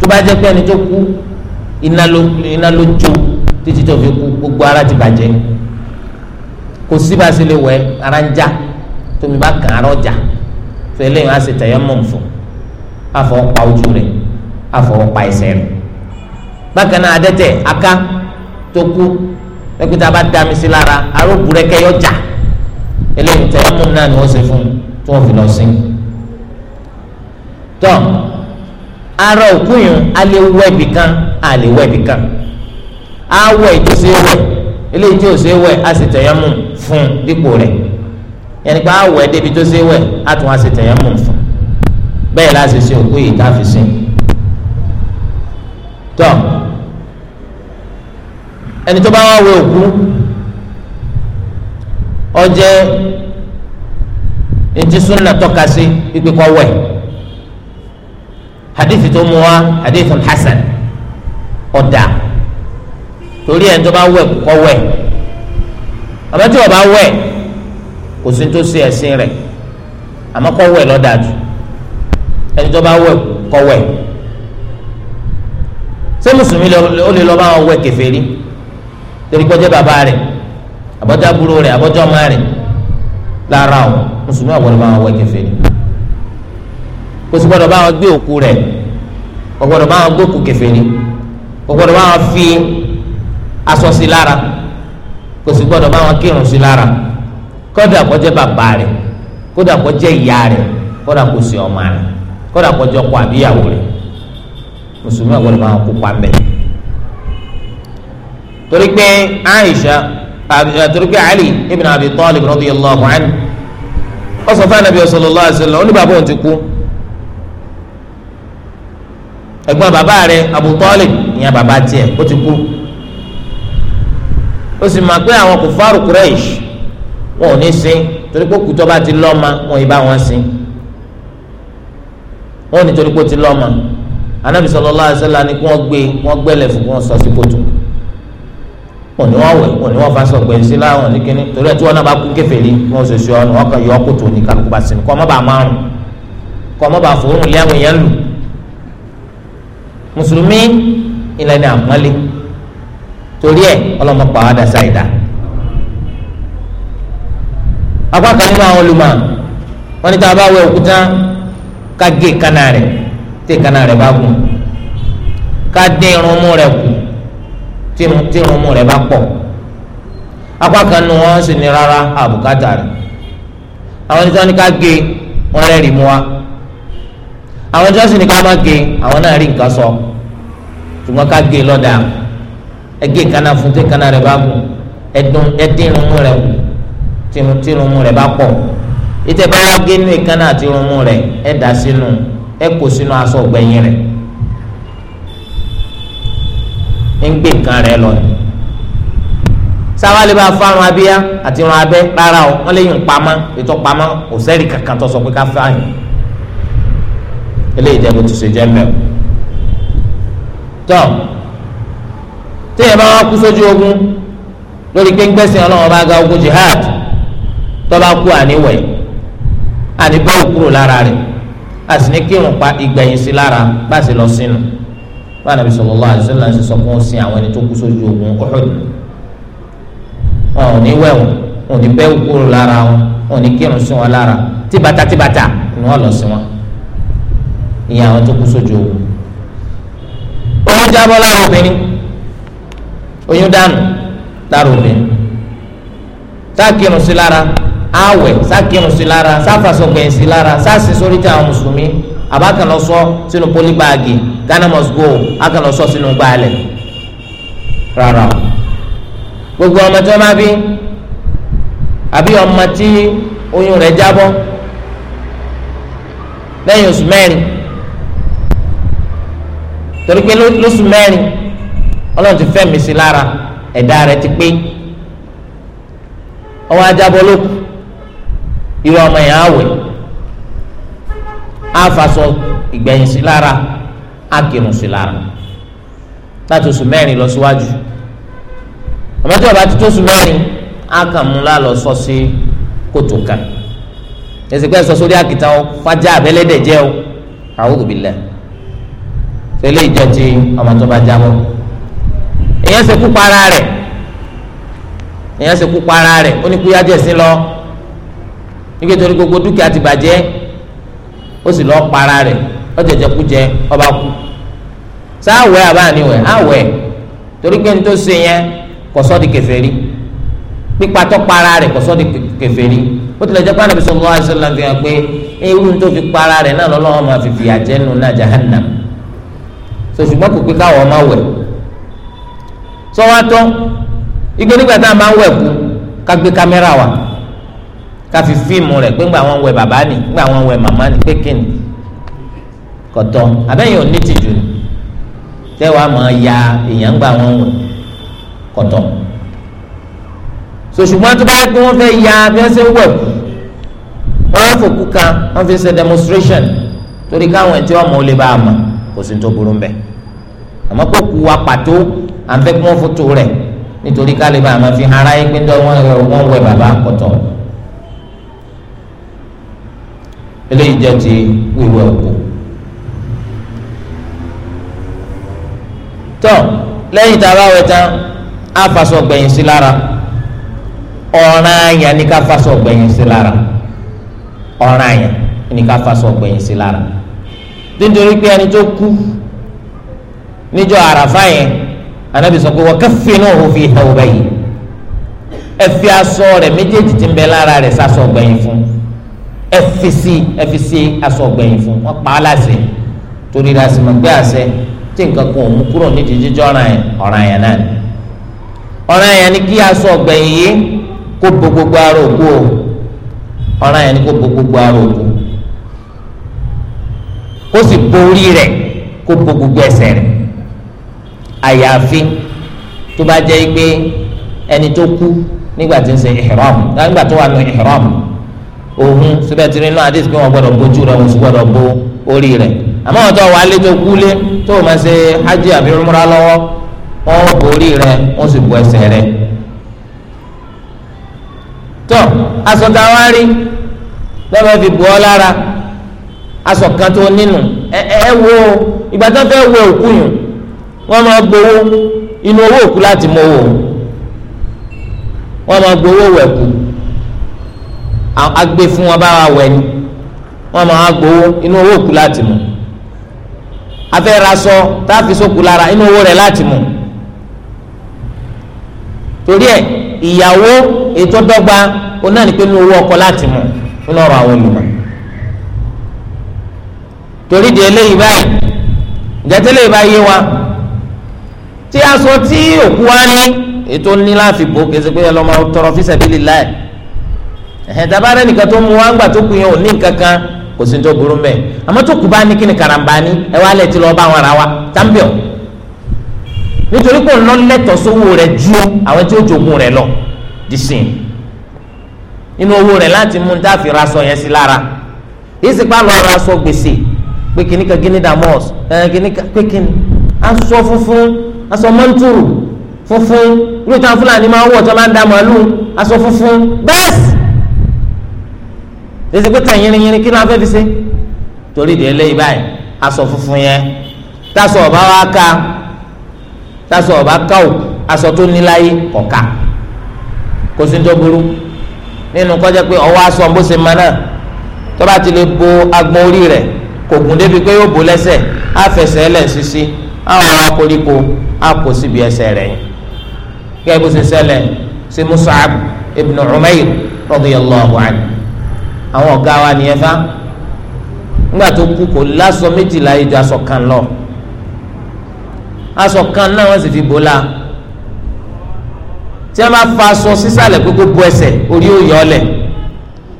tó bá jẹ́ pé ẹni tó kú iná ló jó gbogbo ara ti bàjẹ́ kò sí bá a ṣe lè ara ń já tómi ara ọjà wọ́n á ṣe mú fún pa ojú rẹ̀ pa ẹsẹ̀ ẹgbẹ́ tá a bá da mi sí lára aró burẹ́kẹ́ yọ jà eléyìí tẹ́ ẹ̀mú náà ni wọ́n ṣe fún tí wọ́n fi lọ sí. tọ́ ara òkú yìí a lè wẹ̀ bì kan a lè wẹ̀ bì kan a wẹ̀ tó ṣe wẹ̀ eléyìí tí ò ṣe wẹ̀ a sì tẹ̀yẹ́ mú fún dípò rẹ̀ yẹnni pé a wẹ̀ débi tó ṣe wẹ̀ a tún a sì tẹ̀yẹ́ mú fún bẹ́ẹ̀ la ṣe ṣe òkú yìí tá a fi sìn. tọ́ ẹni tó bá wá wẹ òkú ọjẹ etí súnà tọ́ka sí ipe kọ́ wẹ̀ hadithi tó mu wa hadithun hasan ọ̀dà torí ẹni tó bá wẹ̀ kọ́ wẹ̀ àmọ́ tí wọ́n bá wẹ̀ kò sí tó ṣe ẹ̀sìn rẹ̀ àmọ́ kọ́ wẹ̀ lọ́dà jù ẹni tó bá wẹ̀ kọ́ wẹ̀ ṣé mùsùlùmí ó lè lọ bá wọn wẹ̀ kèfèrí torí kọjá bàbá rẹ̀ àbọ̀já búrò rẹ̀ àbọ̀já ọmọ rẹ̀ lára o mùsùlùmí àwọ̀rọ̀ bá wọn wọ kẹfẹ́ ni kò sí gbọdọ̀ bá wọn gbé òkú rẹ̀ kò gbọdọ̀ bá wọn gbókù kẹfẹ́ ni kò gbọdọ̀ bá wọn fi aṣọ sí lára kò bá wọn kírun sí lára kódà kọjá bàbá rẹ̀ kódà kọjá ìyá rẹ̀ kódà kò sí ọmọ kódà kọjá ọkọ àbíyàwó rẹ̀ mùsùlùmí àwọ̀rọ̀ bá wọn kópa mẹ́rin torí pé Aisha torí pé Ali ibn Abi Talib radiyallahu anhu ó sọ fún anabi sallallahu alaihi wasallam ó ní bàbá òun ti kú ẹ̀gbọ́n bàbá rẹ̀ Abu Talib ìyẹn bàbá tiẹ̀ ó ti kú ó sì máa pé àwọn kufaru Quraysh wọn ò ní sin torí pé kùtọ́ bá ti lọ́ọ́ma wọn ì bá wọn sin wọn ò ní torí pé ó ti lọ́ọ́ma anabi sallallahu alaihi wasallam ni kí gbé wọ́n gbẹ́lẹ̀ fún kí sọ sí kòtò wọn ni wọn wẹ wọn ni wọn fasọ gbẹ sí láwọn ní kíní torí ẹ tí wọn náà bá kú kẹfẹẹrí wọn sọ sí ọ wọn kàn yọ kótó ní kálukú bá sinmi kọ ọmọ bá márùn kọ ọmọ bá fòórùn lé àwọn èèyàn lù mùsùlùmí ilẹ̀ ní àmọ́lé torí ẹ ọlọ́mọ pa ádá sáìdá apá kan nínú àwọn olùmọ̀ wọn ní tá a bá wẹ òkúta ká gé kaná rẹ̀ tẹ kaná rẹ̀ bá gùn ká dín irun mú rẹ̀ kù. tí irun rẹ̀ bá pọ̀ apá kan nu wọn sì ní rárá àbùkátà rẹ̀ àwọn oníṣẹ́ ní ká gé wọn rẹ̀ rí mu wa àwọn sì sọ ṣùgbọ́n ká gé lọ́dà ẹgé kaná fún tí kaná rẹ bá gùn ẹdún ẹdín irunmu rẹ tí rẹ bá ìtẹ̀bá wa gé àti rẹ sínú rẹ̀. ń gbé nǹkan rẹ̀ lọ ni sáwálé bá fárun abíyá àti irun abẹ́ rárá o wọ́n lè yìn pamọ́ ètò pamọ́ kò sẹ́rì kankan tó sọ pé ká fáyìn eléyìí jẹ́ bó ti ṣe jẹ́ mẹ́wò tọ́ téèyàn bá wá kú sójú ogun lórí gbẹ́ngbẹ́sìn ọlọ́run bá ga ogun jihad tó bá kú àníwẹ̀ àní bọ́ọ̀ kúrò lára rẹ̀ àti ní kírun pa ìgbẹ̀yìn sí lára bá sì lọ sínú. Si báyìí nàbí sallallahu alaihi wasallam ṣe sọ fún sin àwọn ẹni tó kú sójú ogun Uhud wọn ò ní wẹ̀wọ̀n wọn ò ní bẹ́ẹ̀ kúrò lára wọn wọn ò ní kírun sí wọn lára tìbàtà tìbàtà ni wọn lọ sí wọn ìyẹn àwọn tó kú sójú ogun. oyún jábọ́ lára obìnrin oyún dànù lára obìnrin sákìrùn sí lára àwẹ̀ sákìrùn sí lára sáfàsọ̀gbẹ̀yìn sí lára sásì tí àwọn mùsùlùmí àbákan lọ sọ sínú pólíbáàgì Ghana must go akalọ sọ sínú gbaalẹ̀ rárá gbogbo ọmọ tí wọn bá bí àbí ọmọ tí oyún rẹ̀ jábọ́ lẹ́yìn oṣù mẹ́rin torí pé lóṣù ti fẹ̀mí sí lára ẹ̀dá rẹ̀ ti pé ọwọ ajábọ ló irú àkìrùn sí lára láti oṣù mẹ́rin lọ síwájú àmọ́ tí ó bá ti tó oṣù mẹ́rin àkàmúlá lọ sọ sí kòtò kan ẹsẹ̀ pé ẹ̀sọ́ sórí àkìtà ọ fájà àbẹ́lẹ́dẹ̀ jẹ́ ọ a'udhu billah tẹ́lẹ̀ ìjọ ti ọmọ tó bá jábọ́ èèyàn ṣe kú para rẹ̀ èèyàn ṣe kú para rẹ̀ ó ní kú yájẹ̀ sí lọ nígbà tó ní gbogbo dúkìá ti bàjẹ́ ó sì lọ́ọ́ para rẹ̀ ọjọjẹkújẹ ọba kú sáwẹ abániwẹ awẹ torí pé nítorí ṣe yẹn kò sọ di kèfèrí pípa tó para rẹ̀ kò sọ di kèfèrí ó tilẹ̀ jẹ́ pé Ànábì sallallahu alaihi wasallam fi hàn pé ewu tó fi para rẹ̀ náà lọ́lọ́wọ́ máa fi fìyà náà jahannam sòṣùgbọ́n kò pé káwọn ọmọ wẹ̀ sọ́wọ́n tó igbe nígbà tá a máa ń wẹ̀ kú ká gbé kámẹ́rà wa ká fi fíìmù rẹ̀ pé ńgbà wọn wẹ̀ bàbá ni ńgbà wọn wẹ̀ màmá ni pé kíni kọtọ abẹ́yẹn ò ní tìjú tẹ́wàá máa ya èèyàn gbà wọ́n wọ̀ kọtọ sòṣùgbọ́n tó bá yẹ kó wọ́n fẹ́ ya bí wọ́n ṣe ń wẹ̀ kú wọ́n á fòkú kan wọ́n fi ṣe demonstration torí káwọn ẹ̀tí ọmọ olè bá a mọ̀ kò sí tó burú mbẹ́ àmọ́ kó ku wa pàtó à ń fẹ́ kó wọ́n fótó rẹ̀ nítorí ká lè bá a mọ̀ fi ara yín pé ńdọ́ wọ́n wẹ̀ bàbá kọtọ eléyìí jẹ́ ti wíwẹ̀ kú. tọ́ lẹyìn tá a bá wẹ̀ tán á faṣọ gbẹ̀yìn sí lára ọ̀ràn àyàn ni ká sí lára àyàn ni ká sí lára nítorí pé ẹni tó kú níjọ àràfà yẹn anabi sọ pé náà ò fi hàn méjèèjì ń bẹ lára sásọ fún sí sí fún pa á láṣẹ torí tí nǹkan kan ò mú kúrò nídìí jíjọ́ ọ̀ràn yẹn ọ̀ràn yẹn náà ni ọ̀ràn yẹn ni kí aṣọ ọ̀gbẹ̀yìn yìí kó bo gbogbo ara òkú o ọ̀ràn yẹn ni kó bo gbogbo ara òkú kó sì bo rẹ̀ kó bo gbogbo ẹsẹ̀ rẹ̀ àyàfi tó bá jẹ́ pé ẹni tó kú nígbà tí ń ṣe ihram nígbà tó wà ní ihram òun síbẹ̀ tí nínú hadith pé wọ́n gbọ́dọ̀ bójú rẹ̀ wọ́n sì gbọ́dọ̀ bo orí rẹ̀ àmọ́ ọ̀tọ̀ wà á lé tó kúlé tó o máa ṣe hajj àbí umra lọ́wọ́ wọ́n borí rẹ wọ́n sì bu ẹsẹ̀ rẹ. tọ́ aṣọ tá bu ọ́ lára aṣọ kan tó nínú ẹ ẹ wo ìgbà tó fẹ́ wo òkú yùn wọ́n máa gbowó inú owó òkú afẹ́ ra sọ tá a fi sókù lára inú owó rẹ̀ láti mú torí ẹ̀ ìyàwó ètò dọ́gba oná ní pé inú owó ọkọ láti mú nínú ọ̀rọ̀ àwọn olùmọ̀ torí di eléyìí báyìí ìjẹ́tẹ́lẹ̀ bá yé wa tí a sọ tí òkú wa ní ètò nílá fìbò kèsì pé ọlọ́mọ tọrọ fi sabilillah ẹ̀hẹ́n tabarẹ́ nìkan tó mú wa ń gbà tó kù yẹn ò ní nǹkan kò sí tó burú mẹ́ àmọ́ tó kù bá ní kí ni karambani ẹ wá lẹ́ẹ̀tì lọ́ọ́ bá wọn ra wa champion nítorí kò ń lọ lẹ́tọ̀ọ́ sówó rẹ̀ ju àwọn tí ó jogún rẹ̀ lọ disin nínú owó rẹ̀ láti mú tá a fi raṣọ yẹn sí lára ìsìnkú àlọ́ raṣọ gbèsè pé kìnnìkan gínídà mọ́ọ̀sì ẹ̀ kìnnìkan pé kìnnì aṣọ funfun aṣọ mọ́ntúrù funfun irú táwọn fúlàní máa ń wọ̀ tó máa ń da màálù aṣọ funfun bẹ́ẹ̀sì èsì pé tàn yìnyín kí ló ń fẹ́ fi ṣe torí ìdí ẹlẹ́yìí báyìí aṣọ funfun yẹn táṣọ ọba wa ká táṣọ ọba ká ò aṣọ tó níláyé ọ̀ka kò sí tó burú nínú kọjá pé ọwọ́ aṣọ bó ṣe máa náà tó bá ti lè bo agbọ̀n orí rẹ̀ kò gùn débi pé yóò bò lẹ́sẹ̀ á ẹlẹ̀ sisi àwọn ará koríko á síbi ẹsẹ̀ rẹ̀ yẹn kí ẹ bó ṣe ṣẹlẹ̀ sí Mus'ab ibn Umair radiyallahu anhu àwọn ọ̀gá wa nìyẹn fa nígbà tó kú kò lásọ méjìlá yìí ju aṣọ kan lọ aṣọ kan náà wọ́n sì fi bò la tí wọ́n bá fa aṣọ sísàlẹ̀ gbogbo bo ẹsẹ̀ orí ó yọ ọlẹ̀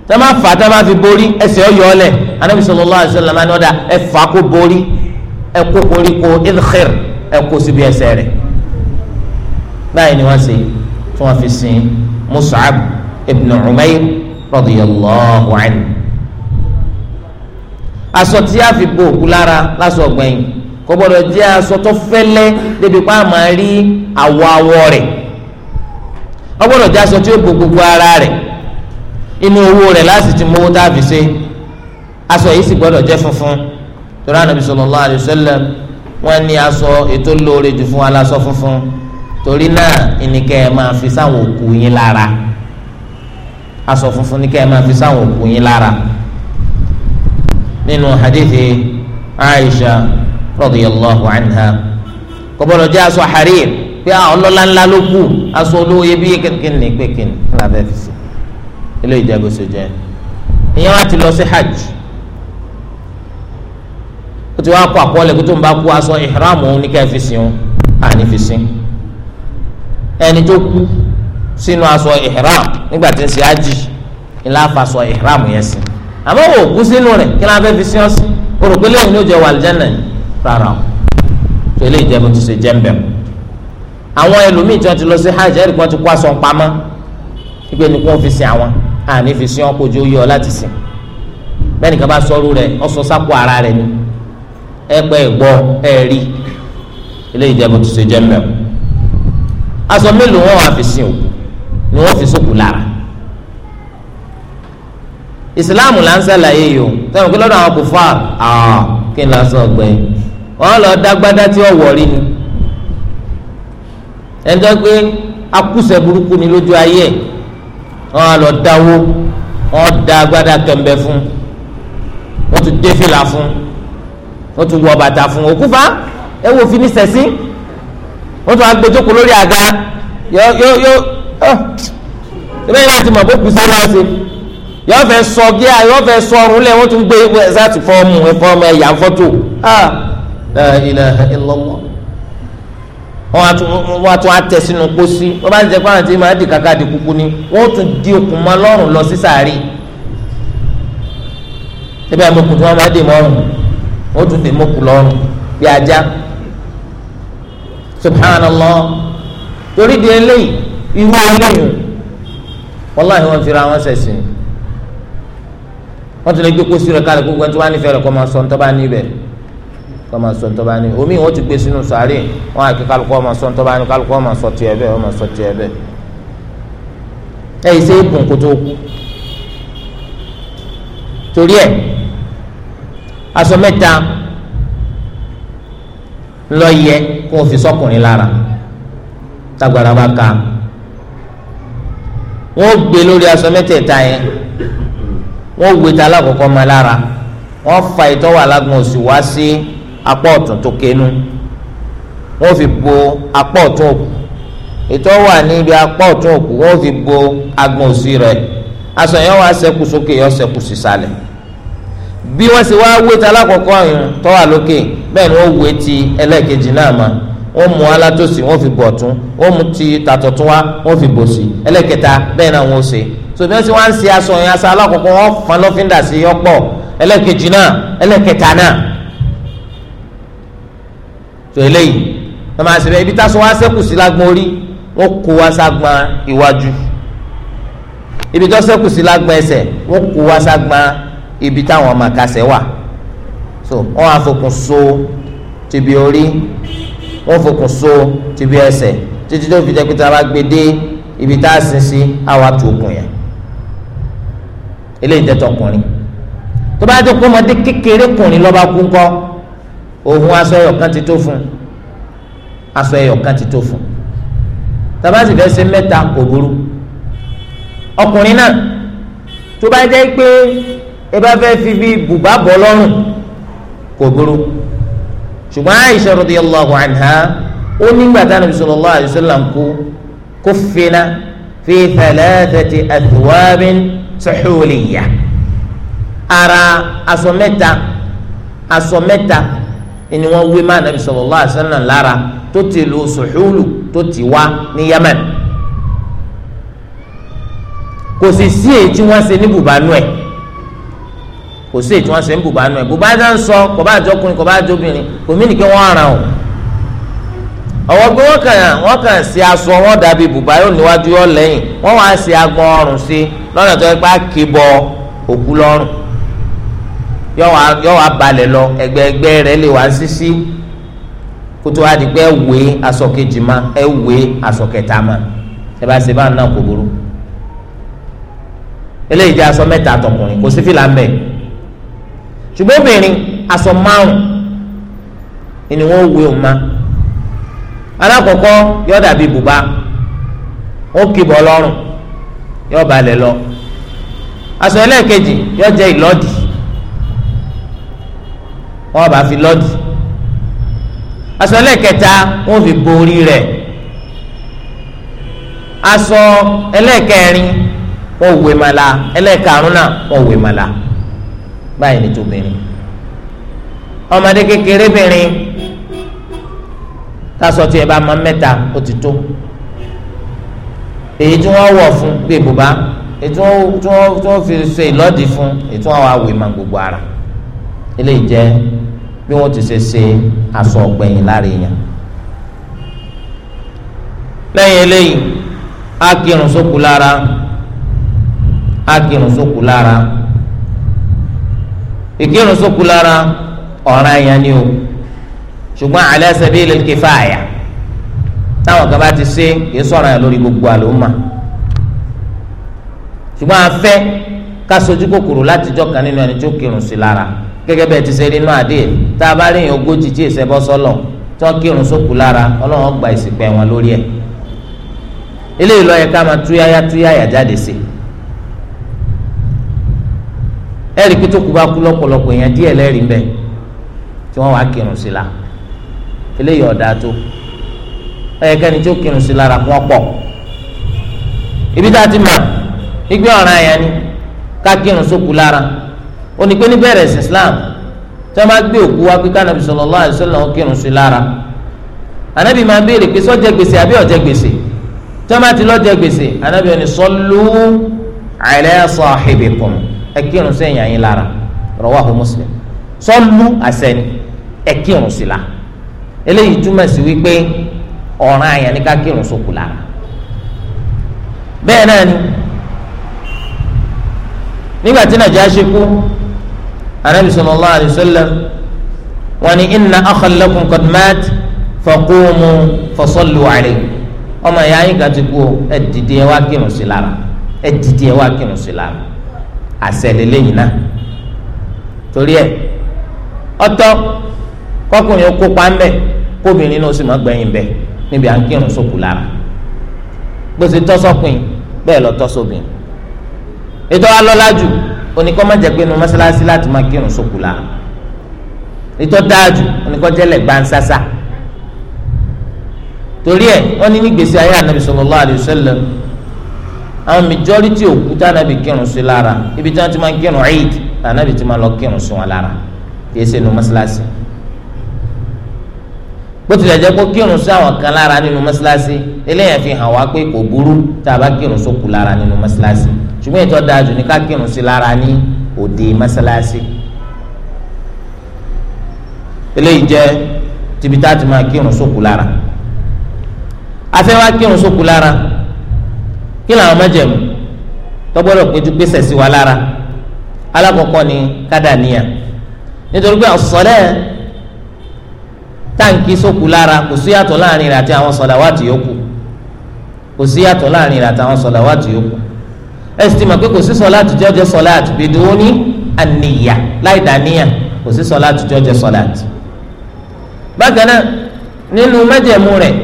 tí wọ́n bá fa tí wọ́n bá fi borí ẹsẹ̀ ó yọ ọlẹ̀ anabi sallallahu alaihi wasallam ni ọ̀dà ẹ fa kó borí ẹ kó koríko idkhir ẹ kó síbi ẹsẹ̀ rẹ̀ báyìí ni wọ́n ṣe tí wọ́n fi sin Mus'ab ibn Umair. radiyallahu anhu aṣọ tí a fi bo òkú lára lásọ gbẹ̀yìn kò gbọ́dọ̀ jẹ́ aṣọ tó fẹ́lẹ́ débi pa àmà rí àwọ̀ àwọ̀ rẹ̀ ó gbọ́dọ̀ jẹ́ gbogbo ara rẹ̀ inú owó rẹ̀ láti ti mówó tá a fi ṣe aṣọ yìí funfun torí Ànábì sallallahu alayhi wa wọ́n ní aṣọ ètò lóore jù fún aláṣọ funfun torí náà ìníkẹ́ fi sáwọn òkú yín lára. aṣọ funfun ni kẹ́ ẹ máa fi sáwọn òkú yín lára nínú hadithi aisha radiyallahu anha kọ́bọ̀dọ̀ jẹ́ aṣọ harir pé àwọn ah, ọlọ́lá ńlá ló kù aṣọ olówó yẹ bí yẹ kékeré ní pé kíni lábẹ́ fi sí ilé ìjẹ́bù sí jẹ́ ìyẹn wá ti lọ sí hajj ó ti wá kó àkọọ́lẹ̀ kó ń bá kó aṣọ ìhram òun fi sí òun àní fi sí ẹni tó kú sínú aṣọ ìhram nígbà tí ń ṣe ájì ńlá afaṣọ ìhram yẹn sí àmọ́ wò kú sínú rẹ̀ kí ló ń fẹ́ fi sí ọ́sìn o rò pé lẹ́yìn ní o jẹ wàlìjánà rárá o tó ilé ìjẹun ti ṣe jẹ́ńbẹ̀ o àwọn ẹlòmíì tí wọ́n ti lọ sí hajj ẹ̀rí kan ti kó aṣọ pamọ́ ìgbé ni kò fi sin àwọn àní fi sin ọkọ̀ ojú yọ láti sìn bẹ́ẹ̀ nìkan bá sọ́ọ́rù rẹ̀ ọ̀sọ́ sápò ara rẹ̀ ni ẹ pẹ́ ìgbọ́ ẹ rí ilé ìjẹun ti ṣe jẹ́ńbẹ̀ o aṣọ mélòó wọn wà fi sin òkú ni wọ́n fi sókù lára ìsìláàmù là ń sàlàyé yìí o sẹ́wọ̀n kí lọ́dọ̀ àwọn kò fà á kí n lásán ọgbẹ́ wọn lọ dágbádá tí ọ̀wọ́ rí ni ẹnjọ́ pé akúṣẹ̀ burúkú ni lójú ayé wọn lọ dáwó wọn dá agbádá kẹ̀mbẹ́ fún wọn tún dé fìlà fún wọn tún wọ bàtà fún òkúfa ẹ wo fi ní sẹ́sí wọn tún agbẹjọ́kọ lórí àga yọ yọ yọ. Ah. bẹ́ẹ̀ náà ti mọ̀ pé kùsà náà ṣe yọ fẹ́ sọ gíà yọ fẹ́ sọ ọrùn lẹ̀ wọ́n tún gbé ẹ̀sàtì e fọ́ọ̀mù ẹ̀fọ́ọ̀mù ẹ̀yà fọ́tò ah. wọ́n á tún á tẹ̀ sínú bá ń di kàkà di kúkú ni wọ́n tún di okùn mọ́ lọ sí sàárì tí máa tún bí ajá subhanallah torí di irú eléyìí wàláhì wọn fira wọn sẹ̀sìn wọn ti lè gbé kóso rẹ kálẹ̀ gbogbo ẹni tó bá nífẹ̀ẹ́ rẹ kọ́ máa sọ ní tó bá níbẹ̀ kọ́ máa sọ ní tó bá níbẹ̀ omi wọn ti gbé sínú sàárè wọn àti kálukọ́ máa sọ ní tó bá níbẹ̀ kálukọ́ máa sọ tiẹ̀ bẹ́ẹ̀ wọn sọ tiẹ̀ bẹ́ẹ̀ ẹ̀ yìí ṣe é gùn kó tó kú torí ẹ̀ aṣọ mẹ́ta ló yẹ kó o fi sọ́kùnrin lára tágbára bá ka wọ́n gbé lórí aṣọ mẹ́tẹ̀ẹ̀ta yẹn wọ́n wé ta alákọ̀ọ́kọ́ ma lára wọ́n fa ìtọ́wò alágbọ̀n òsì wá sí apá ọ̀tún tó kéénú wọ́n fi bo apá ọ̀tún òkú ìtọ́wò níbi apá ọ̀tún òkú wọ́n fi bo agbọ̀n òsì rẹ̀ aṣọ yẹn wá ṣẹ́kù sókè yọ ṣẹ́kù sísàlẹ̀ bí wọ́n ṣe wá wé ta alákọ̀ọ́kọ́ yẹn tọ́wà lókè bẹ́ẹ̀ ni wọ́n wé ti ẹlẹ́ẹ̀kejì náà máa wọ́n mú alátòsí wọ́n fi bọ̀ tún wọ́n mú ti tàtọ̀ tún wá wọ́n fi bò sí ẹlẹ́kẹta bẹ́ẹ̀ náà wọ́n ṣe so bí wọ́n ti wá ń ṣe aṣọ yẹn aṣọ alákọ̀ọ́kọ́ wọ́n fọn lọ́fíńdà sí ọ̀pọ̀ ẹlẹ́kejì náà ẹlẹ́kẹta náà tó eléyìí wọ́n máa ṣe bẹ́ẹ̀ ibi táṣọ wá ṣẹ́kù sí lágbọ́n orí wọ́n kó wá ságbọ́n iwájú ibi tó ṣẹ́kù sí lágbọ́n so wọ́n á wọ́n fokùn so ti bí ẹsẹ̀ títí tó fi jẹ́ pé tá a bá gbé dé ibi tá a sin sí àwa tó okùn yẹn eléyìí jẹ́ tọkùnrin tó bá jẹ́ pé ọmọdé kékeré kùnrin lọ́ba kú ńkọ́ òun aṣọ ẹyọ kan ti tó fún aṣọ ẹyọ kan ti tó fún tá sì fẹ́ ṣe mẹ́ta kò burú ọkùnrin náà tó bá jẹ́ pé ẹ bá fẹ́ fi bí bùbá bọ́ lọ́rùn kò burú ṣùgbọ́n Aisha radiyallahu anha ó nígbà tí Ànábì sallallahu alayhi wa sallam kú kuffina fi thalathati athwabin suhuliyya ara aṣọ mẹ́ta aṣọ mẹ́ta ni wọ́n wé má Ànábì sallallahu alayhi wa lára tó ti lu suhulu tó ti wá ní Yemen kò sì sí èyí tí wọ́n ṣe ní bùbánú ẹ̀ kò sí ètò wọn ṣe ń bùbá nù ẹ bùbá dá ń sọ kò bá àjọkùnrin kò bá àjọbìnrin kò mí nìkẹ́ wọ́n ara o ọwọ́ gbé wọ́n kàn wọ́n kàn sí aṣọ wọn dàbí bùbá yóò níwájú yóò lẹ́yìn wọ́n wá sí agbọn ọrùn sí lọ́nà tó yẹ pé àkébọ òkú lọ́rùn yóò wá balẹ̀ lọ ẹgbẹ́ ẹgbẹ́ rẹ̀ lè wá sísí kótó adigun ẹ wé aṣọ kejì ma ẹ wé aṣọ kẹta ma ẹ bá ṣe bá ń ná kò eléyìí jẹ́ aṣọ mẹ́ta tọkùnrin kò sí fìlà mẹ́ẹ̀. ṣùgbọ́n obìnrin aṣọ márùn ni wọ́n wé òun ma alákọ̀ọ́kọ́ yọ dàbí bùbá ó kìbọ̀ lọ́rùn yọ balẹ̀ lọ aṣọ ẹlẹ́ẹ̀kejì yọ jẹ́ ìlọ́dì wọ́n bá fi lọ́dì aṣọ ẹlẹ́ẹ̀kẹta wọ́n fi bo rẹ̀ aṣọ ẹlẹ́ẹ̀kẹrin wọ́n wé mala ẹlẹ́ẹ̀karùn náà wọ́n wé báyìí ni tóbìnrin ọmọdé kékeré bìnrin tásọ tí ẹ bá máa mẹ́ta ó ti tó èyí tí wọ́n wọ̀ fún bíi bùbá èyí tí wọ́n fi ṣe ìlọ́dì fún èyí tí wọ́n wá wé ma gbogbo ara eléyìí jẹ́ bí wọ́n ti ṣe ṣe aṣọ ọ̀gbẹ̀yìn lára èèyàn lẹ́yìn eléyìí á kírun sókù lára á kírun sókù lára ìkírun sókù lára ọ̀ràn yẹn ni o ṣùgbọ́n ala sabilil kifaya táwọn kan bá ti ṣe kì í sọ̀rọ̀ yẹn lórí gbogbo àlòmà ṣùgbọ́n a fẹ́ ká sojú kòkòrò látijọ́ kan nínú ẹni tó kírun sí lára gẹ́gẹ́ bẹ́ẹ̀ ti ṣe nínú àdé tá a bá rí yẹn ogójì tí èsè bọ́ sọ́lọ̀ tó kírun sókù lára ọlọ́run gba ìsìnkú ẹ̀wọ̀n lórí ẹ̀ eléyìí ló máa túyáyá túyáyá jáde sí i ẹ̀rí pé tó kú bá kú lọ́pọ̀lọpọ̀ èèyàn díẹ̀ lẹ́rìí ń bẹ tí wọ́n wá kírun sí la eléyìí ọ̀dà tó ẹ̀yẹ kẹ́ni tó kírun sí lára kún ọ̀pọ̀ ibi tá a ti mọ̀ igbe ọ̀ràn àyàn ni ká kírun sókú lára ó ní pé níbẹ̀rẹ̀ sí Islam tí wọ́n bá gbé òkú wá pé kánábì sallallahu alaihi wasallam kírun sí lára ànábì máa béèrè pé sọ́jẹ́ gbèsè àbí ọ̀jẹ́ gbèsè tí wọ́n bá ti lọ́jẹ́ gbèsè ànábì ó ní sallu ala sahibikum ẹ kírun sí ẹ̀yìn àyín lára rawahu Muslim sọ́lú àṣẹni ẹ kírun sí la eléyìí túmọ̀ sí wípé ọ̀ràn àyàn ní ká kírun sókù lára bẹ́ẹ̀ náà ni nígbà tí Najashi kú anabi sallallahu alayhi wa sallam wọ́n ní inna akhan lakum qad mat faqumu ọmọ ìyá yín kan kú ẹ dìde ẹ wá kírun sí lára ẹ dìde ẹ wá kírun sí lára àṣẹ lélẹ́yìn náà torí ẹ̀ ọ̀tọ̀ kọkùnrin kópa ńbẹ kóbìnrin náà sì má gbẹ̀yìn bẹ níbi à ń kírun sókù lára gbèsè tọ́sọ́kùnrin bẹ́ẹ̀ lọ tọ́sọ́bìnrin ètò alọ́lá jù oníkọ́ má jẹ́ pé inú mọ́sálásí láti má kírun sókù lára ètò dáàjù oníkọ́ jẹ́lẹ̀ gbansásá torí ẹ̀ wọ́n ní nígbèsè ayé ànábì sallallahu alaihi wasallam àwọn majority òkúta anabi kírun sí lára ibi tí wọn ti máa kírun eid anabi ti máa lọ kírun sí wọn lára kìí ṣe nu mọ́sálásí bó tilẹ̀ jẹ́ pé kírun sí àwọn kan lára nínú mọ́sálásí eléyàn fi hàn wá pé kò burú tá a bá kírun sókù lára nínú mọ́sálásí ṣùgbọ́n ìtọ́ da jù ní ká kírun sí lára ní òde mọ́sálásí eléyìí jẹ́ tibítà ti máa kírun sókù lára afẹ́ wá kírun sókù lára kí làwọn májẹ̀mú tó gbọ́dọ̀ péjú pèsè sí wa lára alákọ̀ọ́kọ́ ni kádà níyà nítorí pé ọ̀sọ̀lẹ́ táǹkì sókù lára kò sí yàtọ̀ láàrin rẹ̀ àti àwọn sọ̀làwátì yòókù kò sí yàtọ̀ láàrin rẹ̀ àti àwọn sọ̀làwátì yòókù ẹ sì ti mọ̀ pé kò sí sọ̀láàtì jọ́jọ́ sọ̀láàtì biduni àníyà láì dàníyà kò sí sọ̀láàtì jọ́jọ́ sọ̀láàtì bákan náà nínú májẹ̀mú rẹ̀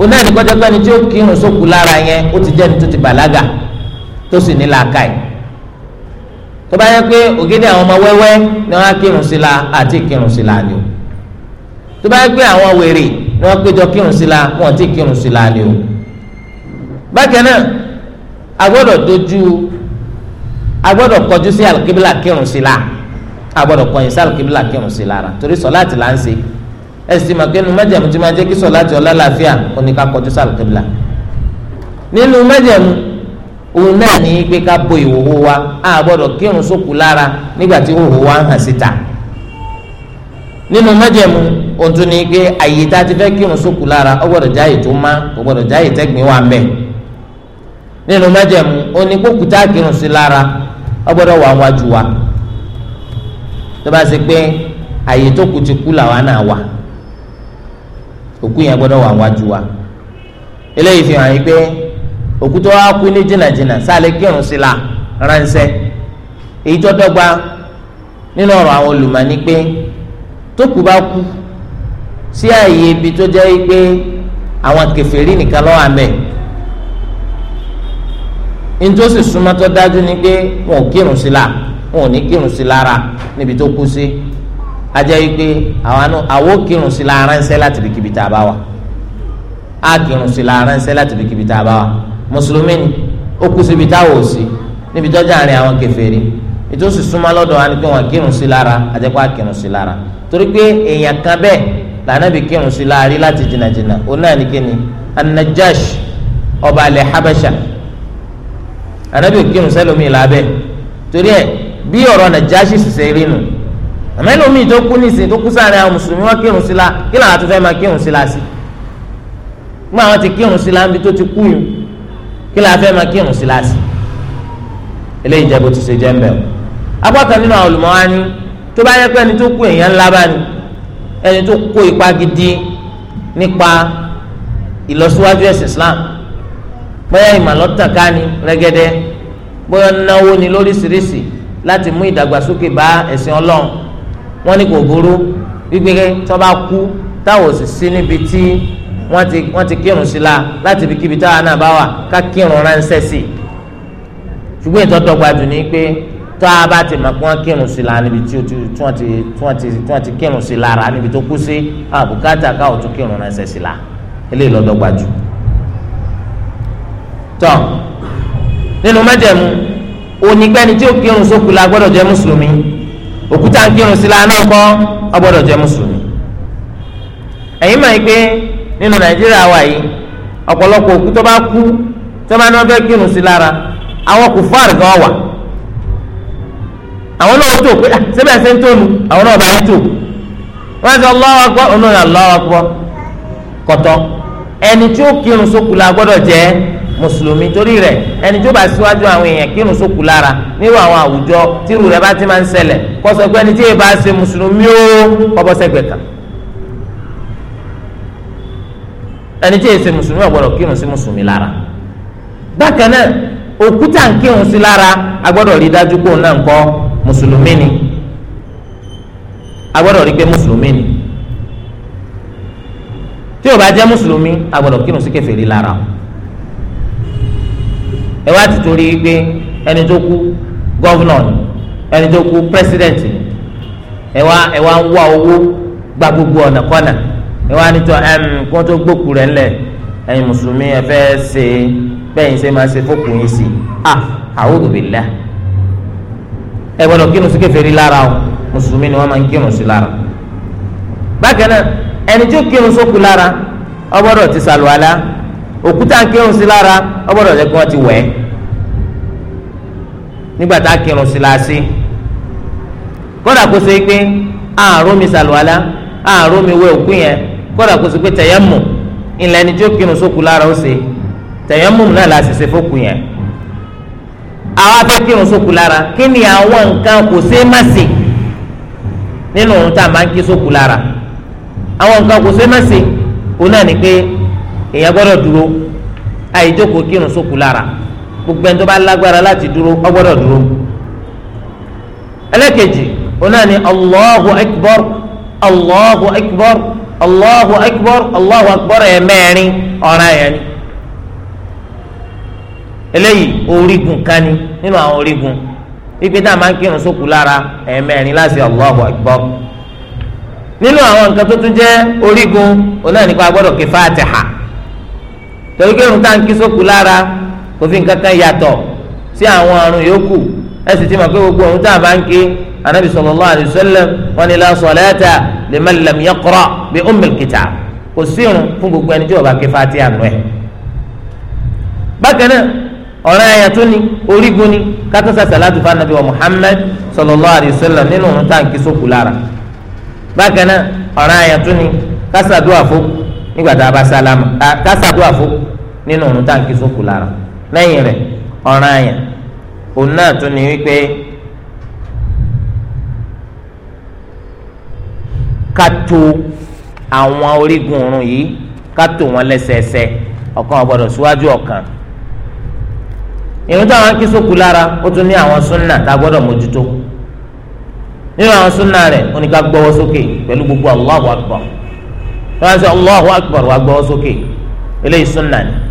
òun náà ní kọjá pé ẹni tí ó kírun sókù lára yẹn ó ti jẹ́ ẹni tó ti bàlágà tó sì ní làákàyè tó bá yẹ pé ògidì àwọn ọmọ wẹ́wẹ́ ni wọ́n á kírun sí la àti kírun sí la ni o tó bá yẹ pé àwọn wèrè ni wọ́n péjọ kírun sí la wọn àti kírun sí la ni o bákan náà a gbọ́dọ̀ dojú a kọjú sí alikibila kírun sí la a gbọ́dọ̀ kọyìn sí alikibila kírun sí la torí sọ láti là ń ṣe ẹsì màkínú májẹ̀mú tí máa jẹ́ kí sọ̀láàtì ọlá làáfíà oníkà kọjú sàlùkìbìlà nínú májẹ̀mú òun náà ní pé ká bo ìhòhò wa a gbọ́dọ̀ kírun sókù lára nígbà tí ìhòhò wa ń hàn síta nínú májẹ̀mú òun tún ní pé àyè tá a ti fẹ́ kírun sókù lára ó gbọ́dọ̀ jáyè tó má kò gbọ́dọ̀ jáyè tẹ́gbìn wa mẹ́ nínú májẹ̀mú òun ní kókùtà kírun sí lára ó gbọ́dọ̀ wà wájú wa tó bá ṣe pé àyè tó kù ti kú làwa náà wà òkú yẹn gbọ́dọ̀ wà wájú wa eléyìí fi hàn yín pé òkú tó wá kú ní jìnnàjìnnà sáàlẹ kírun sí la ránṣẹ́ èyí tó dọ́gba nínú ọ̀rọ̀ àwọn olùmọ̀ ni pé tókù bá kú sí ààyè ibi tó jẹ́ pé àwọn kèfèrí nìkan ló wà ńbẹ̀ nítòsí súnmọ́ tó dájú ni pé wọn ò kírun sí la wọn ò ní kírun sí lára níbi tó kú sí. Si ajẹ́ wípé àwọn àwo kírun sí la ránṣẹ́ láti bí kíbi tá a bá wà á kírun sí la ránṣẹ́ láti bí kíbi bá wà mùsùlùmí ni ó kú síbi tá a wò sí níbi tọ́jà àárín àwọn kèfèrí ètò sì súnmọ́ lọ́dọ̀ wa ni pé wọ́n kírun sí lára ajẹ́ pé á kírun sí lára torí pé èèyàn kan bẹ́ẹ̀ lànàbì kírun sí láàrí láti jìnnàjìnnà ó náà ní kíni anajash ọba alẹ habasha anabi kírun sẹlómi làbẹ torí ẹ bí ọ̀rọ̀ najashi sì ṣe rí àmọ́ ẹlòmíì tó kú nísìnyí tó kú sáré àwọn mùsùlùmí wọn kírun sí la kí làwọn tó fẹ́ máa kírun sí la sí gbọ́n àwọn ti kírun sí la níbi tó ti kú yìí kí làwọn fẹ́ máa kírun sí la sí eléyìí jẹ́ bó ti ṣe jẹ́ ń bẹ̀ o. apákan nínú àwọn olùmọ̀ wa ni tó bá yẹ pé ẹni tó kú èèyàn ńlá bá ní ẹni tó kó ipa gidi nípa ìlọsíwájú ẹ̀sìn Islam bóyá ìmọ̀lọ́tànká ni rẹ́gẹ́dẹ́ bóyá náwó ni lóríṣiríṣi láti mú ìdàgbàsókè bá ẹ̀sìn Ọlọ́run wọ́n ní kò burú wípé tó bá kú táwọn ò sì sí níbi tí wọ́n ti wọ́n ti kírun sí la láti ibi kíbi táwọn náà bá wà ká kírun ránṣẹ́ sí i ṣùgbọ́n ìtọ́tọ́ gbadùn ni pé tó a bá ti mọ̀ pé wọ́n kírun sí la níbi tí wọ́n ti wọ́n ti wọ́n ti kírun sí lára níbi tó kú sí àbùkátà káwọn tún kírun ránṣẹ́ sí la eléyìí lọ́dọ̀ gbadùn. tọ́ nínú májẹ̀mú onígbẹ́ni tí ó kírun sókù gbọ́dọ̀ jẹ́ mùsùlùmí. òkúta ń kírun sí la náà ma ọ mùsùlùmí ẹ̀yin máa gbé nínú nàìjíríà wà yìí ọ̀pọ̀lọpọ̀ òkú tó bá kú tó bá fẹ́ kírun sí lára àwọn wà àwọn náà tó pé ń tónu àwọn náà bá wọ́n mùsùlùmí torí rẹ̀ ẹni tó bá síwájú àwọn èèyàn kírun sókù lára nírú àwọn àwùjọ tírú rẹ̀ bá ti máa ń ṣẹlẹ̀ kó sọ pé ẹni tí èèbá ṣe mùsùlùmí ó kó bọ́ sẹ́gbẹ̀ẹ́ kan ẹni tí èèṣe mùsùlùmí ò gbọ́dọ̀ kírun sí mùsùlùmí lára bákan náà òkúta ń kírun sí lára a gbọ́dọ̀ rí dájú pé òun náà ń kọ́ mùsùlùmí ni a rí pé mùsùlùmí ni tí o bá jẹ́ mùsùlùmí a gbọ́dọ̀ kírun sí kèfèrí lára o ẹ wá ti torí pé ẹni tó kú gọ́vnọ̀ ni ẹni tó kú pírẹsidẹ̀ntì ni ẹ wá ẹ wá ń wá owó gba gbogbo ọ̀nà kọ́nà ẹ wá nítọ́ ẹm kó tó gbókù rẹ̀ ńlẹ̀ a ẹ gbọ́dọ̀ lára o mùsùlùmí ni wọ́n máa ń lara. sí lára bákan náà ẹni tó kírun lára ti òkúta nke kírun sí lára ó gbọ́dọ̀ kí ti wẹ̀ ẹ́ nígbà tá a kírun sí la sí kódà kó ṣe pé àárò mi sàlùwàlá àárò mi wẹ̀ òkú yẹn kódà kó ṣe pé tẹ̀yẹ́mù ilẹ̀ ẹni tí ó kírun sókù lára ó ṣe tẹ̀yẹ́mù náà la yẹn àwọn kírun lára èèyàn gbọ́dọ̀ dúró àìjókòó kírun sókù lára gbogbo ẹni tó bá lágbára láti dúró ọ gbọ́dọ̀ dúró ẹlẹ́kejì ọ̀nà ni allahu akbar allahu akbar allahu akbar allahu akbar ẹ̀ mẹ́rin ọ̀ràn ni eléyìí orígun nínú àwọn orígun ibi tá a máa ń kírun sókù lára ẹ̀ẹ̀mẹ́rin láti allahu akbar nínú àwọn nǹkan tó tún jẹ́ orígun torí pé irun tá à ń kí sókù lára kò fi nǹkan kan yàtọ̀ sí àwọn àrùn yòókù ẹ sì ti mọ̀ pé gbogbo irun tá à bá ń kí anabi sallallahu alayhi wa sallam wọn ni la salata liman lam yaqra bi ummil kitab kò sí irun fún gbogbo ẹni tí ó bá ké Fatiha nù ẹ. bákan náà ọ̀rọ̀ ẹ̀yà tó ní orígun ni kátó sàṣà láti fa nàbí wa Muhammad sallallahu alayhi wa nínú irun tá à ń kí sókù lára bákan náà ọ̀rọ̀ ẹ̀yà tó ní kásàdúrà fún nígbà tá a bá sálámà kásàdúrà fún nínú òun tá à ń kí sókù lára lẹ́yìn rẹ̀ ọ̀ràn àyàn òun náà tún ni wípé ká àwọn orígun yìí wọn lẹ́sẹẹsẹ ọ̀kan ọ̀gbọ́dọ̀ síwájú ọ̀kan ìrun táwọn kí sókù lára ó tún ní àwọn súnnà tá a gbọ́dọ̀ mójútó nínú àwọn gbogbo Allahu akbar sọ sókè eléyìí ni.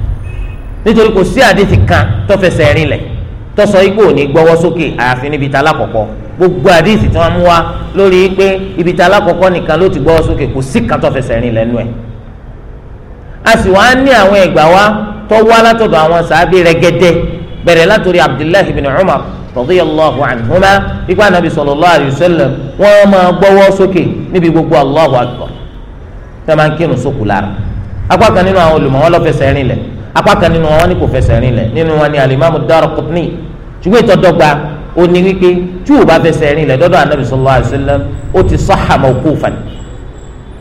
nítorí kò sí àdéhì kan tó fẹsẹ̀ rin lẹ̀ tó sọ ipò ní gbọ́wọ́ sókè àyàfi níbi tá alákọ̀ọ́kọ́ gbogbo àdéhì tí wọ́n mú wa lórí pé ibi tá alákọ̀ọ́kọ́ nìkan ló ti gbọ́wọ́ sókè kò sí kan tó rin lẹ́nu ẹ̀ a sì wá ní àwọn ẹ̀gbà wa tó wá látọ̀dọ̀ àwọn sàábì rẹ́gẹ́dẹ́ bẹ̀rẹ̀ látòrí abdullahi bin umar radiyallahu anhuma ikú anabi sallallahu alayhi wa sallam wọ́n máa gbọ́wọ́ sókè níbi gbogbo allahu akbar tẹ́ máa ń kírun sókù lára apá kan nínú àwọn olùmọ̀ wọn ló fẹsẹ̀ rin lẹ̀ apá kan nínú wọn ni kò fẹsẹ̀ rìn lẹ̀ nínú wọn ni alimami Daraqutni ṣùgbọ́n ìtọ́dọ́gba ó ní wípé tí o bá fẹsẹ̀ rìn lẹ̀ dọ́dọ̀ anabi sallallahu alayhi wa sallam ó ti sahha mawqufan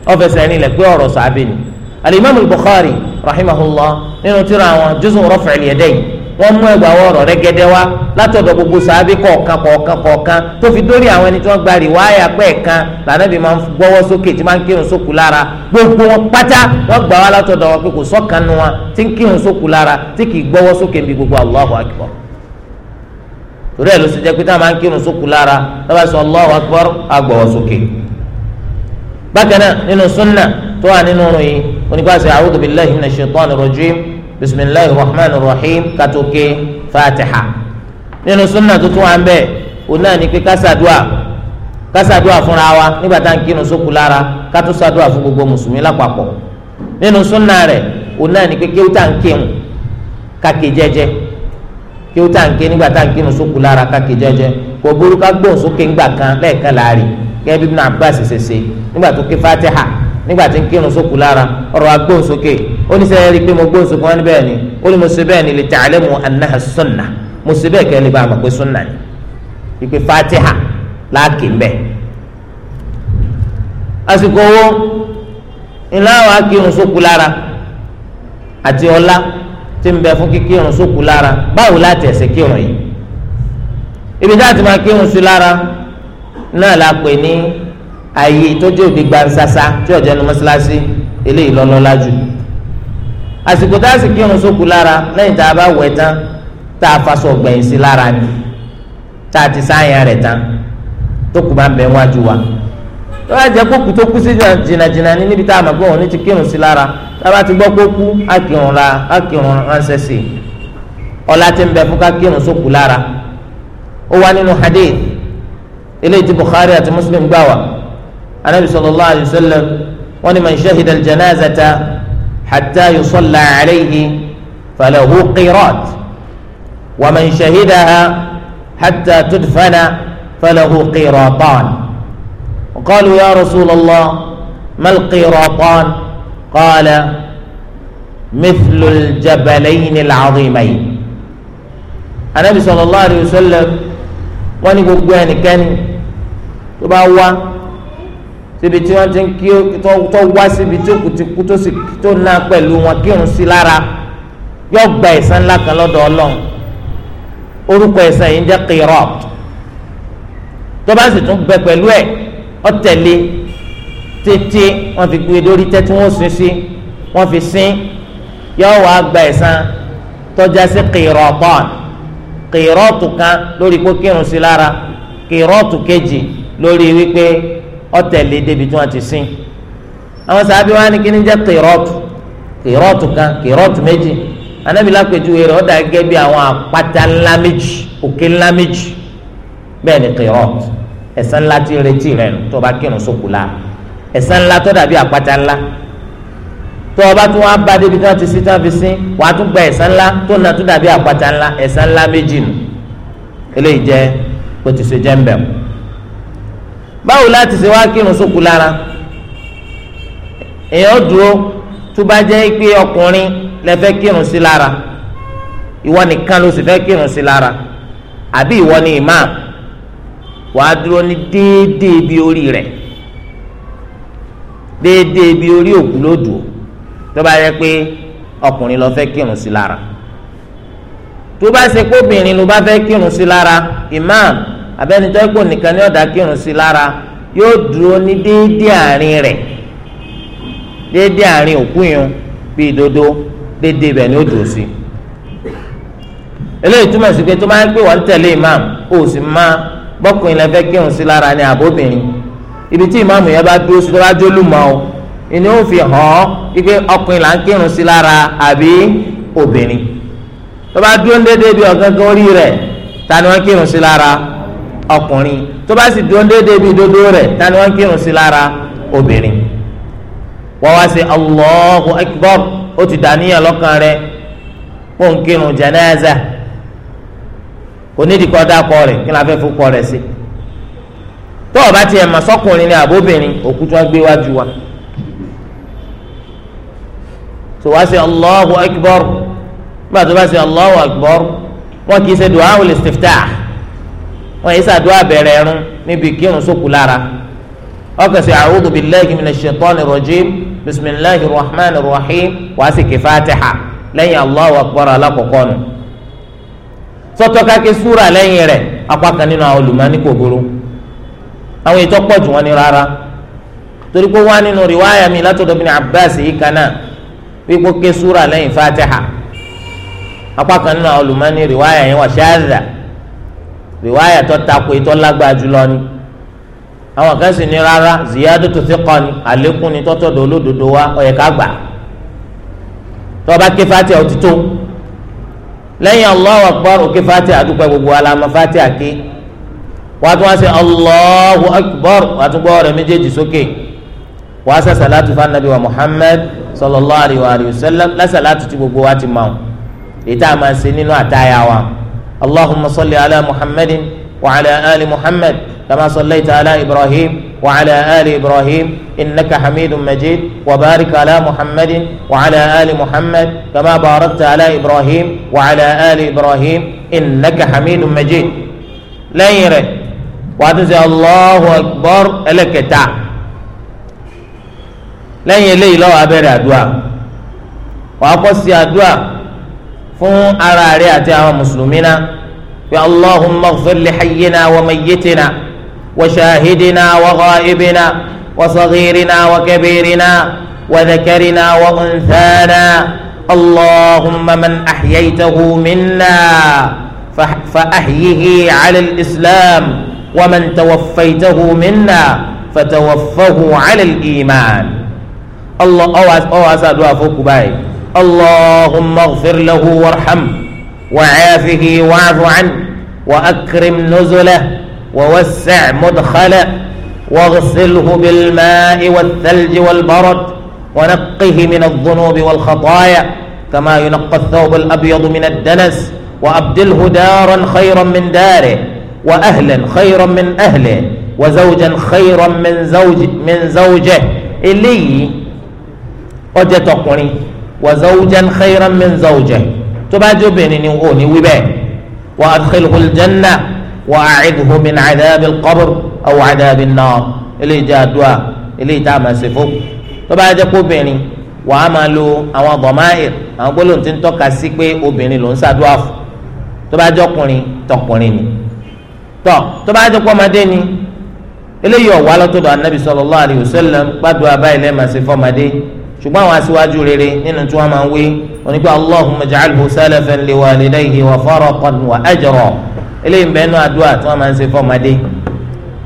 ó fẹsẹ̀ rìn lẹ̀ pé ọ̀rọ̀ sàábẹ̀ ni alimami Bukhari rahimahullah nínú tírà àwọn juz'u raf'il yadayn wọ́n mú ẹgbàá ọrụ regedewa wá látọ̀dọ̀ gbogbo sàábì kọ̀ọ̀kan kọ̀ọ̀kan kọ̀ọ̀kan tó fi dórí àwọn ẹni tí wọ́n gba rìwáyà pẹ́ẹ̀kan bí máa ń gbọ́wọ́ sókè tí máa ń kírun sókù lára gbogbo wọn pátá wọ́n gbà wá látọ̀dọ̀ wọn pé kò sọ́kan nu wọn sókù lára tí kì í sókè níbi gbogbo torí bisimilahi rahman rahim katoke fatiha nínú sunna tuntun wa ń bẹ òun náà ní pé kásádùá kásádùá fúnra wa nígbà tá à ń kírun sókù lára kátó sádùá fún gbogbo mùsùlùmí lápapọ̀ nínú sunna rẹ̀ òun náà ní pé kí ó tà ń kírun kàkè jẹ́jẹ́ kí ó tà ń ké nígbà tá à ń kírun sókù lára kàkè jẹ́jẹ́ kò burú fatiha nígbà tí ń kírun sókù lára ọ̀rọ̀ agbóhùn sókè ó ní sẹ́yìn rí i pé mo gbóhùn sókè wọ́n ní bẹ́ẹ̀ ni ó ní mo ṣe bẹ́ẹ̀ ni lè tàlẹ́ mu anaha sunna mo ṣe bẹ́ẹ̀ kẹ́lẹ́ bá a mọ̀ pé sunna ni ìpè fatiha láàkì ń bẹ̀. àsìkò owó ńlá wa kírun sókù lára àti ọlá tí ń bẹ fún kíkírun sókù lára báwo láti ẹ̀sẹ̀ kírun yìí ibi táà ti máa kírun sí lára náà la pè ní ààyè tó jẹ́ òde gbansasa tí ọ̀jẹ̀ ní mọ́ṣáláṣí eléyìí lọ́lọ́lá jù àsìkò tá a sì kírun sókù lára lẹ́yìn tá a bá wẹ̀ tán tá a faṣọ ọ̀gbẹ̀yìn sí lára ni tá a ti sáyàn rẹ̀ tán tó kù bá ń bẹ̀ wájú wa tó bá jẹ́ kókù tó kú sí jìnnàjìnnà ní níbi tá a mọ̀ pé òun ní ti kírun sí lára tá a bá ti gbọ́ pé kú á kírun la á kírun ránṣẹ́ sí i ọlá ti ń bẹ fún ká kírun sókù lára ó wá nínú hadith eléyìí tí Bukhari àti Muslim gbà wá. النبي صلى الله عليه وسلم ولمن شهد الجنازة حتى يصلى عليه فله قيراط ومن شهدها حتى تدفن فله قيراطان وقالوا يا رسول الله ما القيراطان قال مثل الجبلين العظيمين النبي صلى الله عليه وسلم ونقول يعني كان تبعوا síbi tí wọ́n ti ń kí tó wá síbi tí òkú ti kú tó sì tó ná pẹ̀lú wọn kírun sí lára yóò gba ẹ̀san ńlá kan lọ́dọ̀ ọlọ́run orúkọ ẹ̀san yìí ń jẹ́ qirat tó bá sì tún gbẹ pẹ̀lú ẹ̀ ó tẹ̀lé títí wọ́n fi gbé lórí tẹ́ tí wọ́n sin sí wọ́n fi sin yóò wá gba ẹ̀san tó sí qiratan qiratu kan lórí pé kírun sí lára qiratu kejì lórí wípé ọtẹlẹ débi tí wọn ti sìn àwọn sábẹ wa ni kí ni jẹ kìrọọtù kìrọọtù kan kìrọọtù méjì anabi lápẹjúwe rẹ ọdà gẹ́gẹ́ bí àwọn àpáta ńlá méjì òkè ńlá méjì bẹ́ẹ̀ ni kìrọọtù ẹ̀san ńlá ti retí rẹ nù tó bá kírun sóko la ẹ̀san ńlá tó dàbí àpáta ńlá tó o bá tún wá bá débi tí wọn ti sìn tí wọn fi sìn wàá tún gba ẹ̀san ńlá tó nà tó dàbí àpáta ńlá ẹ̀san ńlá méjì nù eléyìí jẹ kó jẹ ń bẹ̀rù báwo láti ṣe wá kírun sókù lára èèyàn dúró tó bá jẹ́ pé ọkùnrin lè fẹ́ kírun sí lára ìwọ nìkan ló sì fẹ́ kírun sí lára àbí ìwọ ni imam wàá dúró ní déédéé bí orí rẹ̀ déédéé bí orí òkú ló dùn tó bá jẹ́ pé ọkùnrin ló fẹ́ kírun sí lára tó bá ṣe pé obìnrin ló bá fẹ́ kírun sí lára imam abẹ́nitọ́ ẹ̀kọ́ nìkan ni ọ̀dà kírun sí lára yóò dúró ní déédéé àárín rẹ̀ déédéé àárín òkú yun bíi dodo déédéé bẹ̀ ni ó dùn sí. eléyìí túmọ̀ sí pé tó máa ń pè wọ́n tẹ̀lé imam ó sì máa bọ́kùnrin lẹ́fẹ́ kírun sí lára ni àbóbìnrin ibi tí imam yẹn bá dúró sí tó bá jólùmọ̀ o ìní ó fi hàn án wípé ọkùnrin là ń kírun sí lára àbí obìnrin tó bá dúró déédéé bí ọ̀gángan orí rẹ̀ ta ni wọ́n kírun sí lára ọkùnrin tó bá sì dúró déédéé bíi dodo rẹ̀ tani wọ́n kírun sí lára obìnrin wọ́n wá sí Allahu Akbar ó ti dàníyàn lọ́kàn rẹ̀ kó ń kírun janaza kò ní ìdíkọ́ dákọ̀ rẹ̀ kí la fẹ́ fún kọ́ rẹ̀ sí tó o bá tiẹ̀ mọ̀ sọ́kùnrin ni àbóbìnrin òkú tó wá gbé wa tó wá sí Allahu Akbar nígbà tó bá sí Allahu Akbar wọn kì í ṣe du'a ul istiftah wọn yìí sàdúrà bẹ̀rẹ̀ ẹ̀rún níbi kírun sókù lára ọkàn sí a'udhu billahi minash shaitani rajim bisimilahi rahman rahim wàá sì ké fatiha lẹ́yìn allahu akbar alákọ̀ọ́kọ́ nù sọtọ́kake súra lẹ́yìn rẹ̀ apá nínú àwọn olùmọ́ni kò burú àwọn ètò pọ̀ jù wọ́n ní rárá torí pé wọ́n á nínú rìwáyà mi látọ̀dọ̀ Ibn Abbas yìí kan náà wípé ké súra lẹ́yìn fatiha apá nínú àwọn olùmọ́ni rìwáyà yẹn wà ṣáàdà riwaya tó takò ìtọ́ lágbára jùlọ ni àwọn kan sì ní rárá ziyadatu thiqa ni àlékún ni tọ́tọ̀dọ̀ olódodo wa ó yẹ ká gbà tó bá ké fati ó ti tó lẹ́yìn Allahu akbar òkè fati àdúgbò gbogbo alamọ fati àké wàá tún wá sí Allahu akbar wàá tún gbọ́ rẹ̀ méjèèjì sókè wàá sẹ́ sàlátù fún anabi wa Muhammad sallallahu alayhi wa sallam lẹ́sàlátù tí gbogbo wa ti mọ̀ ọ́ èyí tá nínú àtayá wa. اللهم صل على محمد وعلى آل محمد كما صليت على إبراهيم وعلى آل إبراهيم إنك حميد مجيد وبارك على محمد وعلى آل محمد كما باركت على إبراهيم وعلى آل إبراهيم إنك حميد مجيد لا يرى واتزي الله أكبر لك تع لا يلي لو أبير أدواء وأقصي أدواء fún ara rẹ àti àwọn mùsùlùmí náà pé allahumma ighfir li hayyina wa mayyitina wa shahidina wa ghaibina wa saghirina wa kabirina wa dhakarina wa unthana allahumma man ahyaytahu minna. فأحيه على الإسلام ومن توفيته منا فتوفه على الإيمان الله أو أو أسأل دعاء فوق باي اللهم اغفر له وارحمه وعافه واعف عنه واكرم نزله ووسع مدخله واغسله بالماء والثلج والبرد ونقه من الذنوب والخطايا كما ينقى الثوب الابيض من الدنس وابدله دارا خيرا من داره واهلا خيرا من اهله وزوجا خيرا من زوج من زوجه الي ọjẹ tọkùnrin wa zawjan khayran min zawjihi tó bá jẹ́ obìnrin ni ò ní wí bẹ́ẹ̀ wa adkhilhu aljanna wa a'idhu min adhabil qabr aw adhabin nar eléyìí jẹ́ àdúrà eléyìí tá a máa ṣe fún tó bá jẹ́ pé obìnrin wà á máa lo àwọn dhama'ir àwọn gbólóhùn tí ń tọ́ka sí pé obìnrin ló ń ṣàdúrà fún tó bá ni tọ́ tó bá jẹ́ pé anabi sallallahu alayhi wa sallam gbàdúrà báyìí lẹ́ẹ̀ máa ṣe fọ́mọdé ṣùgbọ́n àwọn aṣíwájú rere nínú tí wọ́n máa ń wí onígbà allahumma ja'alhu salafan li walidayhi wa faraqan wa ajra eléyìí ń bẹ nínú àdúrà tí wọ́n máa ń ṣe fọ́mọdé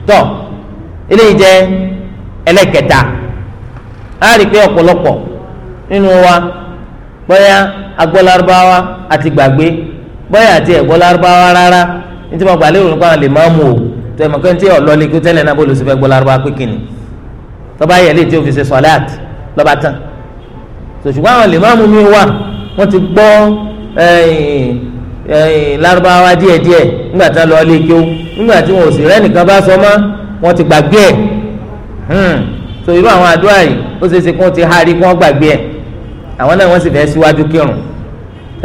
tọ́ eléyìí jẹ́ ẹlẹ́kẹta a rí i pé ọ̀pọ̀lọpọ̀ nínú wa bóyá agbọ́lárúbáwá àti gbàgbé bóyá àti ẹ̀gbọ́lárúbáwá rárá ní tí wọ́n gbà lérò nípa àwọn lè máa mú o tẹ̀mọ̀kẹ́ ní tí tẹ́lẹ̀ náà bó lóṣù fẹ́ gbọ́lárúbáwá pé kìnnì tọ́ba yẹ tí ó fi ṣe sọ́láàtì lọ́ba tán ṣùgbọ́n àwọn lèmọ́ọ̀mù mi wà wọ́n ti gbọ́ eh, eh, lárúbáwá díẹ̀díẹ̀ nígbà tí wọ́n lọ ilé kí ó nígbà tí wọn ò sì rẹ́nìkan bá sọ mọ́ wọ́n ti gbàgbé ẹ̀ hmm. so irú àwọn àdúrà yìí ó ṣeé ṣe kí wọ́n ti hárí kí wọ́n gbàgbé ẹ̀ àwọn náà wọ́n sì fẹ́ síwájú kírun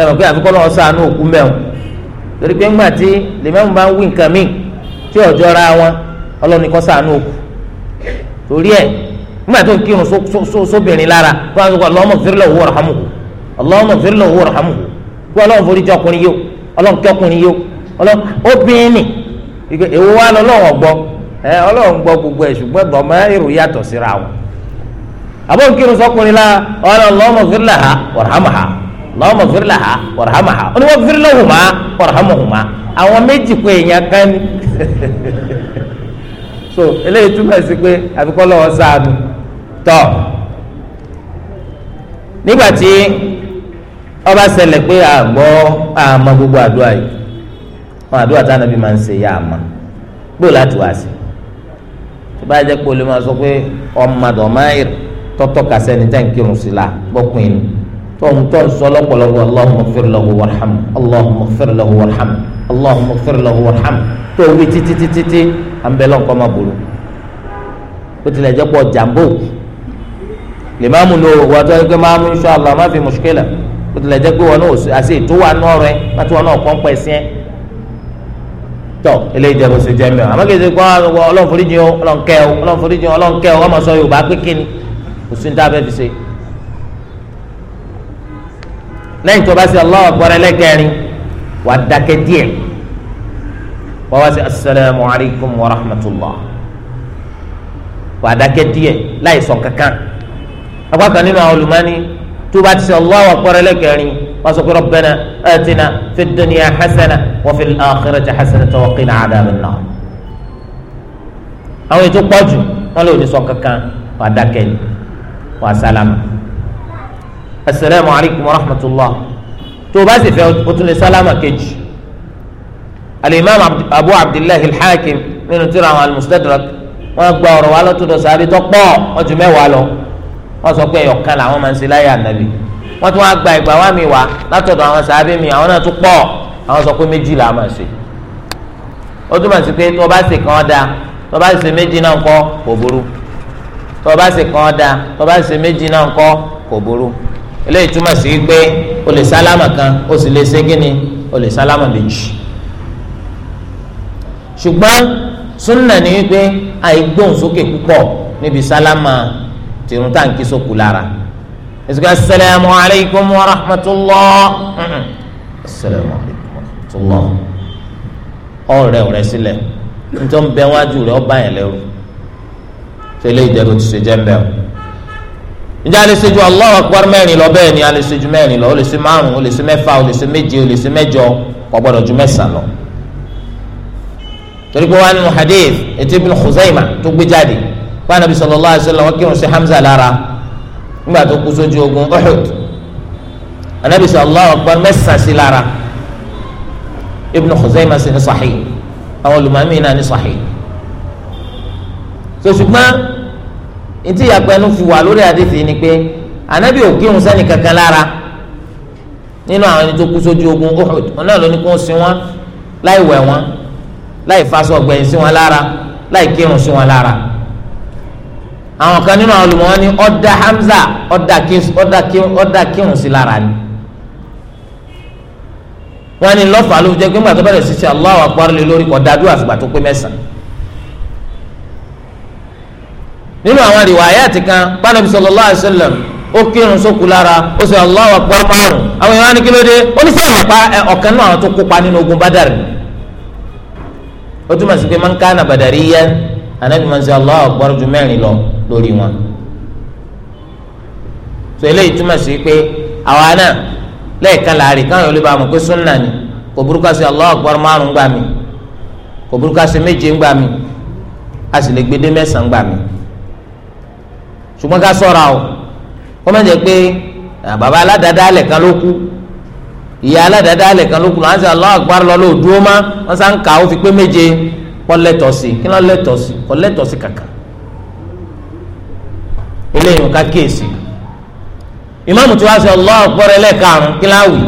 ẹ̀rọ pé àfikún lọ́wọ́ sànú òkú mẹ́wọ̀n torí pé ńgbà tí lèmọ́ọ̀mù bá ń wí nǹkan míì tí ọ̀jọ́ ra wọn ọlọ́ni kọ́ sànú òkú torí ẹ̀ nígbà tó ń kírun sóbìnrin lára kó àwọn sọkọ Allahumma ighfir lahu warhamhu Allahumma ighfir lahu warhamhu kó Ọlọ́run forí jọ ọkùnrin yó Ọlọ́run kí ọkùnrin yó Ọlọ́run obìnrin ni èwo wa lọ lọ́wọ́ gbọ́ ẹ Ọlọ́run gbọ́ gbogbo ẹ̀ ṣùgbọ́n ẹ̀gbọ́n mọ èrò yàtọ̀ síra wọn. àbọ̀ ń kírun sọkùnrin lára Allahumma ighfir laha warhamha Allahumma ighfir laha warhamha ó ní wọ́n ighfir lahuma warhamhuma àwọn méjì pé èèyàn kan so eléyìí túmọ̀ sí pé àfikọ́ lọ́wọ́ sáà tọ́ nígbà tí ọba ṣẹlẹ̀ pé àgbọ̀ àmọ́ gbogbo àdúrà yìí wọn àdúrà táwọn ẹbí máa ń ṣe yá àmọ́ gbọ́ láti wá sí tó bá jẹ́ pé olè máa sọ pé ọmọdé ọmọ ayẹ̀rẹ̀ tọ́tọ́ kàṣẹ́ ní tẹ́ ń kírun sí la bọ́kùn yìí tọ́hún tọ́ ń sọ lọ́pọ̀lọpọ̀ allahumma ighfir lahu warham allahumma ighfir lahu warham allahumma ighfir lahu warham tó wí títítítí à ń máa burú ó tilẹ̀ jẹ́ pọ̀ jàmbó lè má mú ní o wà tó ẹ pé má mú inṣàlá má fi mùṣkílà kó tilẹ̀ jẹ́ pé wọn náà àti ètò wà náà rẹ má tí wọn náà kọ́ ń pẹ́ sí ẹ́ tọ́ ilé ìjẹ́ bó ṣe jẹ́ mẹ́wàá àmọ́ kìí ṣe kó ọlọ́run foríjì o ọlọ́run kẹ́ o ọlọ́run foríjì o ọlọ́run kẹ́ o ọmọ sọ Yorùbá pé kíni kò sí ní tá a fẹ́ fi ṣe. lẹ́yìn tó bá ṣe Allahu Akbar ẹlẹ́kẹrin wà á dákẹ́ díẹ̀ wọ́n wá sí asalaamu alaykum wa rahmatulah wà á dákẹ́ díẹ̀ láì sọ kankan apákan nínú àwọn olùmọ́ni tó bá ti sọ Allahu akbar lẹ́kẹ̀rin wọ́n sọ pé rabbana atina fid dunya hasana wa fil akhirati hasanatan wa qina adhaban nar. àwọn ètò pọ̀jù wọn lè ní sọ kankan wà dákẹ́ ni wà sálámà asalaamu alaykum wa rahmatulah tó o bá sì fẹ́ o tún lè sálámà kejì alimami abu abdullahi alḥakim nínú tírà àwọn almustadrak wọn gba ọ̀rọ̀ wa lọ́tọ̀dọ̀ sábẹ́ tó pọ̀ ọjọ́ lọ wọ́n sọ pé ẹyọ̀kan làwọn máa ń ṣe láyé ànábì wọ́n tún wá gba ìgbà wá mi wá látọ̀dọ̀ àwọn sàábẹ́ mi àwọn náà tún pọ̀ àwọn sọ pé méjì là á máa ṣe ó túmọ̀ sí pé tó o bá se kan dáa tó o bá ṣe méjì náà kọ́ kò burú tó o bá ṣe kan dáa tó o bá ṣe méjì náà kọ́ kò burú eléyìí túmọ̀ sí pé o lè sálámà kan o sì lè ṣe kíni o lè sálámà méjì ṣùgbọ́n súnà ni wípé àìgbóhùnsókè púpọ̀ níbi sálámà tìrún tá à ń kí sókù lára ẹsùn ká sẹlẹmù aleykum wa rahmatulah sẹlẹmù aleykum wa rahmatulah ọ̀rẹ́ ọ̀rẹ́ sílẹ̀ nítorí bẹ wájú rẹ ọba yẹn lẹ́rù tẹ́lẹ̀ ìjẹbù ti ṣe jẹmbẹ o njẹ alẹsẹju Allahu akbar mẹ́rin lọ bẹ́ẹ̀ ni alẹsẹju mẹ́rin lọ ó márùn ó mẹ́fà ó méje ó mẹ́jọ kò ju mẹ́sàn lọ torí pé wọn nínú hadith etí ibn Khuzaimah tó gbé jáde wọn nàbí sallallahu alaihi wasallam wọn kírun sí Hamza lára nígbà tó kú sójú ogun Uhud anabi sallallahu alaihi wasallam mẹ́sàn-án sí lára Ibn Khuzaimah sí ní sahih àwọn olùmọ̀mí náà ní sahih so ṣùgbọ́n etí ìyàpẹ́nu fi wà lórí àdéhìí ni pé anabi ò kírun sẹ́ni kankan lára nínú àwọn ẹni tó kú sójú ogun Uhud wọn ló ní kó sin wọn láì wẹ̀ wọn láì fasọ ọgbẹ̀yìn sí wọn lára láì kírun sí wọn lára àwọn kan nínú àwọn olùmọ̀ọ́ ni ọ̀dà Hamza ọ̀dà kírun sí lára ni wọ́n ní lọ́fà ló jẹ́ pé ńgbà tó bẹ̀rẹ̀ sí ṣe Allahu Akbar lé lórí kọ̀ dájú àfìgbà tó pé mẹ́sàn-án nínú àwọn rìwáyàtì kan pánàbí sallallahu alaihi wasallam ó kírun sókù lára ó sì Allahu Akbar márùn àwọn èèyàn ní kí ló dé ó ní sẹ́yìn pa ọ̀kan náà tó kópa nínú ogun Badar ó túmọ̀ sí pé man kana badariyan ànábì máa ń ṣe ju mẹ́rin lọ lórí wọn tó eléyìí túmọ̀ sí pé àwa náà lẹ́ẹ̀kan láàrin káwọn olùbá mọ̀ pé súnà ni kò burúkú sí Allahu Akbar márùn-ún gbà mí kò burúkú sí méje gbà mí a sì lè gbédé mẹ́sàn-án gbà mí ṣùgbọ́n ká sọ̀ra o kọ́ mẹ́jẹ pé bàbá aládàáda alẹ̀ kan ló kú ìyá aládàáda alẹ̀ kan ló kú lọ́wọ́ àti Allahu Akbar lọ lóò dúró má wọ́n sá ń kà ó fi pé méje kọ́ lẹ́tọ̀ọ́ sí kí lọ́ lẹ́tọ̀ọ́ sí kọ́ lẹ́tọ̀ọ́ sí kàkà eléyìí ká kéèsì ìmáàmù tí wàá sọ Allahu Akbar ẹlẹ́ẹ̀karùn-ún kíláwì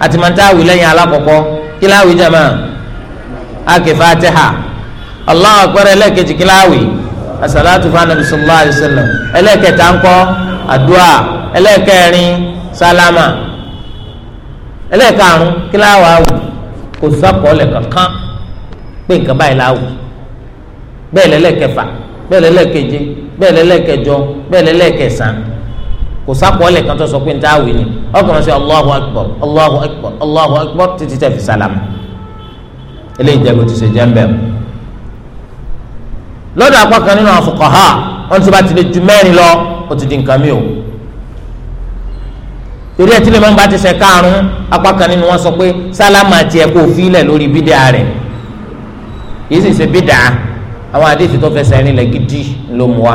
àti mọ̀tàwì lẹ́yìn alákọ̀ọ́kọ́ kíláwì jàmá àkè Fatiha Allahu Akbar ẹlẹ́ẹ̀kejì kíláwì asàlátù fún anabi sallallahu ẹlẹ́ẹ̀kẹta ńkọ́ àdúà ẹlẹ́ẹ̀kẹrin sálámà ẹlẹ́ẹ̀karùn-ún kò kankan pé nǹkan báyìí bẹ́ẹ̀ lẹ́lẹ́kẹjọ bẹ́ẹ̀ lẹ́lẹ́kẹsàn kò sápọ̀ọ́lẹ̀ kan tó sọ pé n ta ni ọkùnrin sọ Allahu akbar Allahu akbar Allahu akbar títí tẹ̀ fi sálámù eléyìí jẹ́ bó ti ṣe jẹ́ ń bẹ̀rù lọ́dọ̀ apá kan nínú àwọn fuqaha wọ́n ti bá ti lè ju mẹ́rin lọ ó ti di nǹkan mi o torí ẹ lè máa ti ṣe apá kan nínú wọn sọ àwọn àdéhìí tó fẹsẹ̀ rìn lẹ̀ gidi ló mu wa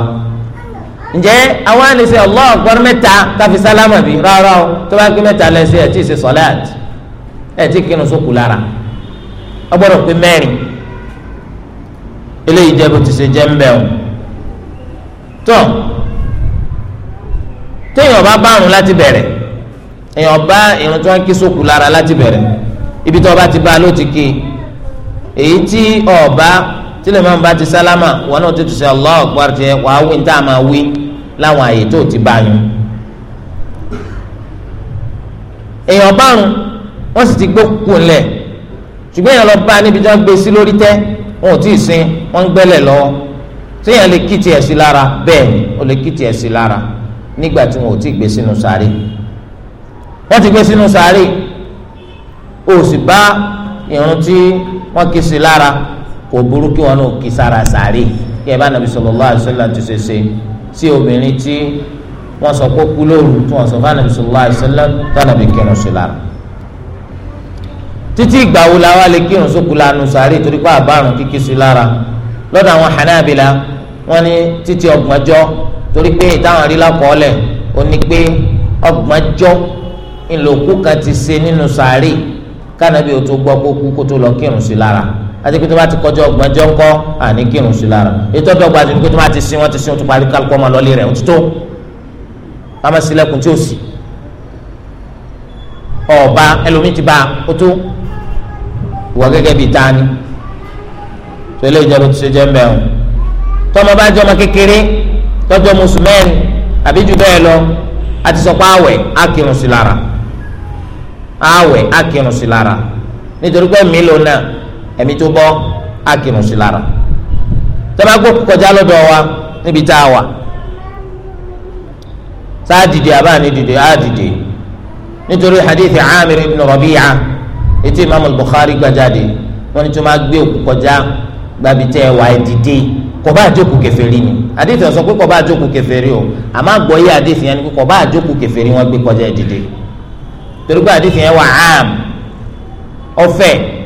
ǹjẹ́ àwọn àlèsè Allahu Akbar mẹ́ta káfí sálámà bí rárá o tó bá gbé mẹ́ta lẹ́sẹ̀ ẹ̀ tí ì ṣe sọ́láàt ẹ̀ tí ì kírun sókù lára ọ gbọ́dọ̀ pé mẹ́rin eléyìí jẹ́ bó ti ṣe jẹ́ ń bẹ̀ o tọ́ téèyàn bá bá àrùn láti bẹ̀rẹ̀ èèyàn bá irun tí wọ́n kí sókù lára láti bẹ̀rẹ̀ ibi tó bá ti bá ló ti kí èyí tí ọ̀ọ́ tí lè máa ń bá ti sálámà wọn náà tètè sọ Allahu Akbar tiẹ wàá wí tá a máa wí láwọn àyè tó ti bá yín. èèyàn bárùn wọn sì ti gbó kúnlẹ̀ ṣùgbọ́n èèyàn lọ bá a níbi tí wọ́n gbé sí lórí tẹ́ wọn ò tí ì sin wọ́n ń gbẹ́lẹ̀ lọ́wọ́ téèyàn lè kí tiẹ̀ sí lára bẹ́ẹ̀ ni ó lè kí tiẹ̀ sí lára nígbà tí wọn ò tí ì gbé sínú sáré wọ́n ti gbé sínú sáré o sì bá ìrun tí wọ́n kí sí lára kò burú kí wọn náà kí sára sàárè kí ẹ bá nàbí sallallahu alaihi wasallam ti ṣe ṣe sí obìnrin tí wọn sọ pé kú lóru tí wọn sọ fún nàbí sallallahu alaihi wasallam tànàbí kírun sí lára títí ìgbà wo la wá lè kírun sókù lanu sàárè torí pé àbárùn kíkí sí lára lọ́dọ̀ àwọn Hanabila wọ́n ní títí ọgbọ̀njọ́ torí pé ìtàwọn rí lákọọ́lẹ̀ ó ní pé ọgbọ̀njọ́ ńlọkù kan ti ṣe nínú sàárè kánàbí ó tó gbọ́ kó kú kó tó lọ kírun sí lára àti pé tó bá ti kọjọ ọgbọ̀njọ́ ńkọ́ àní kírun sí lára ètò ọ̀dọ́ gbajú ni pé tó bá ti sin wọn ti sin wọn tó parí kálukọ́ ọmọ lọ́lé rẹ̀ òtítọ́ kámá sílẹ̀kùn tí ó sì ọba ẹlòmíì ti bá ó tó wọ gẹ́gẹ́ bíi tani tó ilé ìjọba tó ṣe jẹ́ mẹ́rin tọ́mọ bá jọmọ kékeré tọ́jọ́ mùsùlùmẹ́rin àbí jù bẹ́ẹ̀ lọ àti sọ pé àwẹ̀ á kírun sí lára àwẹ̀ á kírun sí lára nítorí pé mi náà ẹ̀mí tó bọ́ á kírun sí lára tẹ́lá gbọ́ kọjá lọ́dọ̀ wa níbi tá a wà sáà dìde àbá ni dìde á dìde nítorí hadithi amir ibn rabi'a etí imaamu bukhari gbàjáde wọn ni tó máa gbé òkú kọjá gbàbí tẹ́ ẹ wà ẹ dìde kò bá àjókù kèfèrí ni àdéhìí ọ̀sán pé kò bá àjókù o àmọ́ àgbọ̀ yé àdéhìí yẹn ni pé kò bá àjókù wọn gbé kọjá ìdìde torí pé àdéhìí yẹn wà áàm ọ̀fẹ́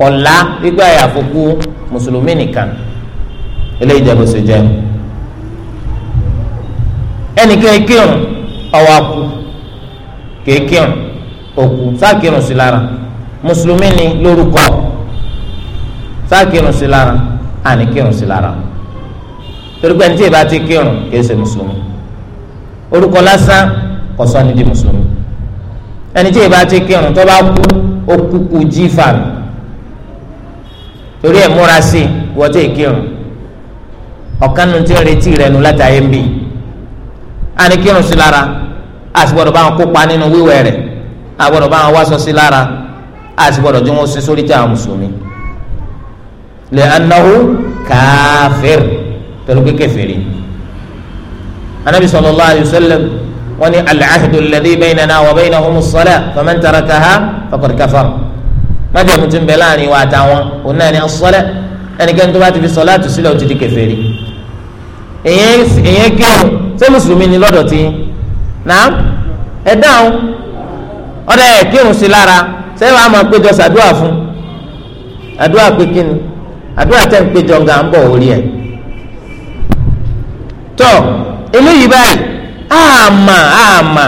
kọlá wípé àyàfokú mùsùlùmí nìkan eléyìí jẹ bó ṣe jẹ ẹnìkan kírun ọwọ akú kéékírun òkú sákírun sí lára mùsùlùmí ni lórúkọ sákírun sí lára àníkírun sí lára torí pé ní tí ìbá ti kírun kìí ṣe mùsùlùmí orúkọ lásán kò sọ ni di mùsùlùmí ẹni tí ìbá ti kírun tó bá kú ó kúkú jífà mi torí ẹ̀ múra sí wọ́n tẹ̀ kírun ọ̀kanu tí ń retí rẹ̀ nù látàyé ń bì á ní kírun sí lára á sì gbọ́dọ̀ bá wọn kópa nínú wíwẹ̀ rẹ̀ á gbọ́dọ̀ bá wọn wáṣọ sí lára á sì gbọ́dọ̀ tí wọ́n sí sórí tí àwọn mùsùlùmí lè anahu káfíìr torí pé kẹfìrì anabi sallallahu alayhi wa sallam wọn ni al-ahdu alladhi baynana wa baynahumus salah faman tarakaha faqad kafara. májẹ̀mú ti ń bẹ láàrin wa àtàwọn òun náà ni ẹnikẹ́ni tó bá ti fi sọ̀láàtù sílẹ̀ ó ti di kèfèrí èyàn ṣé mùsùlùmí ni lọ́dọ̀ tí náà ẹ dáhùn ọ̀dọ̀ ẹ̀ kírun sí lára ṣé wàá máa péjọ sàdúà fún àdúà pé kíni àdúà tẹ̀ ń péjọ nga ń bọ̀ orí ẹ̀ tọ́ eléyìí báyìí àmà àmà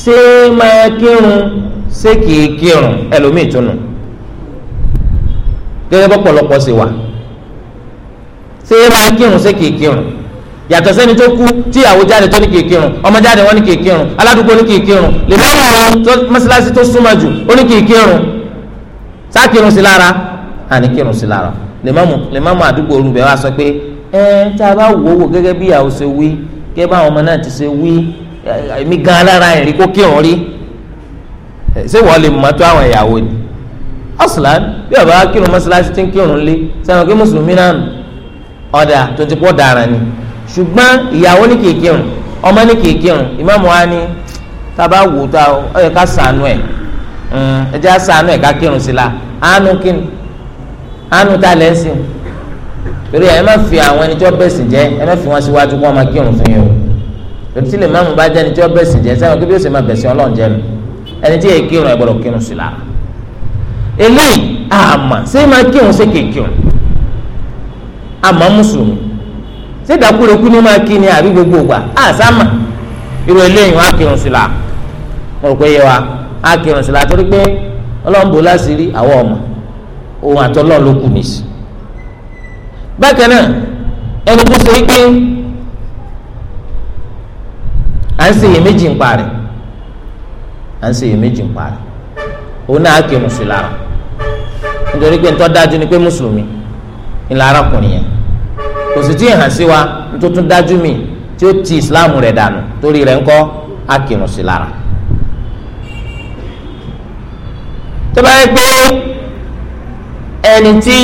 ṣé máa ṣé kìí kírun ẹlòmíì tún nù gẹ́gẹ́ bọ́ pọ̀lọpọ̀ sí wa ṣé é máa kírun ṣé kìí kírun yàtọ̀ sẹ́ni tó kú tí ìyàwó jáde tó ní kìí kírun ọmọ jáde wọn ní kìí kírun aládùúgbò ní kìí kírun lèmọ́nù ọ̀run mọ́ṣáláṣí tó súnmọ́ jù ó ní kìí kírun sá kírun sí lára àní kírun sí lára lèmọ́mù àdúgbò olùbẹ̀ wa sọ pé ẹ tá a bá wò ó wò gẹ́gẹ́ bí ìyàwó ṣe wí gẹ́gẹ́ bá àwọn ọmọ náà ti ṣe wí èmi gan alára ẹ̀rí kó kírun rí Eh, ṣé wọ́n lè mọ́tò àwọn ìyàwó ni aslan bí ọba kírun mọ́ṣáláṣí ti ń kírun lé sẹ́wọ̀n kí mùsùlùmí náà nù ọ̀dà tó ti pọ̀ dára ni ṣùgbọ́n ìyàwó ní kìí kírun ọmọ ní kìí kírun ìmáàmù wa ni tábà wò tá ọ yẹ ká sànú ẹ̀ hmm, ẹ jẹ́ sànú ẹ̀ ká kírun sí la àánú kíni àánú tá a lẹ́ ń sìn torí ẹ má fi àwọn ẹni tí wọ́n bẹ̀sìn jẹ́ ẹ má fi wọn síwájú kó wọn máa kírun fún yín o lòtí lè máàmù bá jẹ́ ẹni tí wọ́n bẹ̀sìn jẹ́ sẹ́wọ̀n kí bí ó sì máa bẹ̀sìn ọlọ́run jẹ́ mi ẹni tí yẹ kírun ẹ gbọ́dọ̀ kírun sí la eléyìí àmà ṣé máa kírun ṣé kéè kírun àmà mùsùlùmí ṣé dàkúrekú ni máa kí ni àbí gbogbo ògbà àsámà irú eléyìí wọn á kírun sí la mo rò pé yẹ wa á kírun sí la torí pé ọlọ́mbó láṣìírí àwọn ọmọ òun àtọ́lọ́ ló kù nìyí bákan náà ẹni tó ṣe é pé à ń ṣe iyèméjì ń parẹ́ à ń ṣe iyèméjì ń parí òun náà kì í mùsùlùmí lára nítorí pé ntọ́ dájú ni pé mùsùlùmí ńlá arákùnrin yẹn kò sì tí ì hàn sí wa ntuntun dájú mi tí ó ti ìsìláàmù rẹ̀ dànù torí rẹ̀ ńkọ́ á kì lára. tó bá pé ẹni tí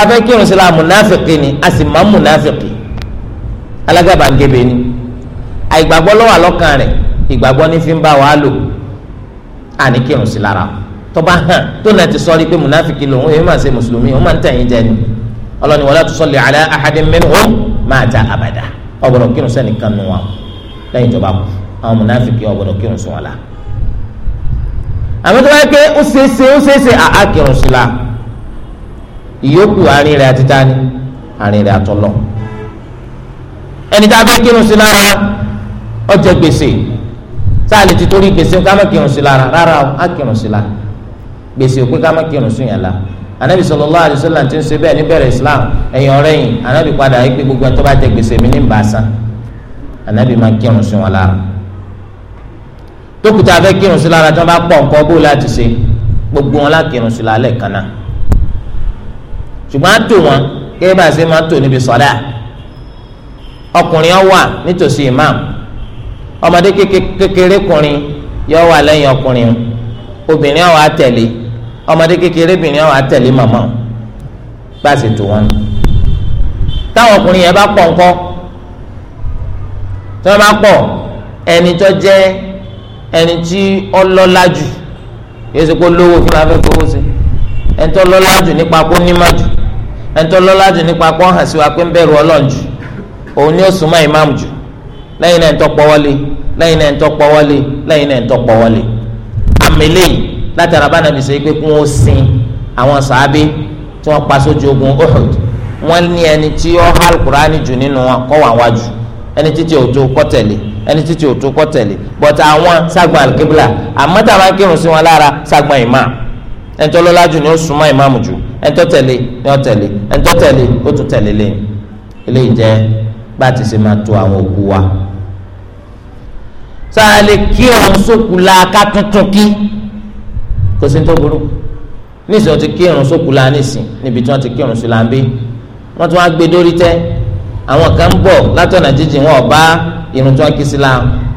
afẹ́kírun sí la mùnáfìkì ni a sì máa mùnáfìkì alágàbàǹgebè ni àìgbàgbọ́ ló wà rẹ̀ ìgbàgbọ́ ní fi ń bá wa lò àní kírun sí lára tọba hàn tó náà ti sọrí pé munafiki lòun èyí máa ṣe mùsùlùmí òun máa ń tẹ̀yìn jẹ ni ọlọ́ni wala tusalli ala ahadin minhum mata abada ọ̀gbọ̀dọ̀ kírun sẹ́nìkan nù wọn lẹ́yìn tó bá kú àwọn munafiki ọ̀gbọ̀dọ̀ kírun sùn wọn la àmọ́ tó bá yẹ pé ó ṣeéṣe ó ṣeéṣe àá kírun sí la ìyókù àárín rẹ̀ àti tani àárín rẹ̀ àtọ́lọ́ ẹni tá a fẹ́ kírun sí lára ọjọ́ sáàlì ti torí gbèsè ká má kírun sí lára rárá o á kírun sí lára gbèsè òpin ká kírun sí yẹn la anabi sallallahu alaihi wasallam ti ń ṣe bẹ́ẹ̀ níbẹ̀rẹ̀ islam ẹ̀yìn ọ̀rẹ́ yìí anabi padà yìí pé gbogbo ẹni tó bá jẹ gbèsè mi ní ń bá a san anabi máa kírun sí wọn lára dókítà fẹ́ kírun sí lára tí wọ́n bá pọ̀ nǹkan bó láti ṣe gbogbo wọn lákìrun sí lálẹ́ kan náà ṣùgbọ́n wọn kí bá ṣe máa tò níbi sọ́dà ọkùnrin ọ nítòsí imam ọmọdé kékeré kùnrin yóò wà lẹ́yìn ọkùnrin obìnrin àwọn àtẹ̀lé ọmọdé kékeré obìnrin àwọn àtẹ̀lé màmá bá a sì tù wọn. táwọn ọkùnrin yẹn bá pọ̀ ńkọ́ tí wọ́n bá pọ̀ ẹni tó jẹ́ ẹni tí ó lọ́lá jù yóò ṣe kó lówó kí wọ́n fẹ́ fowó sí ẹni tó lọ́lá jù nípa kó nímọ̀ jù ẹni tó lọ́lá jù nípa kó hàn sí wa pé ń bẹ̀rù Ọlọ́run jù òun ni ó súnmọ́ ìmáàmù jù lẹ́yìn náà ń tọ́ pọ́wọ́lé lẹ́yìn náà ń tọ́ pọ́wọ́lé lẹ́yìn náà ń tọ́ pọ́wọ́lé àmìlẹ́ látara bá nàbì sọ pé kí wọ́n sin àwọn sàábé tí wọ́n pa sójú ogun Uhud wọ́n ní ẹni tí ó há alukurani jù nínú wọn kọ́ wà wájú ẹni títí òtó kọ́ tẹ̀lé ẹni títí òtó kọ́ tẹ̀lé bọ̀tà àwọn sàgbọ̀n alikébílà àmọ́ táwọn akérò sí wọn lára sàgbọ̀n ìmáà ẹni tó lọ́lá jù ni ó súnmọ́ ìmáàmù jù ẹni tó tẹ̀lé ni ó tẹ̀lé ẹni tó tẹ̀lé ó tún tẹ̀lé lẹ́yìn eléyìí jẹ́ bá a ti ṣe máa tò àwọn òkú wa sáàlè kí ọ̀hún sókù la ká tuntun kí kò sí ní tó burú níṣẹ́ wọ́n ti kí ọ̀hún sókù la nísìn níbi tí wọ́n ti kí ọ̀hún sókù la ń bí wọ́n tún wá gbé dórí tẹ́ àwọn kan ń bọ̀ látọ̀nà jíjìn wọn ọba irun tí wọ́n kí sí la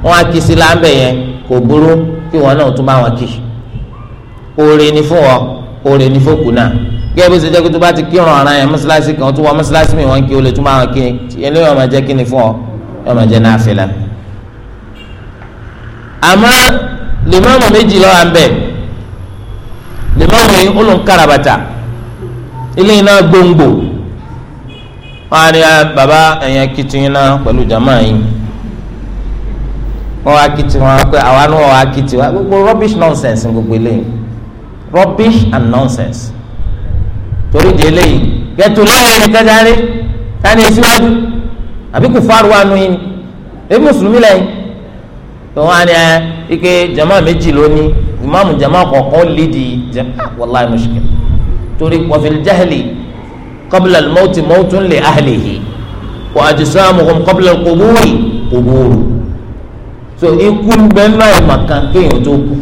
wọ́n á kí sí la ń bẹ̀ yẹn kò burú kí wọn náà tún bá wọn kí oore ni fún wọn oore ni fókù náà gẹ́gẹ́ bó ṣe jẹ́ pé tó bá ti kírun ọ̀ràn yẹn mọ́ṣáláṣí kan tó wọ́n mọ́ṣáláṣí mi wọ́n kí àmọ́ limamu méjì lọ́wọ́ à ń Limamu yi yìí ó ló ń kárabàtà na iná gbòǹgbò wọn á ní ah, baba pẹ̀lú jama yi. wọn akiti kìtì wọn pé àwa náà gbogbo rubbish nonsense gbogbo eléyìí rubbish and nonsense torí di eléyìí gẹ̀tù lẹ́yìn ẹni kájáre ká ní síwájú nu ni tó wọn á ní ẹ ike jama méjì lónìí ìmáàmù jama kọ̀ọ̀kan lédi jama ah, wàláhì mushkil torí wàfíìl jahili qabla al-mawti mawtun li ahlihi wa ajsamuhum qabla al-quburi quburu so ikú ń bẹ náà màkàn kéèyàn tó kú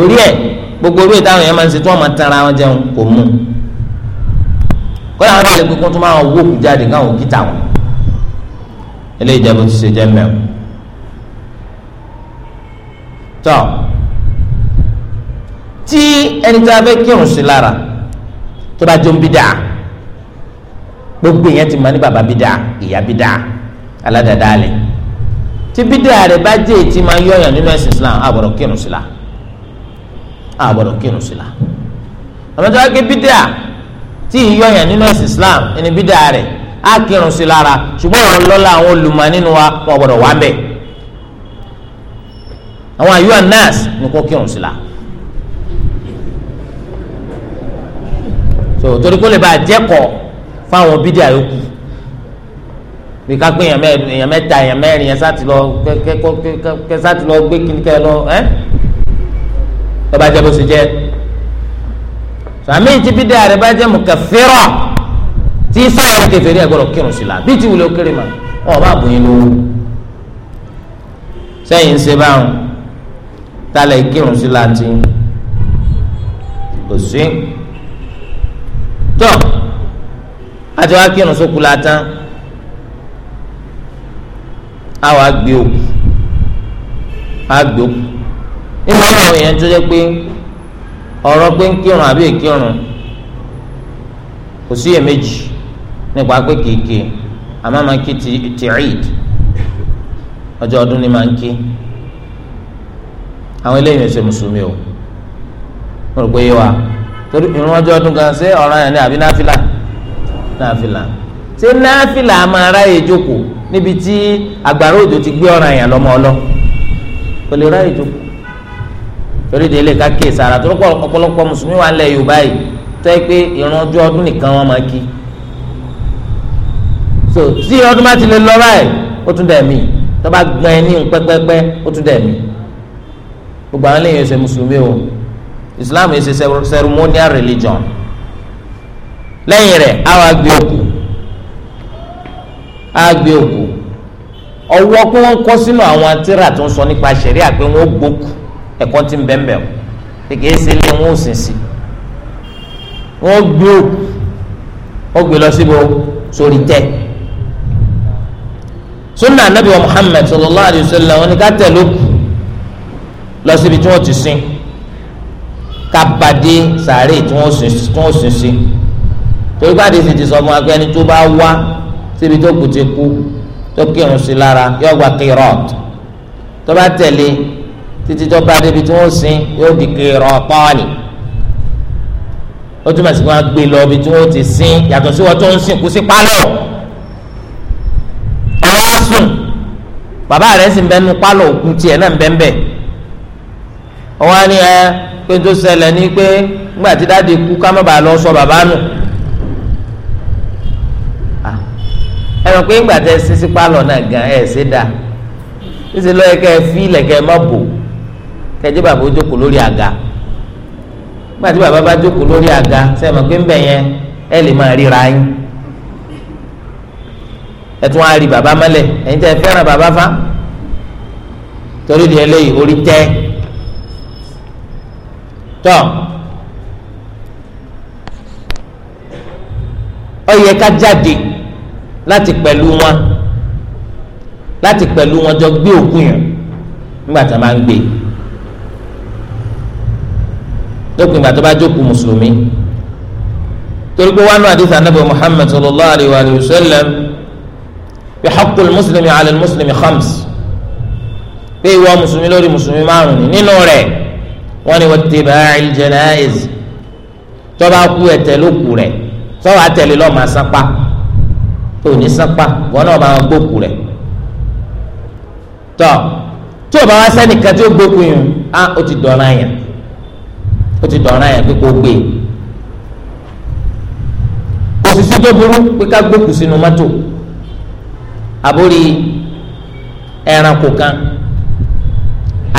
orí ẹ gbogbo orí ìtàn yẹn máa ń ṣe tí wọn máa tara wọn jẹun kò mú kọ́lá àwọn ọ̀rẹ́ pé tó máa wó kú jáde káwọn òkúta wọn eléyìí jẹ́ ti ṣe jẹ́ mẹ́rin tọ́ tí ẹni tí a fẹ́ kírun sí lára tó bá jó ń bí dáa gbogbo yẹn ti mọ ní baba bídà ìyá bídà aládàáda lẹ tí bídà rẹ bá jẹ ètí máa yọyàn nínú ẹsìn islam àbọ̀dọ̀ kírun sí la àbọ̀dọ̀ kírun sí la àmọ́tí wàá gé bídà tí ìyọyàn nínú ẹsìn islam ẹni bídà rẹ á kírun sí lára ṣùgbọ́n àwọn lọ́la àwọn olùmọ̀ nínú wa wọn gbọ́dọ̀ wá bẹ́ẹ̀ àwọn àyùwà nurse ní kó kírun sí la so torí kó lè bá jẹ́kọ̀ọ́ fáwọn bídí àyókù bí ká gbé èèyàn mẹ́ta èèyàn mẹ́rin yẹn sáti lọ kẹ sáti lọ gbé kíni kẹ lọ ẹ lọba jẹ bó ṣe jẹ sàmì tí bídí àrẹ bá jẹ mùkàfírà tí sáyẹn kèfèrí ẹ gbọ́dọ̀ kírun sí la bí ti wulẹ̀ ó kéré ma ọ̀ bá bùn yín lówó sẹ́yìn ń ṣe báwọn. tálẹ̀ kírun sí láti kò sí. tó àti wá kírun sókù látàn á wàá gbé òkú á gbé òkú nínú àwọn èèyàn tó jẹ́ pé ọ̀rọ̀ pé ń kírun àbí èkírun kò sí ti ti Eid ọjọ́ ọdún ni máa ń àwọn eléyìí ẹsẹ mùsùlùmí o mo rò pé yé wa torí ìrún ọjọ́ ọdún kan ṣé ọ̀ràn yẹn ni àbí náfìlà náfìlà ṣé náfìlà máa ráyè jókòó níbi tí agbára òjò ti gbé ọ̀ràn yẹn lọ́mọ ọlọ́ kò lè ráyè jókòó torí délé ká kéè sára torí ọ̀pọ̀lọpọ̀ mùsùlùmí wà lẹ̀ Yorùbá yìí tó yẹ pé ìrún ọdún nìkan wọn máa kí tí ọdún bá ti lè lọ báyìí ó tún dẹ̀ mí tó bá gbọ́n ní pẹ́pẹ́pẹ́ ó tún dẹ̀ mí. gbogbo àwọn eléyìí ṣe mùsùlùmí o islam ṣe ceremonial religion lẹ́yìn rẹ̀ á wá gbé òkú á gbé òkú ọwọ́ pé wọ́n kọ́ sínú àwọn àtìrà tó ń sọ nípa ṣẹ̀ríà pé wọ́n gbókù ẹ̀kọ́ tí ń bẹ́ẹ̀ bẹ́ẹ̀ kékeré sí ilé wọn sìn sí gbé òkú gbé lọ anabi wa sallallahu alayhi wa sallam ká lọ síbi tí wọ́n ti sin kábàdé sàárè tí wọ́n sìn sí torí pàdé sì ti sọ fún akpẹ́ ẹni tó bá wá síbi tó kù ti kú tó kírun sí lára yóò gba kírọ̀t tó bá tẹ̀lé títí tó bá débi tí wọ́n sin yóò di kírọ̀ ó túmọ̀ sí kí wọ́n lọ ibi tí wọ́n ti sin yàtọ̀ sí wọ́n tó ń sìnkú sí pálọ̀ àwọn á sùn bàbá rẹ̀ sì ń bẹ́nu pálọ̀ òkú tiẹ̀ náà ń bẹ́ńbẹ́ ọwọ́ á ẹ pé tó ṣẹlẹ̀ ní pé tí dáàdi kú ká má lọ sọ bàbá nù ẹ mọ̀ pé sisi pálọ̀ náà gan fi ilẹ̀ kẹ́ má bò bàbá jókòó lórí àga nígbà tí bàbá bá jókòó lórí àga mọ̀ pé yẹn ẹ lè máa ríra yín ẹ tún rí bàbá mọ́lẹ̀ ẹ̀yin tọ́ ọ yẹ ká jáde láti pẹ̀lú wọn láti pẹ̀lú wọn jọ gbé òkú yẹn nígbà tá a máa ń gbé lópin ìgbà tó bá jókòó mùsùlùmí torí pé wánú àdìsí anábì muhammad sallallahu alayhi wa sallam bí haqqul muslimi ala muslimi khams pé ìwọ mùsùlùmí lórí mùsùlùmí márùn nínú rẹ̀ wọ́n ní wattiba'i al-janaiz tọ́ba kú ẹ̀tẹ̀ ló kù rẹ̀ sọ́wọ́ àtẹ̀lé lọ́ọ́ máa sápá tó ní sápá wọn náà máa gbókù rẹ̀ tọ́ tí o bá wá sẹ́nìkan tí ó gbókù yìí á ó ti dọ̀ràn yẹn ó ti dọ̀ràn yẹn pé kó gbé e. òṣìṣẹ́ tó burú pé ká gbókù sínú mọ́tò àbórí ẹranko kan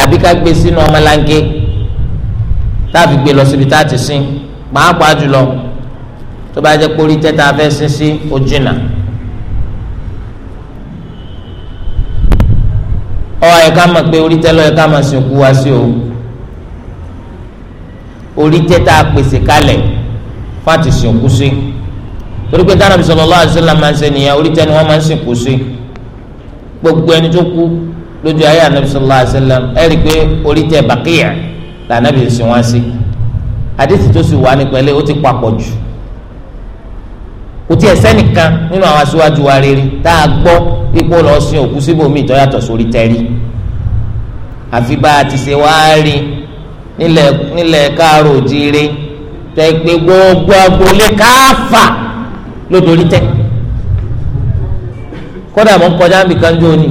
àbí ká gbé sínú ọmọlanke. No láàfi gbé lọ síbi tá a ti sin pàápàá jùlọ tó bá jẹ́ pórí tẹ́tà fẹ́ sin sí ó ọ ẹ̀ka mọ̀ pé orí tẹ́lọ̀ ẹ̀ka mọ̀ sìnkú wá sí o orí tẹ́tà pèsè kalẹ̀ fún àti sìnkú sí torí pé dáná bisalọ lọ́wọ́ àṣìlá máa ń ṣe nìyẹn orí tẹ́ ni wọ́n máa ń sìnkú sí gbogbo ẹni tó kú lójú ayé ànábìsọ̀lá àṣìlá ẹ̀ rí i pé orí tẹ́ bàkìyà lànàbì ń sin wọn sí àdìsí tó sì wà ní pẹ̀lẹ́ ó ti papọ̀ jù kò tiẹ̀ sẹ́nìkan nínú àwọn aṣíwájú wa rere tá a gbọ́ ipò lọ sin òkú síbòmí tó yàtọ̀ sórí tẹ́rí àfi bá a ti ṣe wá rí nílẹ̀ nílẹ̀ káàró òjíire tẹ́ pé gbogbo agboolé káfà ló tẹ́ kódà mo kọjá nbìkan jóni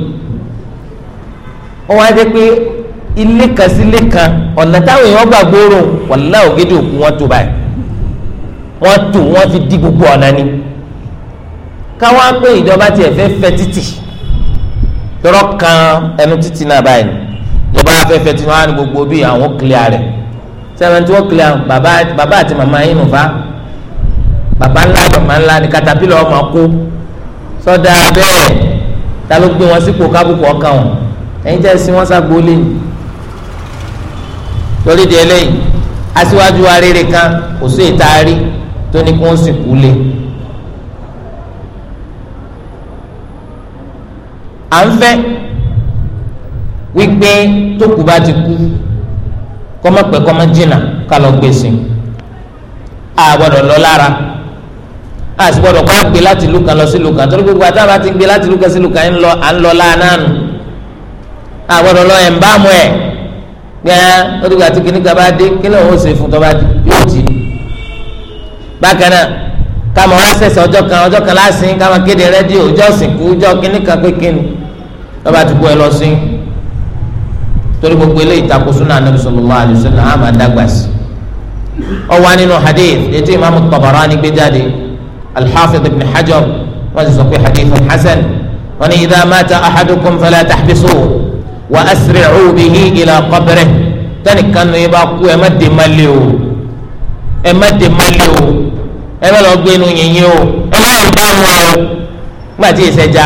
ó wá pé ilé kan sí ilé kan ọ̀nà táwọn èèyàn gbà gbóòrò wàlá ògidì òkú wọn tó báyìí wọn tó wọn fi dí gbogbo ọ̀nà ni káwọn á pé ìjọba tiẹ̀ fẹ́ fẹ́ títì tọrọ kan ẹnu títì náà báyìí ìjọba fẹ́ fẹ́ títì wọn á ní gbogbo bí àwọn kílíà rẹ̀ sẹ́wọ̀n tí wọ́n kílíà bàbá àti màmá yín nù fa bàbá ńlá màmá ńlá ni katapila ọmọ kó sọdá bẹ́ẹ̀ ta ló gbé wọn sípò kábùkù ọkàn wọn ẹ̀yin tẹ́ sí wọn sá gbólé torí di eléyìí aṣíwájú wa rere kan kò sí ìtaari tó ní kó ń sìnkú lé à ń fẹ́ wípé tókù bá ti kú kọ́mọ̀pẹ́ kọ́mọ̀ jìnnà ká lọ gbé sí a gbọ́dọ̀ lọ lára a sì gbọ́dọ̀ kọ́ gbé láti ìlú kan lọ sí ìlú kan torí gbogbo àtàwọn àti gbé láti ìlú kan sí ìlú kan à ń lọ lánàá nù a gbọ́dọ̀ lọ ẹ̀ ń bá mu ẹ̀ gbẹ́ẹ́ ó dìgbà tí kìnnìkan bá dé kílẹ̀ òun ó ṣe fún tọ́ba yóò tì í. bákan náà káwọn aṣẹ̀ṣẹ̀ ọjọ́ kan ọjọ́ kan lásìn káwọn kéde rẹ́díò ọjọ́ sìnkú ọjọ́ kìnnìkan pé kíni tọ́ba ti kú ẹ lọ sí. torí gbogbo eléyìí takò súnà anabi sallallahu alaihi wasallam àmà dàgbà sí. ó wà nínú hadith ètò ìmáàmù Tabarani gbé jáde al ibn Hajar wa asri'u bihi ila qabrihi tẹnìkan ní bá kú ẹ má dé má lé o ẹ má dé má lé o ẹ má lọ gbé inú yìnyín o ẹ má lọ bá wọn o gbàtí ìṣẹjà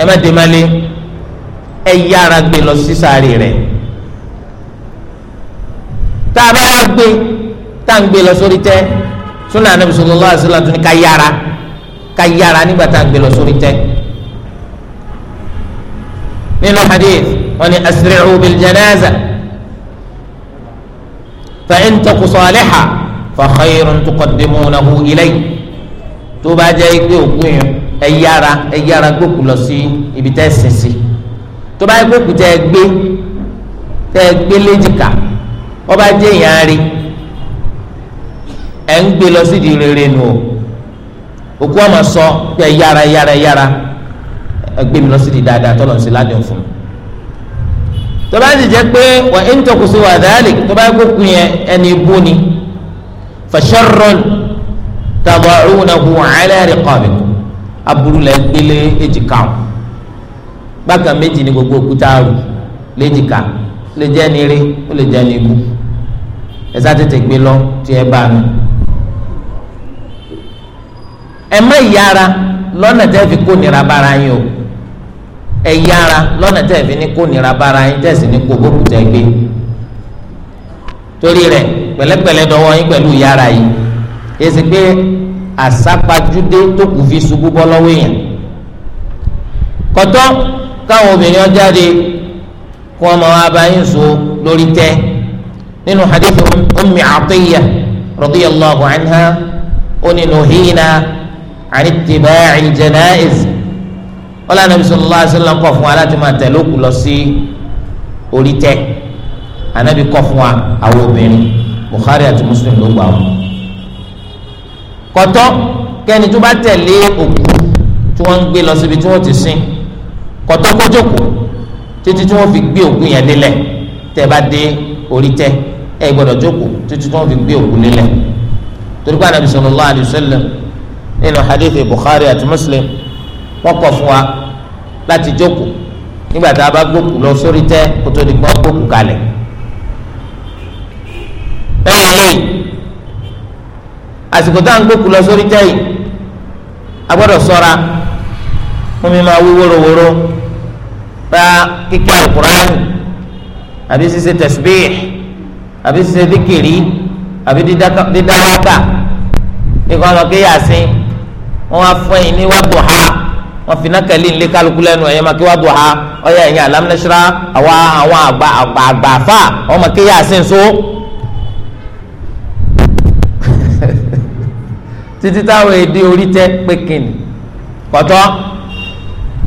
ẹ má dé má lé ẹ yára gbé lọ sí sáré rẹ tá a bá wá gbé tá a ń gbé lọ sórí tẹ súnà Ànábì sallallahu alaihi wasallam tún ní ká yára ká yára nínú hadith wọn ni asri'u bil janaza fa in taku saliha fa khayrun tuqaddimunahu ilay tó bá jẹ́ ikpe òkú yẹn ẹ yára ẹ yára gbókù lọ sí ibi tẹ́ sìn sí gbókù tẹ́ gbé tẹ́ gbé léjìká wọ́n bá jẹ́ ìyá ń gbé lọ sídìí rere nù òkú ọmọ sọ pé yára yára yára ẹgbẹ́ mi lọ sí di dáadáa tọ́lọ̀ sí ládùn fún mi. tó bá ti jẹ́ pé wà á ń tọkùsí wà dáálì tó bá gbókun yẹn ẹni bú ni fàṣọrọ̀n tàbọ̀ ọ̀hún náà bu wàhálà rẹ̀ aburú lẹ́ gbélé èjìká o bákan méjì ni gbogbo òkúta rù léjìká lè jẹ́ ni ó lè jẹ́ ni bú tètè gbé lọ tí ẹ bá mi ẹ má yára lọ́nà tẹ́ fi kó nira bára yín o. e yára lọ na fi ní kó nira bára yín tẹ́ ní kó bókù gbé torí rẹ pẹ̀lẹ́pẹ̀lẹ́ dọ́wọ́ yín pẹ̀lú yára yìí èsì pé àsápajúdé tó kù fi ṣubú bọ́ lọ́wọ́ èèyàn kọ́tọ́ káwọn obìnrin ọjáde kó ọmọ wa bá yín so lórí nínú ummi atiya anha ó ọlọ́run nàbí sallallahu alaihi wasallam kọ̀ fún wa láti máa tẹ̀lé òkú lọ sí orí tẹ́ anabi kọ̀ fún wa àwọn obìnrin Bukhari àti Muslim ló gbà wọn. kọ̀tọ́ kẹ́ni tó bá tẹ̀lé òkú tí wọ́n ń gbé lọ síbi tí wọ́n ti sìn kọ̀tọ́ kójókò títí tí wọ́n fi gbé òkú yẹn délẹ̀ tẹ́ bá dé orí tẹ́ ẹ gbọ́dọ̀ jókòó títí tí wọ́n fi gbé òkú lélẹ̀ torí pé anabi sallallahu alaihi wasallam nínú hadith Bukhari àti Muslim wọ́n kọ̀ fún wa láti jókòó nígbà tá a bá gbókù lọ sórí tẹ́ kó tó di gbọ́n gbókù kalẹ̀ lẹ́yìn eléyìí àsìkò tá à ń gbókù lọ sórí tẹ́ yìí a gbọ́dọ̀ ṣọ́ra fún mi máa wí wóróworó bá kíkẹ́ àlùkùránì àbí ṣíṣe tẹ̀síbíyì àbí ṣíṣe díkìrì àbí dídáwákà ní kí wọ́n lọ kí wá fún ẹ̀yìn ní wàá bọ̀ ha wọn fi náà kẹlí nílé kálukú lẹ́nu ẹ̀yẹ́ máa kí wá dùn ha ọ̀yẹ́ ẹ̀yìn alámínísírà àwa àwọn àgbà àgbà àgbà àfà ọmọ kí yá sí títí táwọn èdè orí tẹ pé kìnnì pọ̀tọ́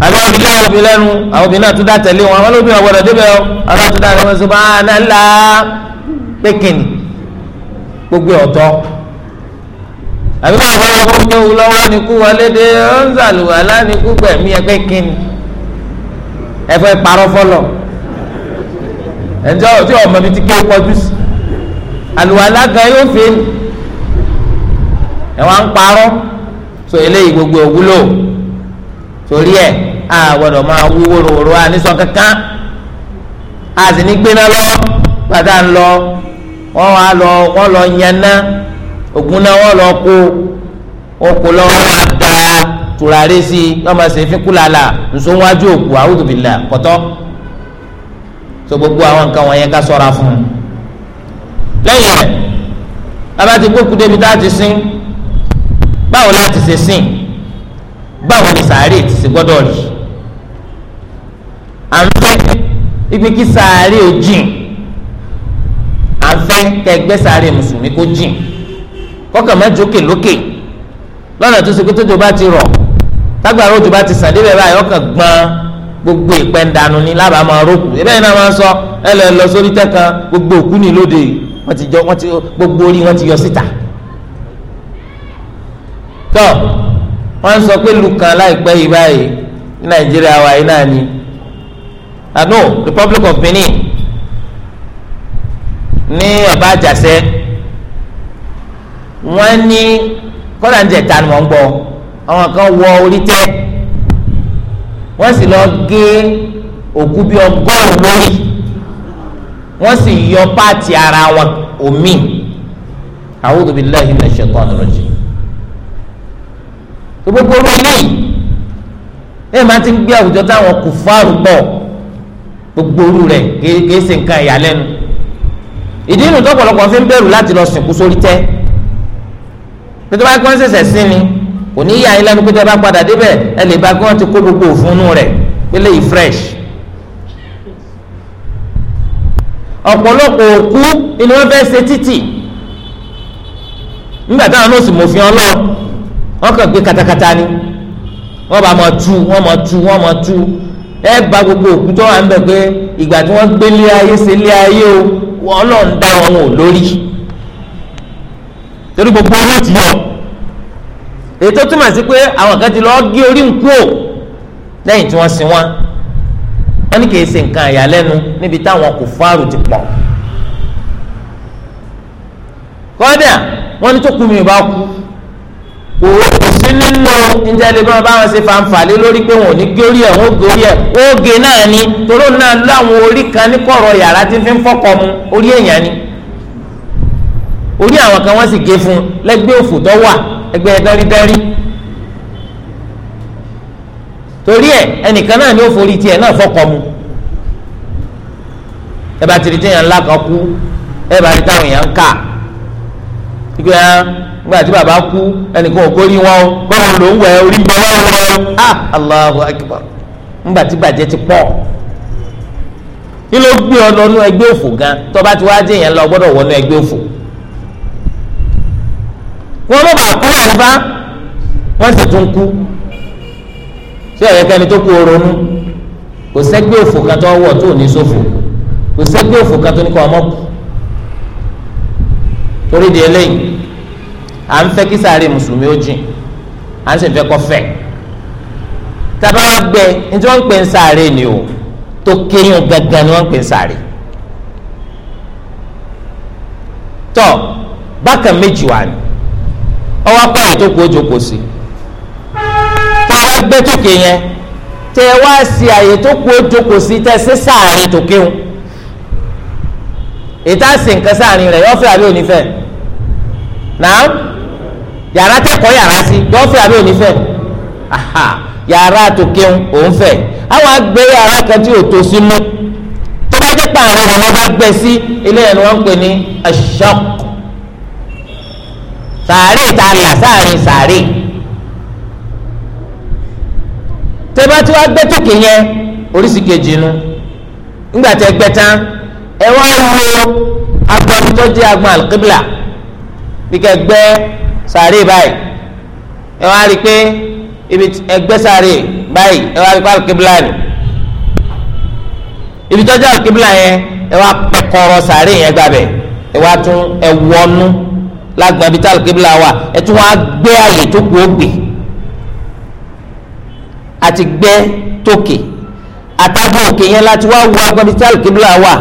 àbí wọn fi àwọn obìnrin lẹ́nu àwọn obìnrin náà dá tẹ̀lé wọn àwọn olóbìnrin ọ̀gbọ́dọ̀ débẹ̀ ọ àwọn tún dá tẹ̀lé wọn sọ bá a náà la pé kìnnì gbogbo ọ̀tọ̀ àbí káwọn bá wọn kó ní owó lọ́wọ́ ní kú wọlé dé ó ń sàlùwàlá ní kú gbẹ̀mí ẹgbẹ́ kínní ẹ fẹ́ parọ́ fọlọ́ ẹnjẹ ọtí ọmọ mi ti ké kọjú sí àlùwàlá gan yóò fi ẹ wá ń parọ́ so eléyìí gbogbo òwúlò torí ẹ a gbọ́dọ̀ máa wú wóróworó a ní sọ kankan a sì ní gbéná lọ gbàdá ń lọ wọn wá lọ wọn lọ yànnà ògùn náà wọ́n lọ kó okò lọ́wọ́ máa da tùràrí sí i wọ́n máa ṣe fínkúlàlà nsọ́wájú òkú àwùjọbìlà kọ́tọ́ so gbogbo àwọn nǹkan wọ̀nyẹn ká sọ́ra fún un. lẹ́yìn rẹ̀ bàbá ti gbókù débi tá a ti sìn báwo láti ṣe sìn báwo ni sàárè ti ṣe gbọ́dọ̀ rí à ń fẹ́ ibi kí sàárè ò jìn à ń fẹ́ kẹgbẹ́ sàárè mùsùlùmí kò jìn kọ́kàn má jókè lókè lọ́nà tó ṣe pé tójò bá ti rọ̀ tágbàrá òjò bá ti sàn débẹ̀ báyìí ọkàn gbọ́n gbogbo ìpẹ́ ń dànù ni lábàá máa rókù ebe yìí náà máa ń sọ ẹ lọ lọ sórí tẹ́kan gbogbo òkú ni lóde wọ́n ti jọ wọ́n ti gbogbo orí wọ́n ti yọ síta. tọ́ wọ́n ń sọ pé lukan láìpẹ́ yìí báyìí ní nàìjíríà wa yìí náà ni ah Republic of Benin ní ọba àjàṣẹ́ wọ́n ní kọ́dà ń jẹ̀ta ni wọ́n ń gbọ́ àwọn kan wọ orí tẹ́ wọ́n sì lọ gé òkú bíi ọgọ́rùn lórí wọ́n sì yọ páàtì ara wọn omi a'udhu billahi minash shaitanir rajim gbogbo orí yìí ẹ máa ti ń gbé àwùjọ táwọn kò fáàrù pọ̀ gbogbo orú rẹ̀ kìí ṣe nǹkan ìyàlẹ́nu ìdí inú tọ́pọ̀lọpọ̀ fi ń bẹ̀rù láti lọ sìnkú sórí tẹ́ pété báyìí kí wọ́n ṣẹ̀ṣẹ̀ sí ni kò ní yà yín lẹ́nu pété bá padà débẹ̀ ẹ lè bá kí wọ́n ti kó gbogbo òfun nù pélé yìí fresh. ọ̀pọ̀lọpọ̀ òkú ni wọ́n fẹ́ ṣe títì nígbà táwọn náà sì mòfin ọlọ́ wọn kàn gbé katakata ni wọ́n bá mọ̀ tu wọ́n mọ̀ tu wọ́n mọ̀ tu ẹ bá gbogbo òkú tó wà ń bẹ̀ pé ìgbà tí wọ́n gbé lé ayé ṣe lé ayé o Ọlọ́run dá wọn ò lórí. torí gbogbo owó ti yọ ètò túmọ̀ sí pé àwọn kan ti lọ́ọ́ gé orí nkú ò lẹ́yìn tí wọ́n sin wọn wọ́n ní kìí ṣe nǹkan àyàlẹ́nu níbi táwọn kò fáàrù ti pọ̀ kọ́dà wọ́n ní tó kú mi bá kú kò sí nínú ìjẹ́lẹ́gbẹ́ wọn ṣe lórí pé wọn ò ní gé orí ẹ̀ wọ́n gé orí ẹ̀ ni náà láwọn orí kan ní yàrá fi ń fọ́kọ̀ orí àwọn kan wọ́n sì gé fún un lẹ́gbẹ́ òfò tó wà ẹgbẹ́ dárídárí torí ẹ ẹnìkan náà ni ó forí tiẹ̀ náà mu ẹ bá tìrìtì téèyàn ńlá kan kú ẹ bá tìrìtì àwọn ń kà ya ah, nígbà tí bàbá kú ẹnìkan ò kórìí wọn o báwo ló ń wẹ orí bẹ o ah, bàjẹ́ ti pọ̀ wọn ló bá kú àríwá wọn sì tún kú ṣé ọ̀yẹ́ kẹ́ni tó kú oronú kò sẹ́gbẹ́ òfò kan tó wọ̀ tó ní sófò kò sẹ́gbẹ́ òfò kan tó ní kọ́ ọmọ kù torí di eléyìí à ń fẹ́ kí sáré mùsùlùmí ó jìn à ń sì fẹ́ kọ́ fẹ́ tábà wá gbẹ ní ń pè ń ni o tó kéyàn gangan ni wọ́n ń pè ń sáré tọ́ bákan méjì wà ní ọwọ́ apá ìjókòó ojókòó sí tẹ wá gbé tókè yẹn tẹ wá sí àyè tó kú ojókòó sí tẹ sí sáàrin tókè ń ìta sì nǹkan sáàrin rẹ̀ yọ̀ọ́fẹ́ àbí onífẹ́ náà yàrá tẹ̀kọ́ yàrá sí yọ̀ọ́fẹ́ àbí onífẹ́ aha yàrá tókè ń òun fẹ́ àwọn agbé yàrá kan tí ò tó sí mú tó bá dé pààrọ̀ wọn bá gbẹ sí ilé ẹ̀ ni wọ́n ń pè ní ashok sàárè tá a là sáàrin sàárè tẹ́bá tí wàá gbẹ́tòkè yẹn oríṣi kejì nu nígbà tẹ́ gbẹ́ tán ẹ wá lo agbọ̀n tó jẹ́ agbọ̀n alqibla bí kẹ́ gbẹ́ sàárè báyìí ẹ wá rí i pé ibi ẹgbẹ́ sàárè báyìí ẹ wá rí i pé alqibla ni ibi tó jẹ́ alqibla yẹn ẹ wá pẹ̀kọ̀rọ̀ sàárè yẹn gbàbẹ̀ ẹ wá tún ẹ wọnú. E lágbọn ibi tí alùkébìlà wà ẹ tún wọn á gbé àyè tó kù ògbè àti gbẹ tókè àtàgbọ òkè yẹn láti wá wo agbọn ibi tí alùkébìlà wà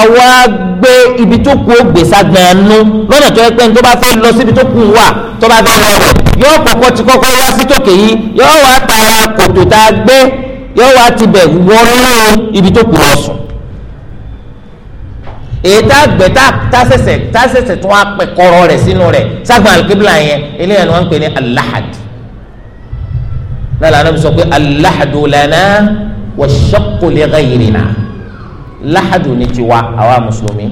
àwa gbé ibi tó kù ògbè sagbọn ẹnu lọ́nà tó yẹ pé ní tó bá fẹ́ lọ síbi tó kù wà tó bá fẹ́ lọ rẹ̀ yóò kọ́kọ́ ti kọ́kọ́ wá sí tókè yìí yóò wá tara kòtò tá a gbé yóò wá tibẹ̀ wọnú ibi tó kù lọ sùn èyí tá a gbẹ tá a sẹsẹ tá a sẹsẹ tó a pẹ kọrọ rẹ sínú rẹ sagbọn alikibla yẹn eléyàn ni wọn ń pè ní alahad lọ́la anábì sọ pé alahadu lana wa shakku li ghayrina lahadu ni tiwa àwa mùsùlùmí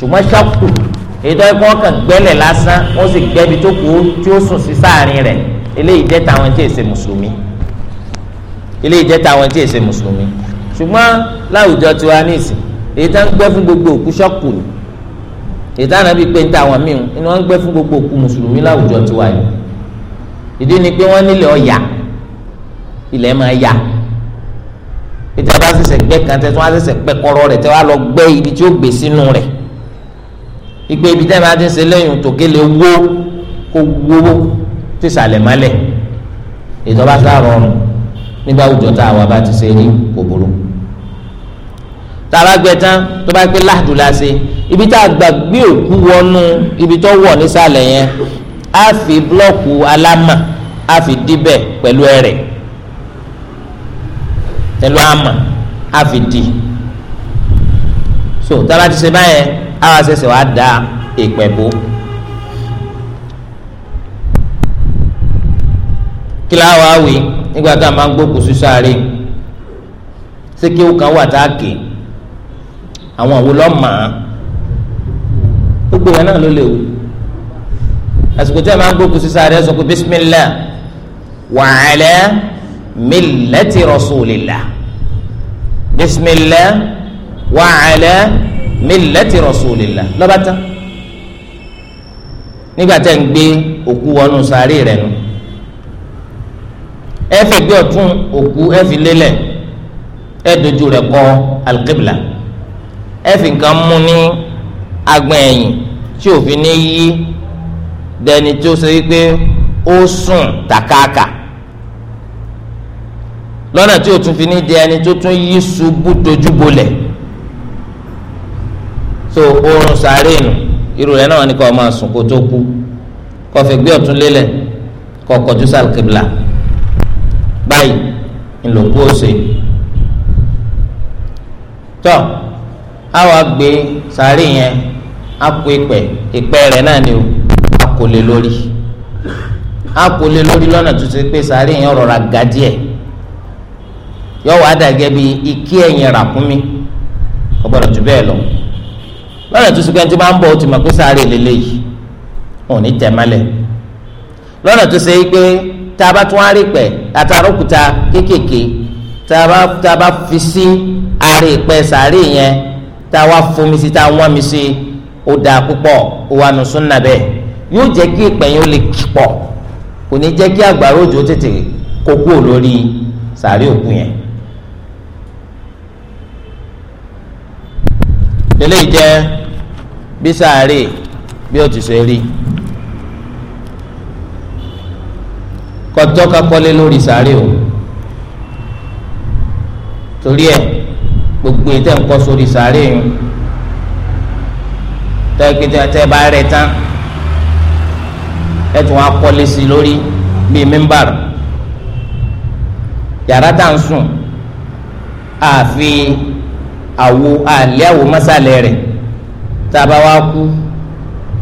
ṣùgbọ́n shakku èyí tó yẹ kó kàn gbẹ́lẹ̀ lásán wọ́n sì gbẹ́bi tó kú tí ó sùn sí sáàrin rẹ̀ eléyìí jẹ́ tàwọn tí èsè mùsùlùmí eléyìí jẹ́ tàwọn tí èsè mùsùlùmí ṣùgbọ́n láwùjọ tiwa ní ìsìn èyí tá ń gbẹ́ fún gbogbo òkú ṣọ́ọ̀kù ni èyí tá ànábì pé ń ta àwọn míì ni wọ́n ń gbẹ́ fún gbogbo òkú mùsùlùmí láwùjọ tiwa yìí ìdí ni pé wọ́n nílẹ̀ ọ̀yà ilẹ̀ máa yà ètò àbá ṣẹ̀ṣẹ̀ gbẹ́ kan tẹ́ tí wọ́n á ṣẹ̀ṣẹ̀ pẹ́ kọ́rọ́ rẹ̀ tẹ́ lọ gbẹ́ ibi tí ó gbé sínú rẹ̀ ìgbé ibi tẹ́ máa ti ń ṣe lẹ́yìn tòkélé wó kó wó tí ìsàlẹ̀ mọ́lẹ̀ ètò àbá sáà rọrùn nígbà àwùjọ tá a wà ti ṣe ní kòkòrò tàbá gbẹ tán tó bá pé láàdù la ṣe ibi tá a gbà gbé òkú wọnú ibi tó wọ̀ nísàlẹ̀ yẹn á fi blọ́ọ̀kù alámà á fi dìbẹ̀ pẹ̀lú ẹ̀rẹ̀ pẹ̀lú àmà á fi dì so tàbá ti ṣe báyẹn A wá ṣẹ̀ṣẹ̀ wá da ìpẹ̀ bò kí láwa wí nígbà tá a máa ń gbókùn sí sáré ṣé kí ó kan wà tá a kè é àwọn àwo lọ́ mọ̀ án gbogbo yẹn náà ló lè wò àsìkò tí a máa ń gbókù sí sáré sọ pé bísímìlá wa ala millati rasulillah bísímìlá wa ala millati rasulillah lọ́ba tán nígbà tẹ́ ń gbé òkú wọnú sáré rẹ̀ nù ẹ fẹ́ gbé ọ̀tún òkú ẹ fi lélẹ̀ ẹ dojú rẹ̀ kọ alqibla ẹ fi nǹkan mú ní agbọ̀n ẹ̀yìn tí òfin ní yí dẹni tó ṣe wípé ó sùn tàkàkà lọ́nà tí òtún fi ní di ẹni tó tún yí ṣubú dojú bolẹ̀ so oorun sàárè nù irú rẹ̀ náà ni kò máa sùn kó tó kú kò gbé ọ̀tún lélẹ̀ kò kọjú sàlùkìbìlà báyìí ńlọkú ọ̀sẹ̀ tọ́. So, á wá gbé sàárè yẹn á kó ìpẹ́ ìpẹ́ rẹ̀ náà ni o á kó lé lórí á kó lé lórí lọ́nà tó pé sàárè yẹn rọra ga díẹ̀ yọ wá dàgẹ́ bí ikí ẹ̀yìn ràkúnmí kò gbọ́dọ̀ jù bẹ́ẹ̀ lọ lọ́nà tó ti pé ẹni tó bá ń bọ̀ ó ti mọ̀ pé sàárè lélẹ́yìí wọn ò ní tẹ̀ mọ́lẹ̀ lọ́nà tó ṣe é pé tá a bá tún á rí pẹ̀ àtàrókúta kéékèèké tá a bá fi sí àárẹ̀ pẹ̀ sàárè yẹn tá a wá fomi sí tá a wọ́n mi sí ó dáa púpọ̀ ó wà nù súnà bẹ́ẹ̀ yóò jẹ́ kí ìpẹ̀yìn ó lè pọ̀ kò ní jẹ́ kí àgbàrá òjò tètè kó lórí sàárè òkú yẹn. lélẹ́ jẹ́ bí sàárè bí ó ti ṣe rí kọjọ́ kakọ́lé lórí sàárè o torí ẹ̀ gbogbo ètò ẹ̀ńkọ́ sórí sàárè yìí tẹ́gbẹ́tẹ́ tẹ́ bá rẹ̀ tán ẹ̀ tún wá kọ́lé sí lórí bíi mímbàrà yàrá tá à ń sùn àfi àwo àlẹ́ àwo mọ́sálẹ̀ rẹ̀ tá a bá wá kú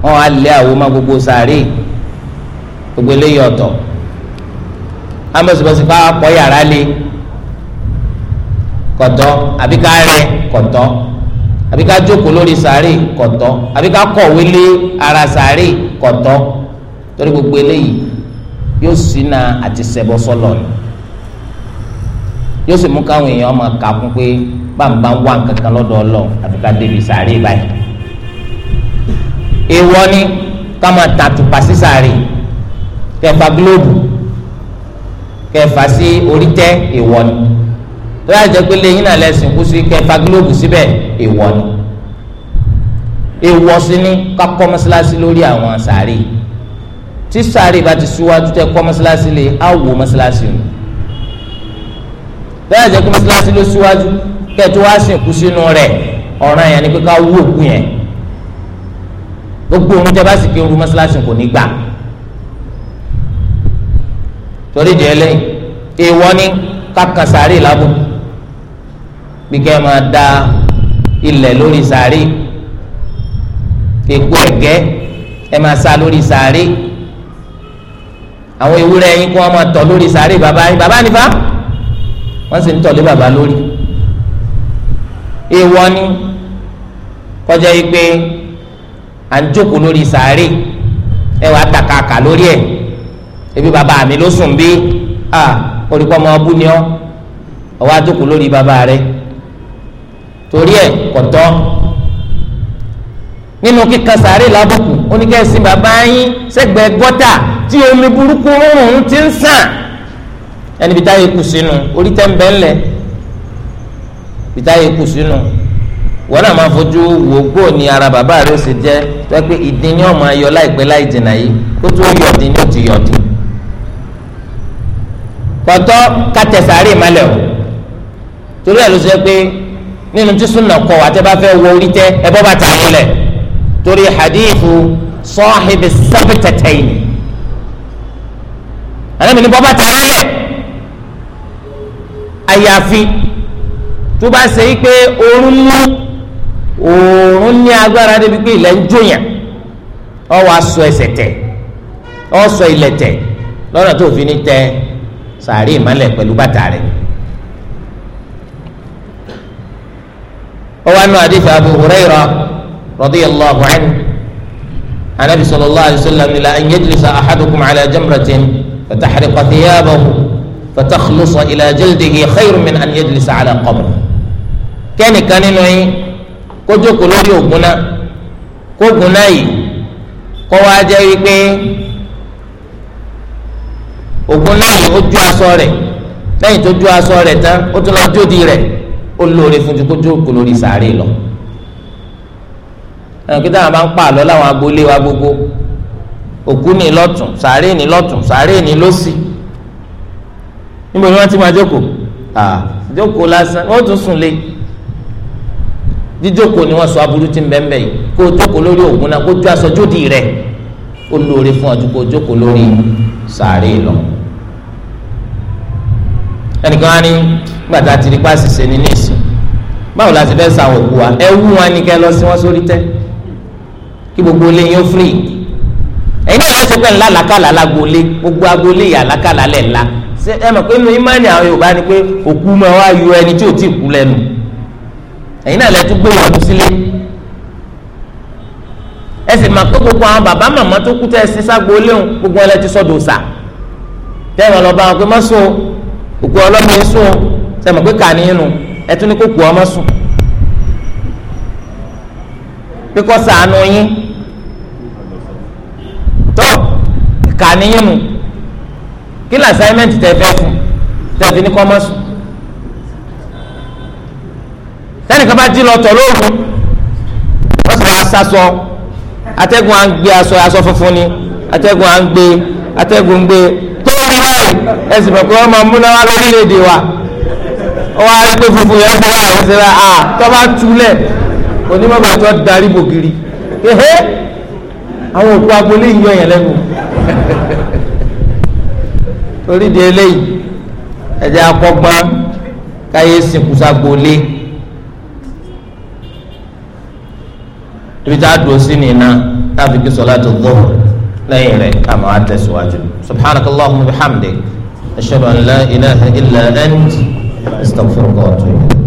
wọn àlẹ́ àwo má gbogbo sàárè gbogbo eléyìí ọ̀tọ̀ amẹ́sibẹ́sibẹ́ àpọ̀ yàrá lé kọ̀tọ́ àbí ká rẹ kọ̀tọ́ àbí ká jókòó lórí sàárè kọ̀tọ́ àbí ká kọ̀wé lé ara sàárè kọ̀tọ́ torí gbogbo eléyìí yóò ṣìnà àti ṣẹbọ sọlọ ni yóò sì mú káwọn èèyàn máa kà kún pé bàbá ń wà kankan lọ́dọ̀ Ọlọ́run àbí ká débi sàárè báyìí èèwọ̀ ni ká máa ta àtùpà sí sàárè kẹfà gílóòbù kẹfà sí orí tẹ èèwọ̀ ni tó yà jẹ́ pé lẹ́yìn náà lẹ́sìn kú sí kẹfà gílóòbù síbẹ̀ èèwọ̀ ni èèwọ̀ sí ni ká kọ́ mọ́sálásí lórí àwọn sàárè tí sàárè bá ti síwájú tẹ kọ́ mọ́sálásí lè á wò mọ́sálásí nù tó yà jẹ́ pé mọ́sálásí ló síwájú kẹtù wá sìnkú sínú rẹ̀ ọ̀ràn yẹn ni pé ká wú òkú yẹn gbogbo ohun bá sì kí irú mọ́sálásí kò ní gbà torí di ẹlẹ́yìn èèwọ̀ ni ká kan sàárè lábùkù bí máa da ilẹ̀ lórí sàárè èpo ẹ̀gẹ́ ẹ máa sa lórí sàárè àwọn ewúrẹ́ yín kí wọ́n máa tọ̀ lórí sàárè bàbá yín bàbá nífa wọ́n sì ń tọ̀ lé bàbá lórí èèwọ̀ ni kọjá yìí pé à ń jókòó lórí sàárè ẹ wàá takaka lórí ẹ̀ ebi bàbá mi ló sùn bí a orí kọ́ ọmọ ọbú ni ọ ọwọ́ àjókòó lórí bàbá rẹ̀ torí ẹ̀ kọ̀tọ́ nínú kíkan sàárè lábùkù oníkẹ́sìn bàbá yín sẹ́gbẹ̀ẹ́ gọ́tà tí omi burúkú rúrùn ti ń sàn ẹni bíi táyé kù sínú orí tẹ́ ń bẹ́ ńlẹ̀ bíi táyé kù sínú wọn náà máa fojú wò gbó ni ara bàbá rẹ ó sì jẹ tó pé ìdí ni ọmọ ayọ láìpẹ́ láì jìnnà yìí kó tó yọ̀dí ni ó ti yọ̀dí kọ̀tọ́ kàtẹ́sàárè malẹ̀ o torí ẹ̀ ló sọ pé nínú tí súnà kọ wà tẹ́ bá fẹ́ wọ orí tẹ́ ẹ bọ́ bàtà múlẹ̀ torí hadithu sọ́ọ́hìbì sábìtẹ̀tẹ̀yìn àlẹ́ mi ní bọ́ bàtà múlẹ̀ àyàfi tó bá ṣe yí pé oorun mú oorun ní agbára débi pé ilẹ̀ ń jóyàn ọ wàá sọ ẹsẹ̀ tẹ̀ ọ sọ ilẹ̀ tẹ̀ lọ́nà tó fi ní tẹ sàárè ìmọ̀lẹ̀ pẹ̀lú bàtà rẹ̀ ọwọ́ anú àdìsí Abu Hurayra radiyallahu anhu anabi sallallahu alayhi wa sallam ila an yajlisa ahadukum ala jamratin fatahriqa thiyabahu fatakhlusa ila jildihi khayrun min an yajlisa ala qabr kẹ́nìkan nínú yín kó jókòó lórí ògùn náà kó ògùn náà yìí kó wá jẹ́ wípé ògùn náà yìí ó ju aṣọ rẹ̀ lẹ́yìn tó ju aṣọ rẹ̀ tán ó tún lọ jódi rẹ̀ ó lóore fún ju kó jókòó lórí sàárè lọ ẹnì kí táwọn bá ń pa àlọ́ láwọn agboolé wa gbogbo òkú ní lọ́tún sàárè ní lọ́tún sàárè ní lọ́sì níbo ni wọ́n ti máa jókòó ah jókòó lásán wọ́n tún sùn lé jíjókòó ni wọ́n sọ aburú ti ń bẹ́ẹ̀ bẹ́ẹ̀ kó o jókòó lórí òògùn náà kó o jó aṣọ jódì rẹ̀ ó lóore fún ọ kó o jókòó lórí sàárè lọ ẹnìkan á ní gbàtà tìrí páàsì ṣe ní níìsín báwo la ti fẹ́ sàwọn òkú wa ẹ wú wọn ni kẹ lọ sí wọn sórí tẹ kí gbogbo ilé yín ó firi ẹ̀yin náà lọ́sẹ̀ pẹ́ ńlá làkàlà gbogbo agboolé yà làkàlà lẹ̀ ńlá ẹ mọ̀ pé ìmánì àwọn Yorùbá ni pé òkú máa wá yọ ẹni tí ò tí ì kú lẹ́nu ẹ̀yin náà lẹ́tú gbé wọn sílé ẹ sì máa pé gbogbo àwọn bàbá màmá tó kú tẹ́ ẹ sí ságboolé òun gbogbo wọn lẹ́ ti sọ́dọ̀ sà tẹ́ ẹ lọ bá wọn pé mọ́sùn òkú ọlọ́mọ yín sùn sẹ́mi pé kà nínú ẹtún ní kó kú ọmọ sùn kíkọ́ sànù yín tó kà níyìn nù kí ni assignment tẹ fẹ́ fún tẹ fi ní kọ́ ọmọ sùn tẹnìkan bá jí lọ tọ̀ lóòrùn wọ́n sì máa sasọ atẹ́gùn à ń gbé aṣọ aṣọ funfun ni atẹ́gùn à ń gbé atẹ́gùn ń gbé ẹ sì mọ̀ pé wọ́n máa múná wá lórílẹ̀‐èdè wa wọ́n wá rí pé funfun yẹn fún àwọn ìṣẹ̀lẹ̀ à tó bá túlẹ̀ onímọ̀gbà tó darí bògiri hehe àwọn òkú agbolé yìí yọ̀yàn lẹ́nu torí di eléyìí ẹ̀jẹ̀ akọgbọ́n káyé sìnkúsagbolé. ibi tá a dùn sí nìyí náà tá kí sọlá tó gbọ́. لا إله نعم، إلا سبحانك اللهم وبحمدك أشهد أن لا إله إلا أنت استغفرك واتوب إليك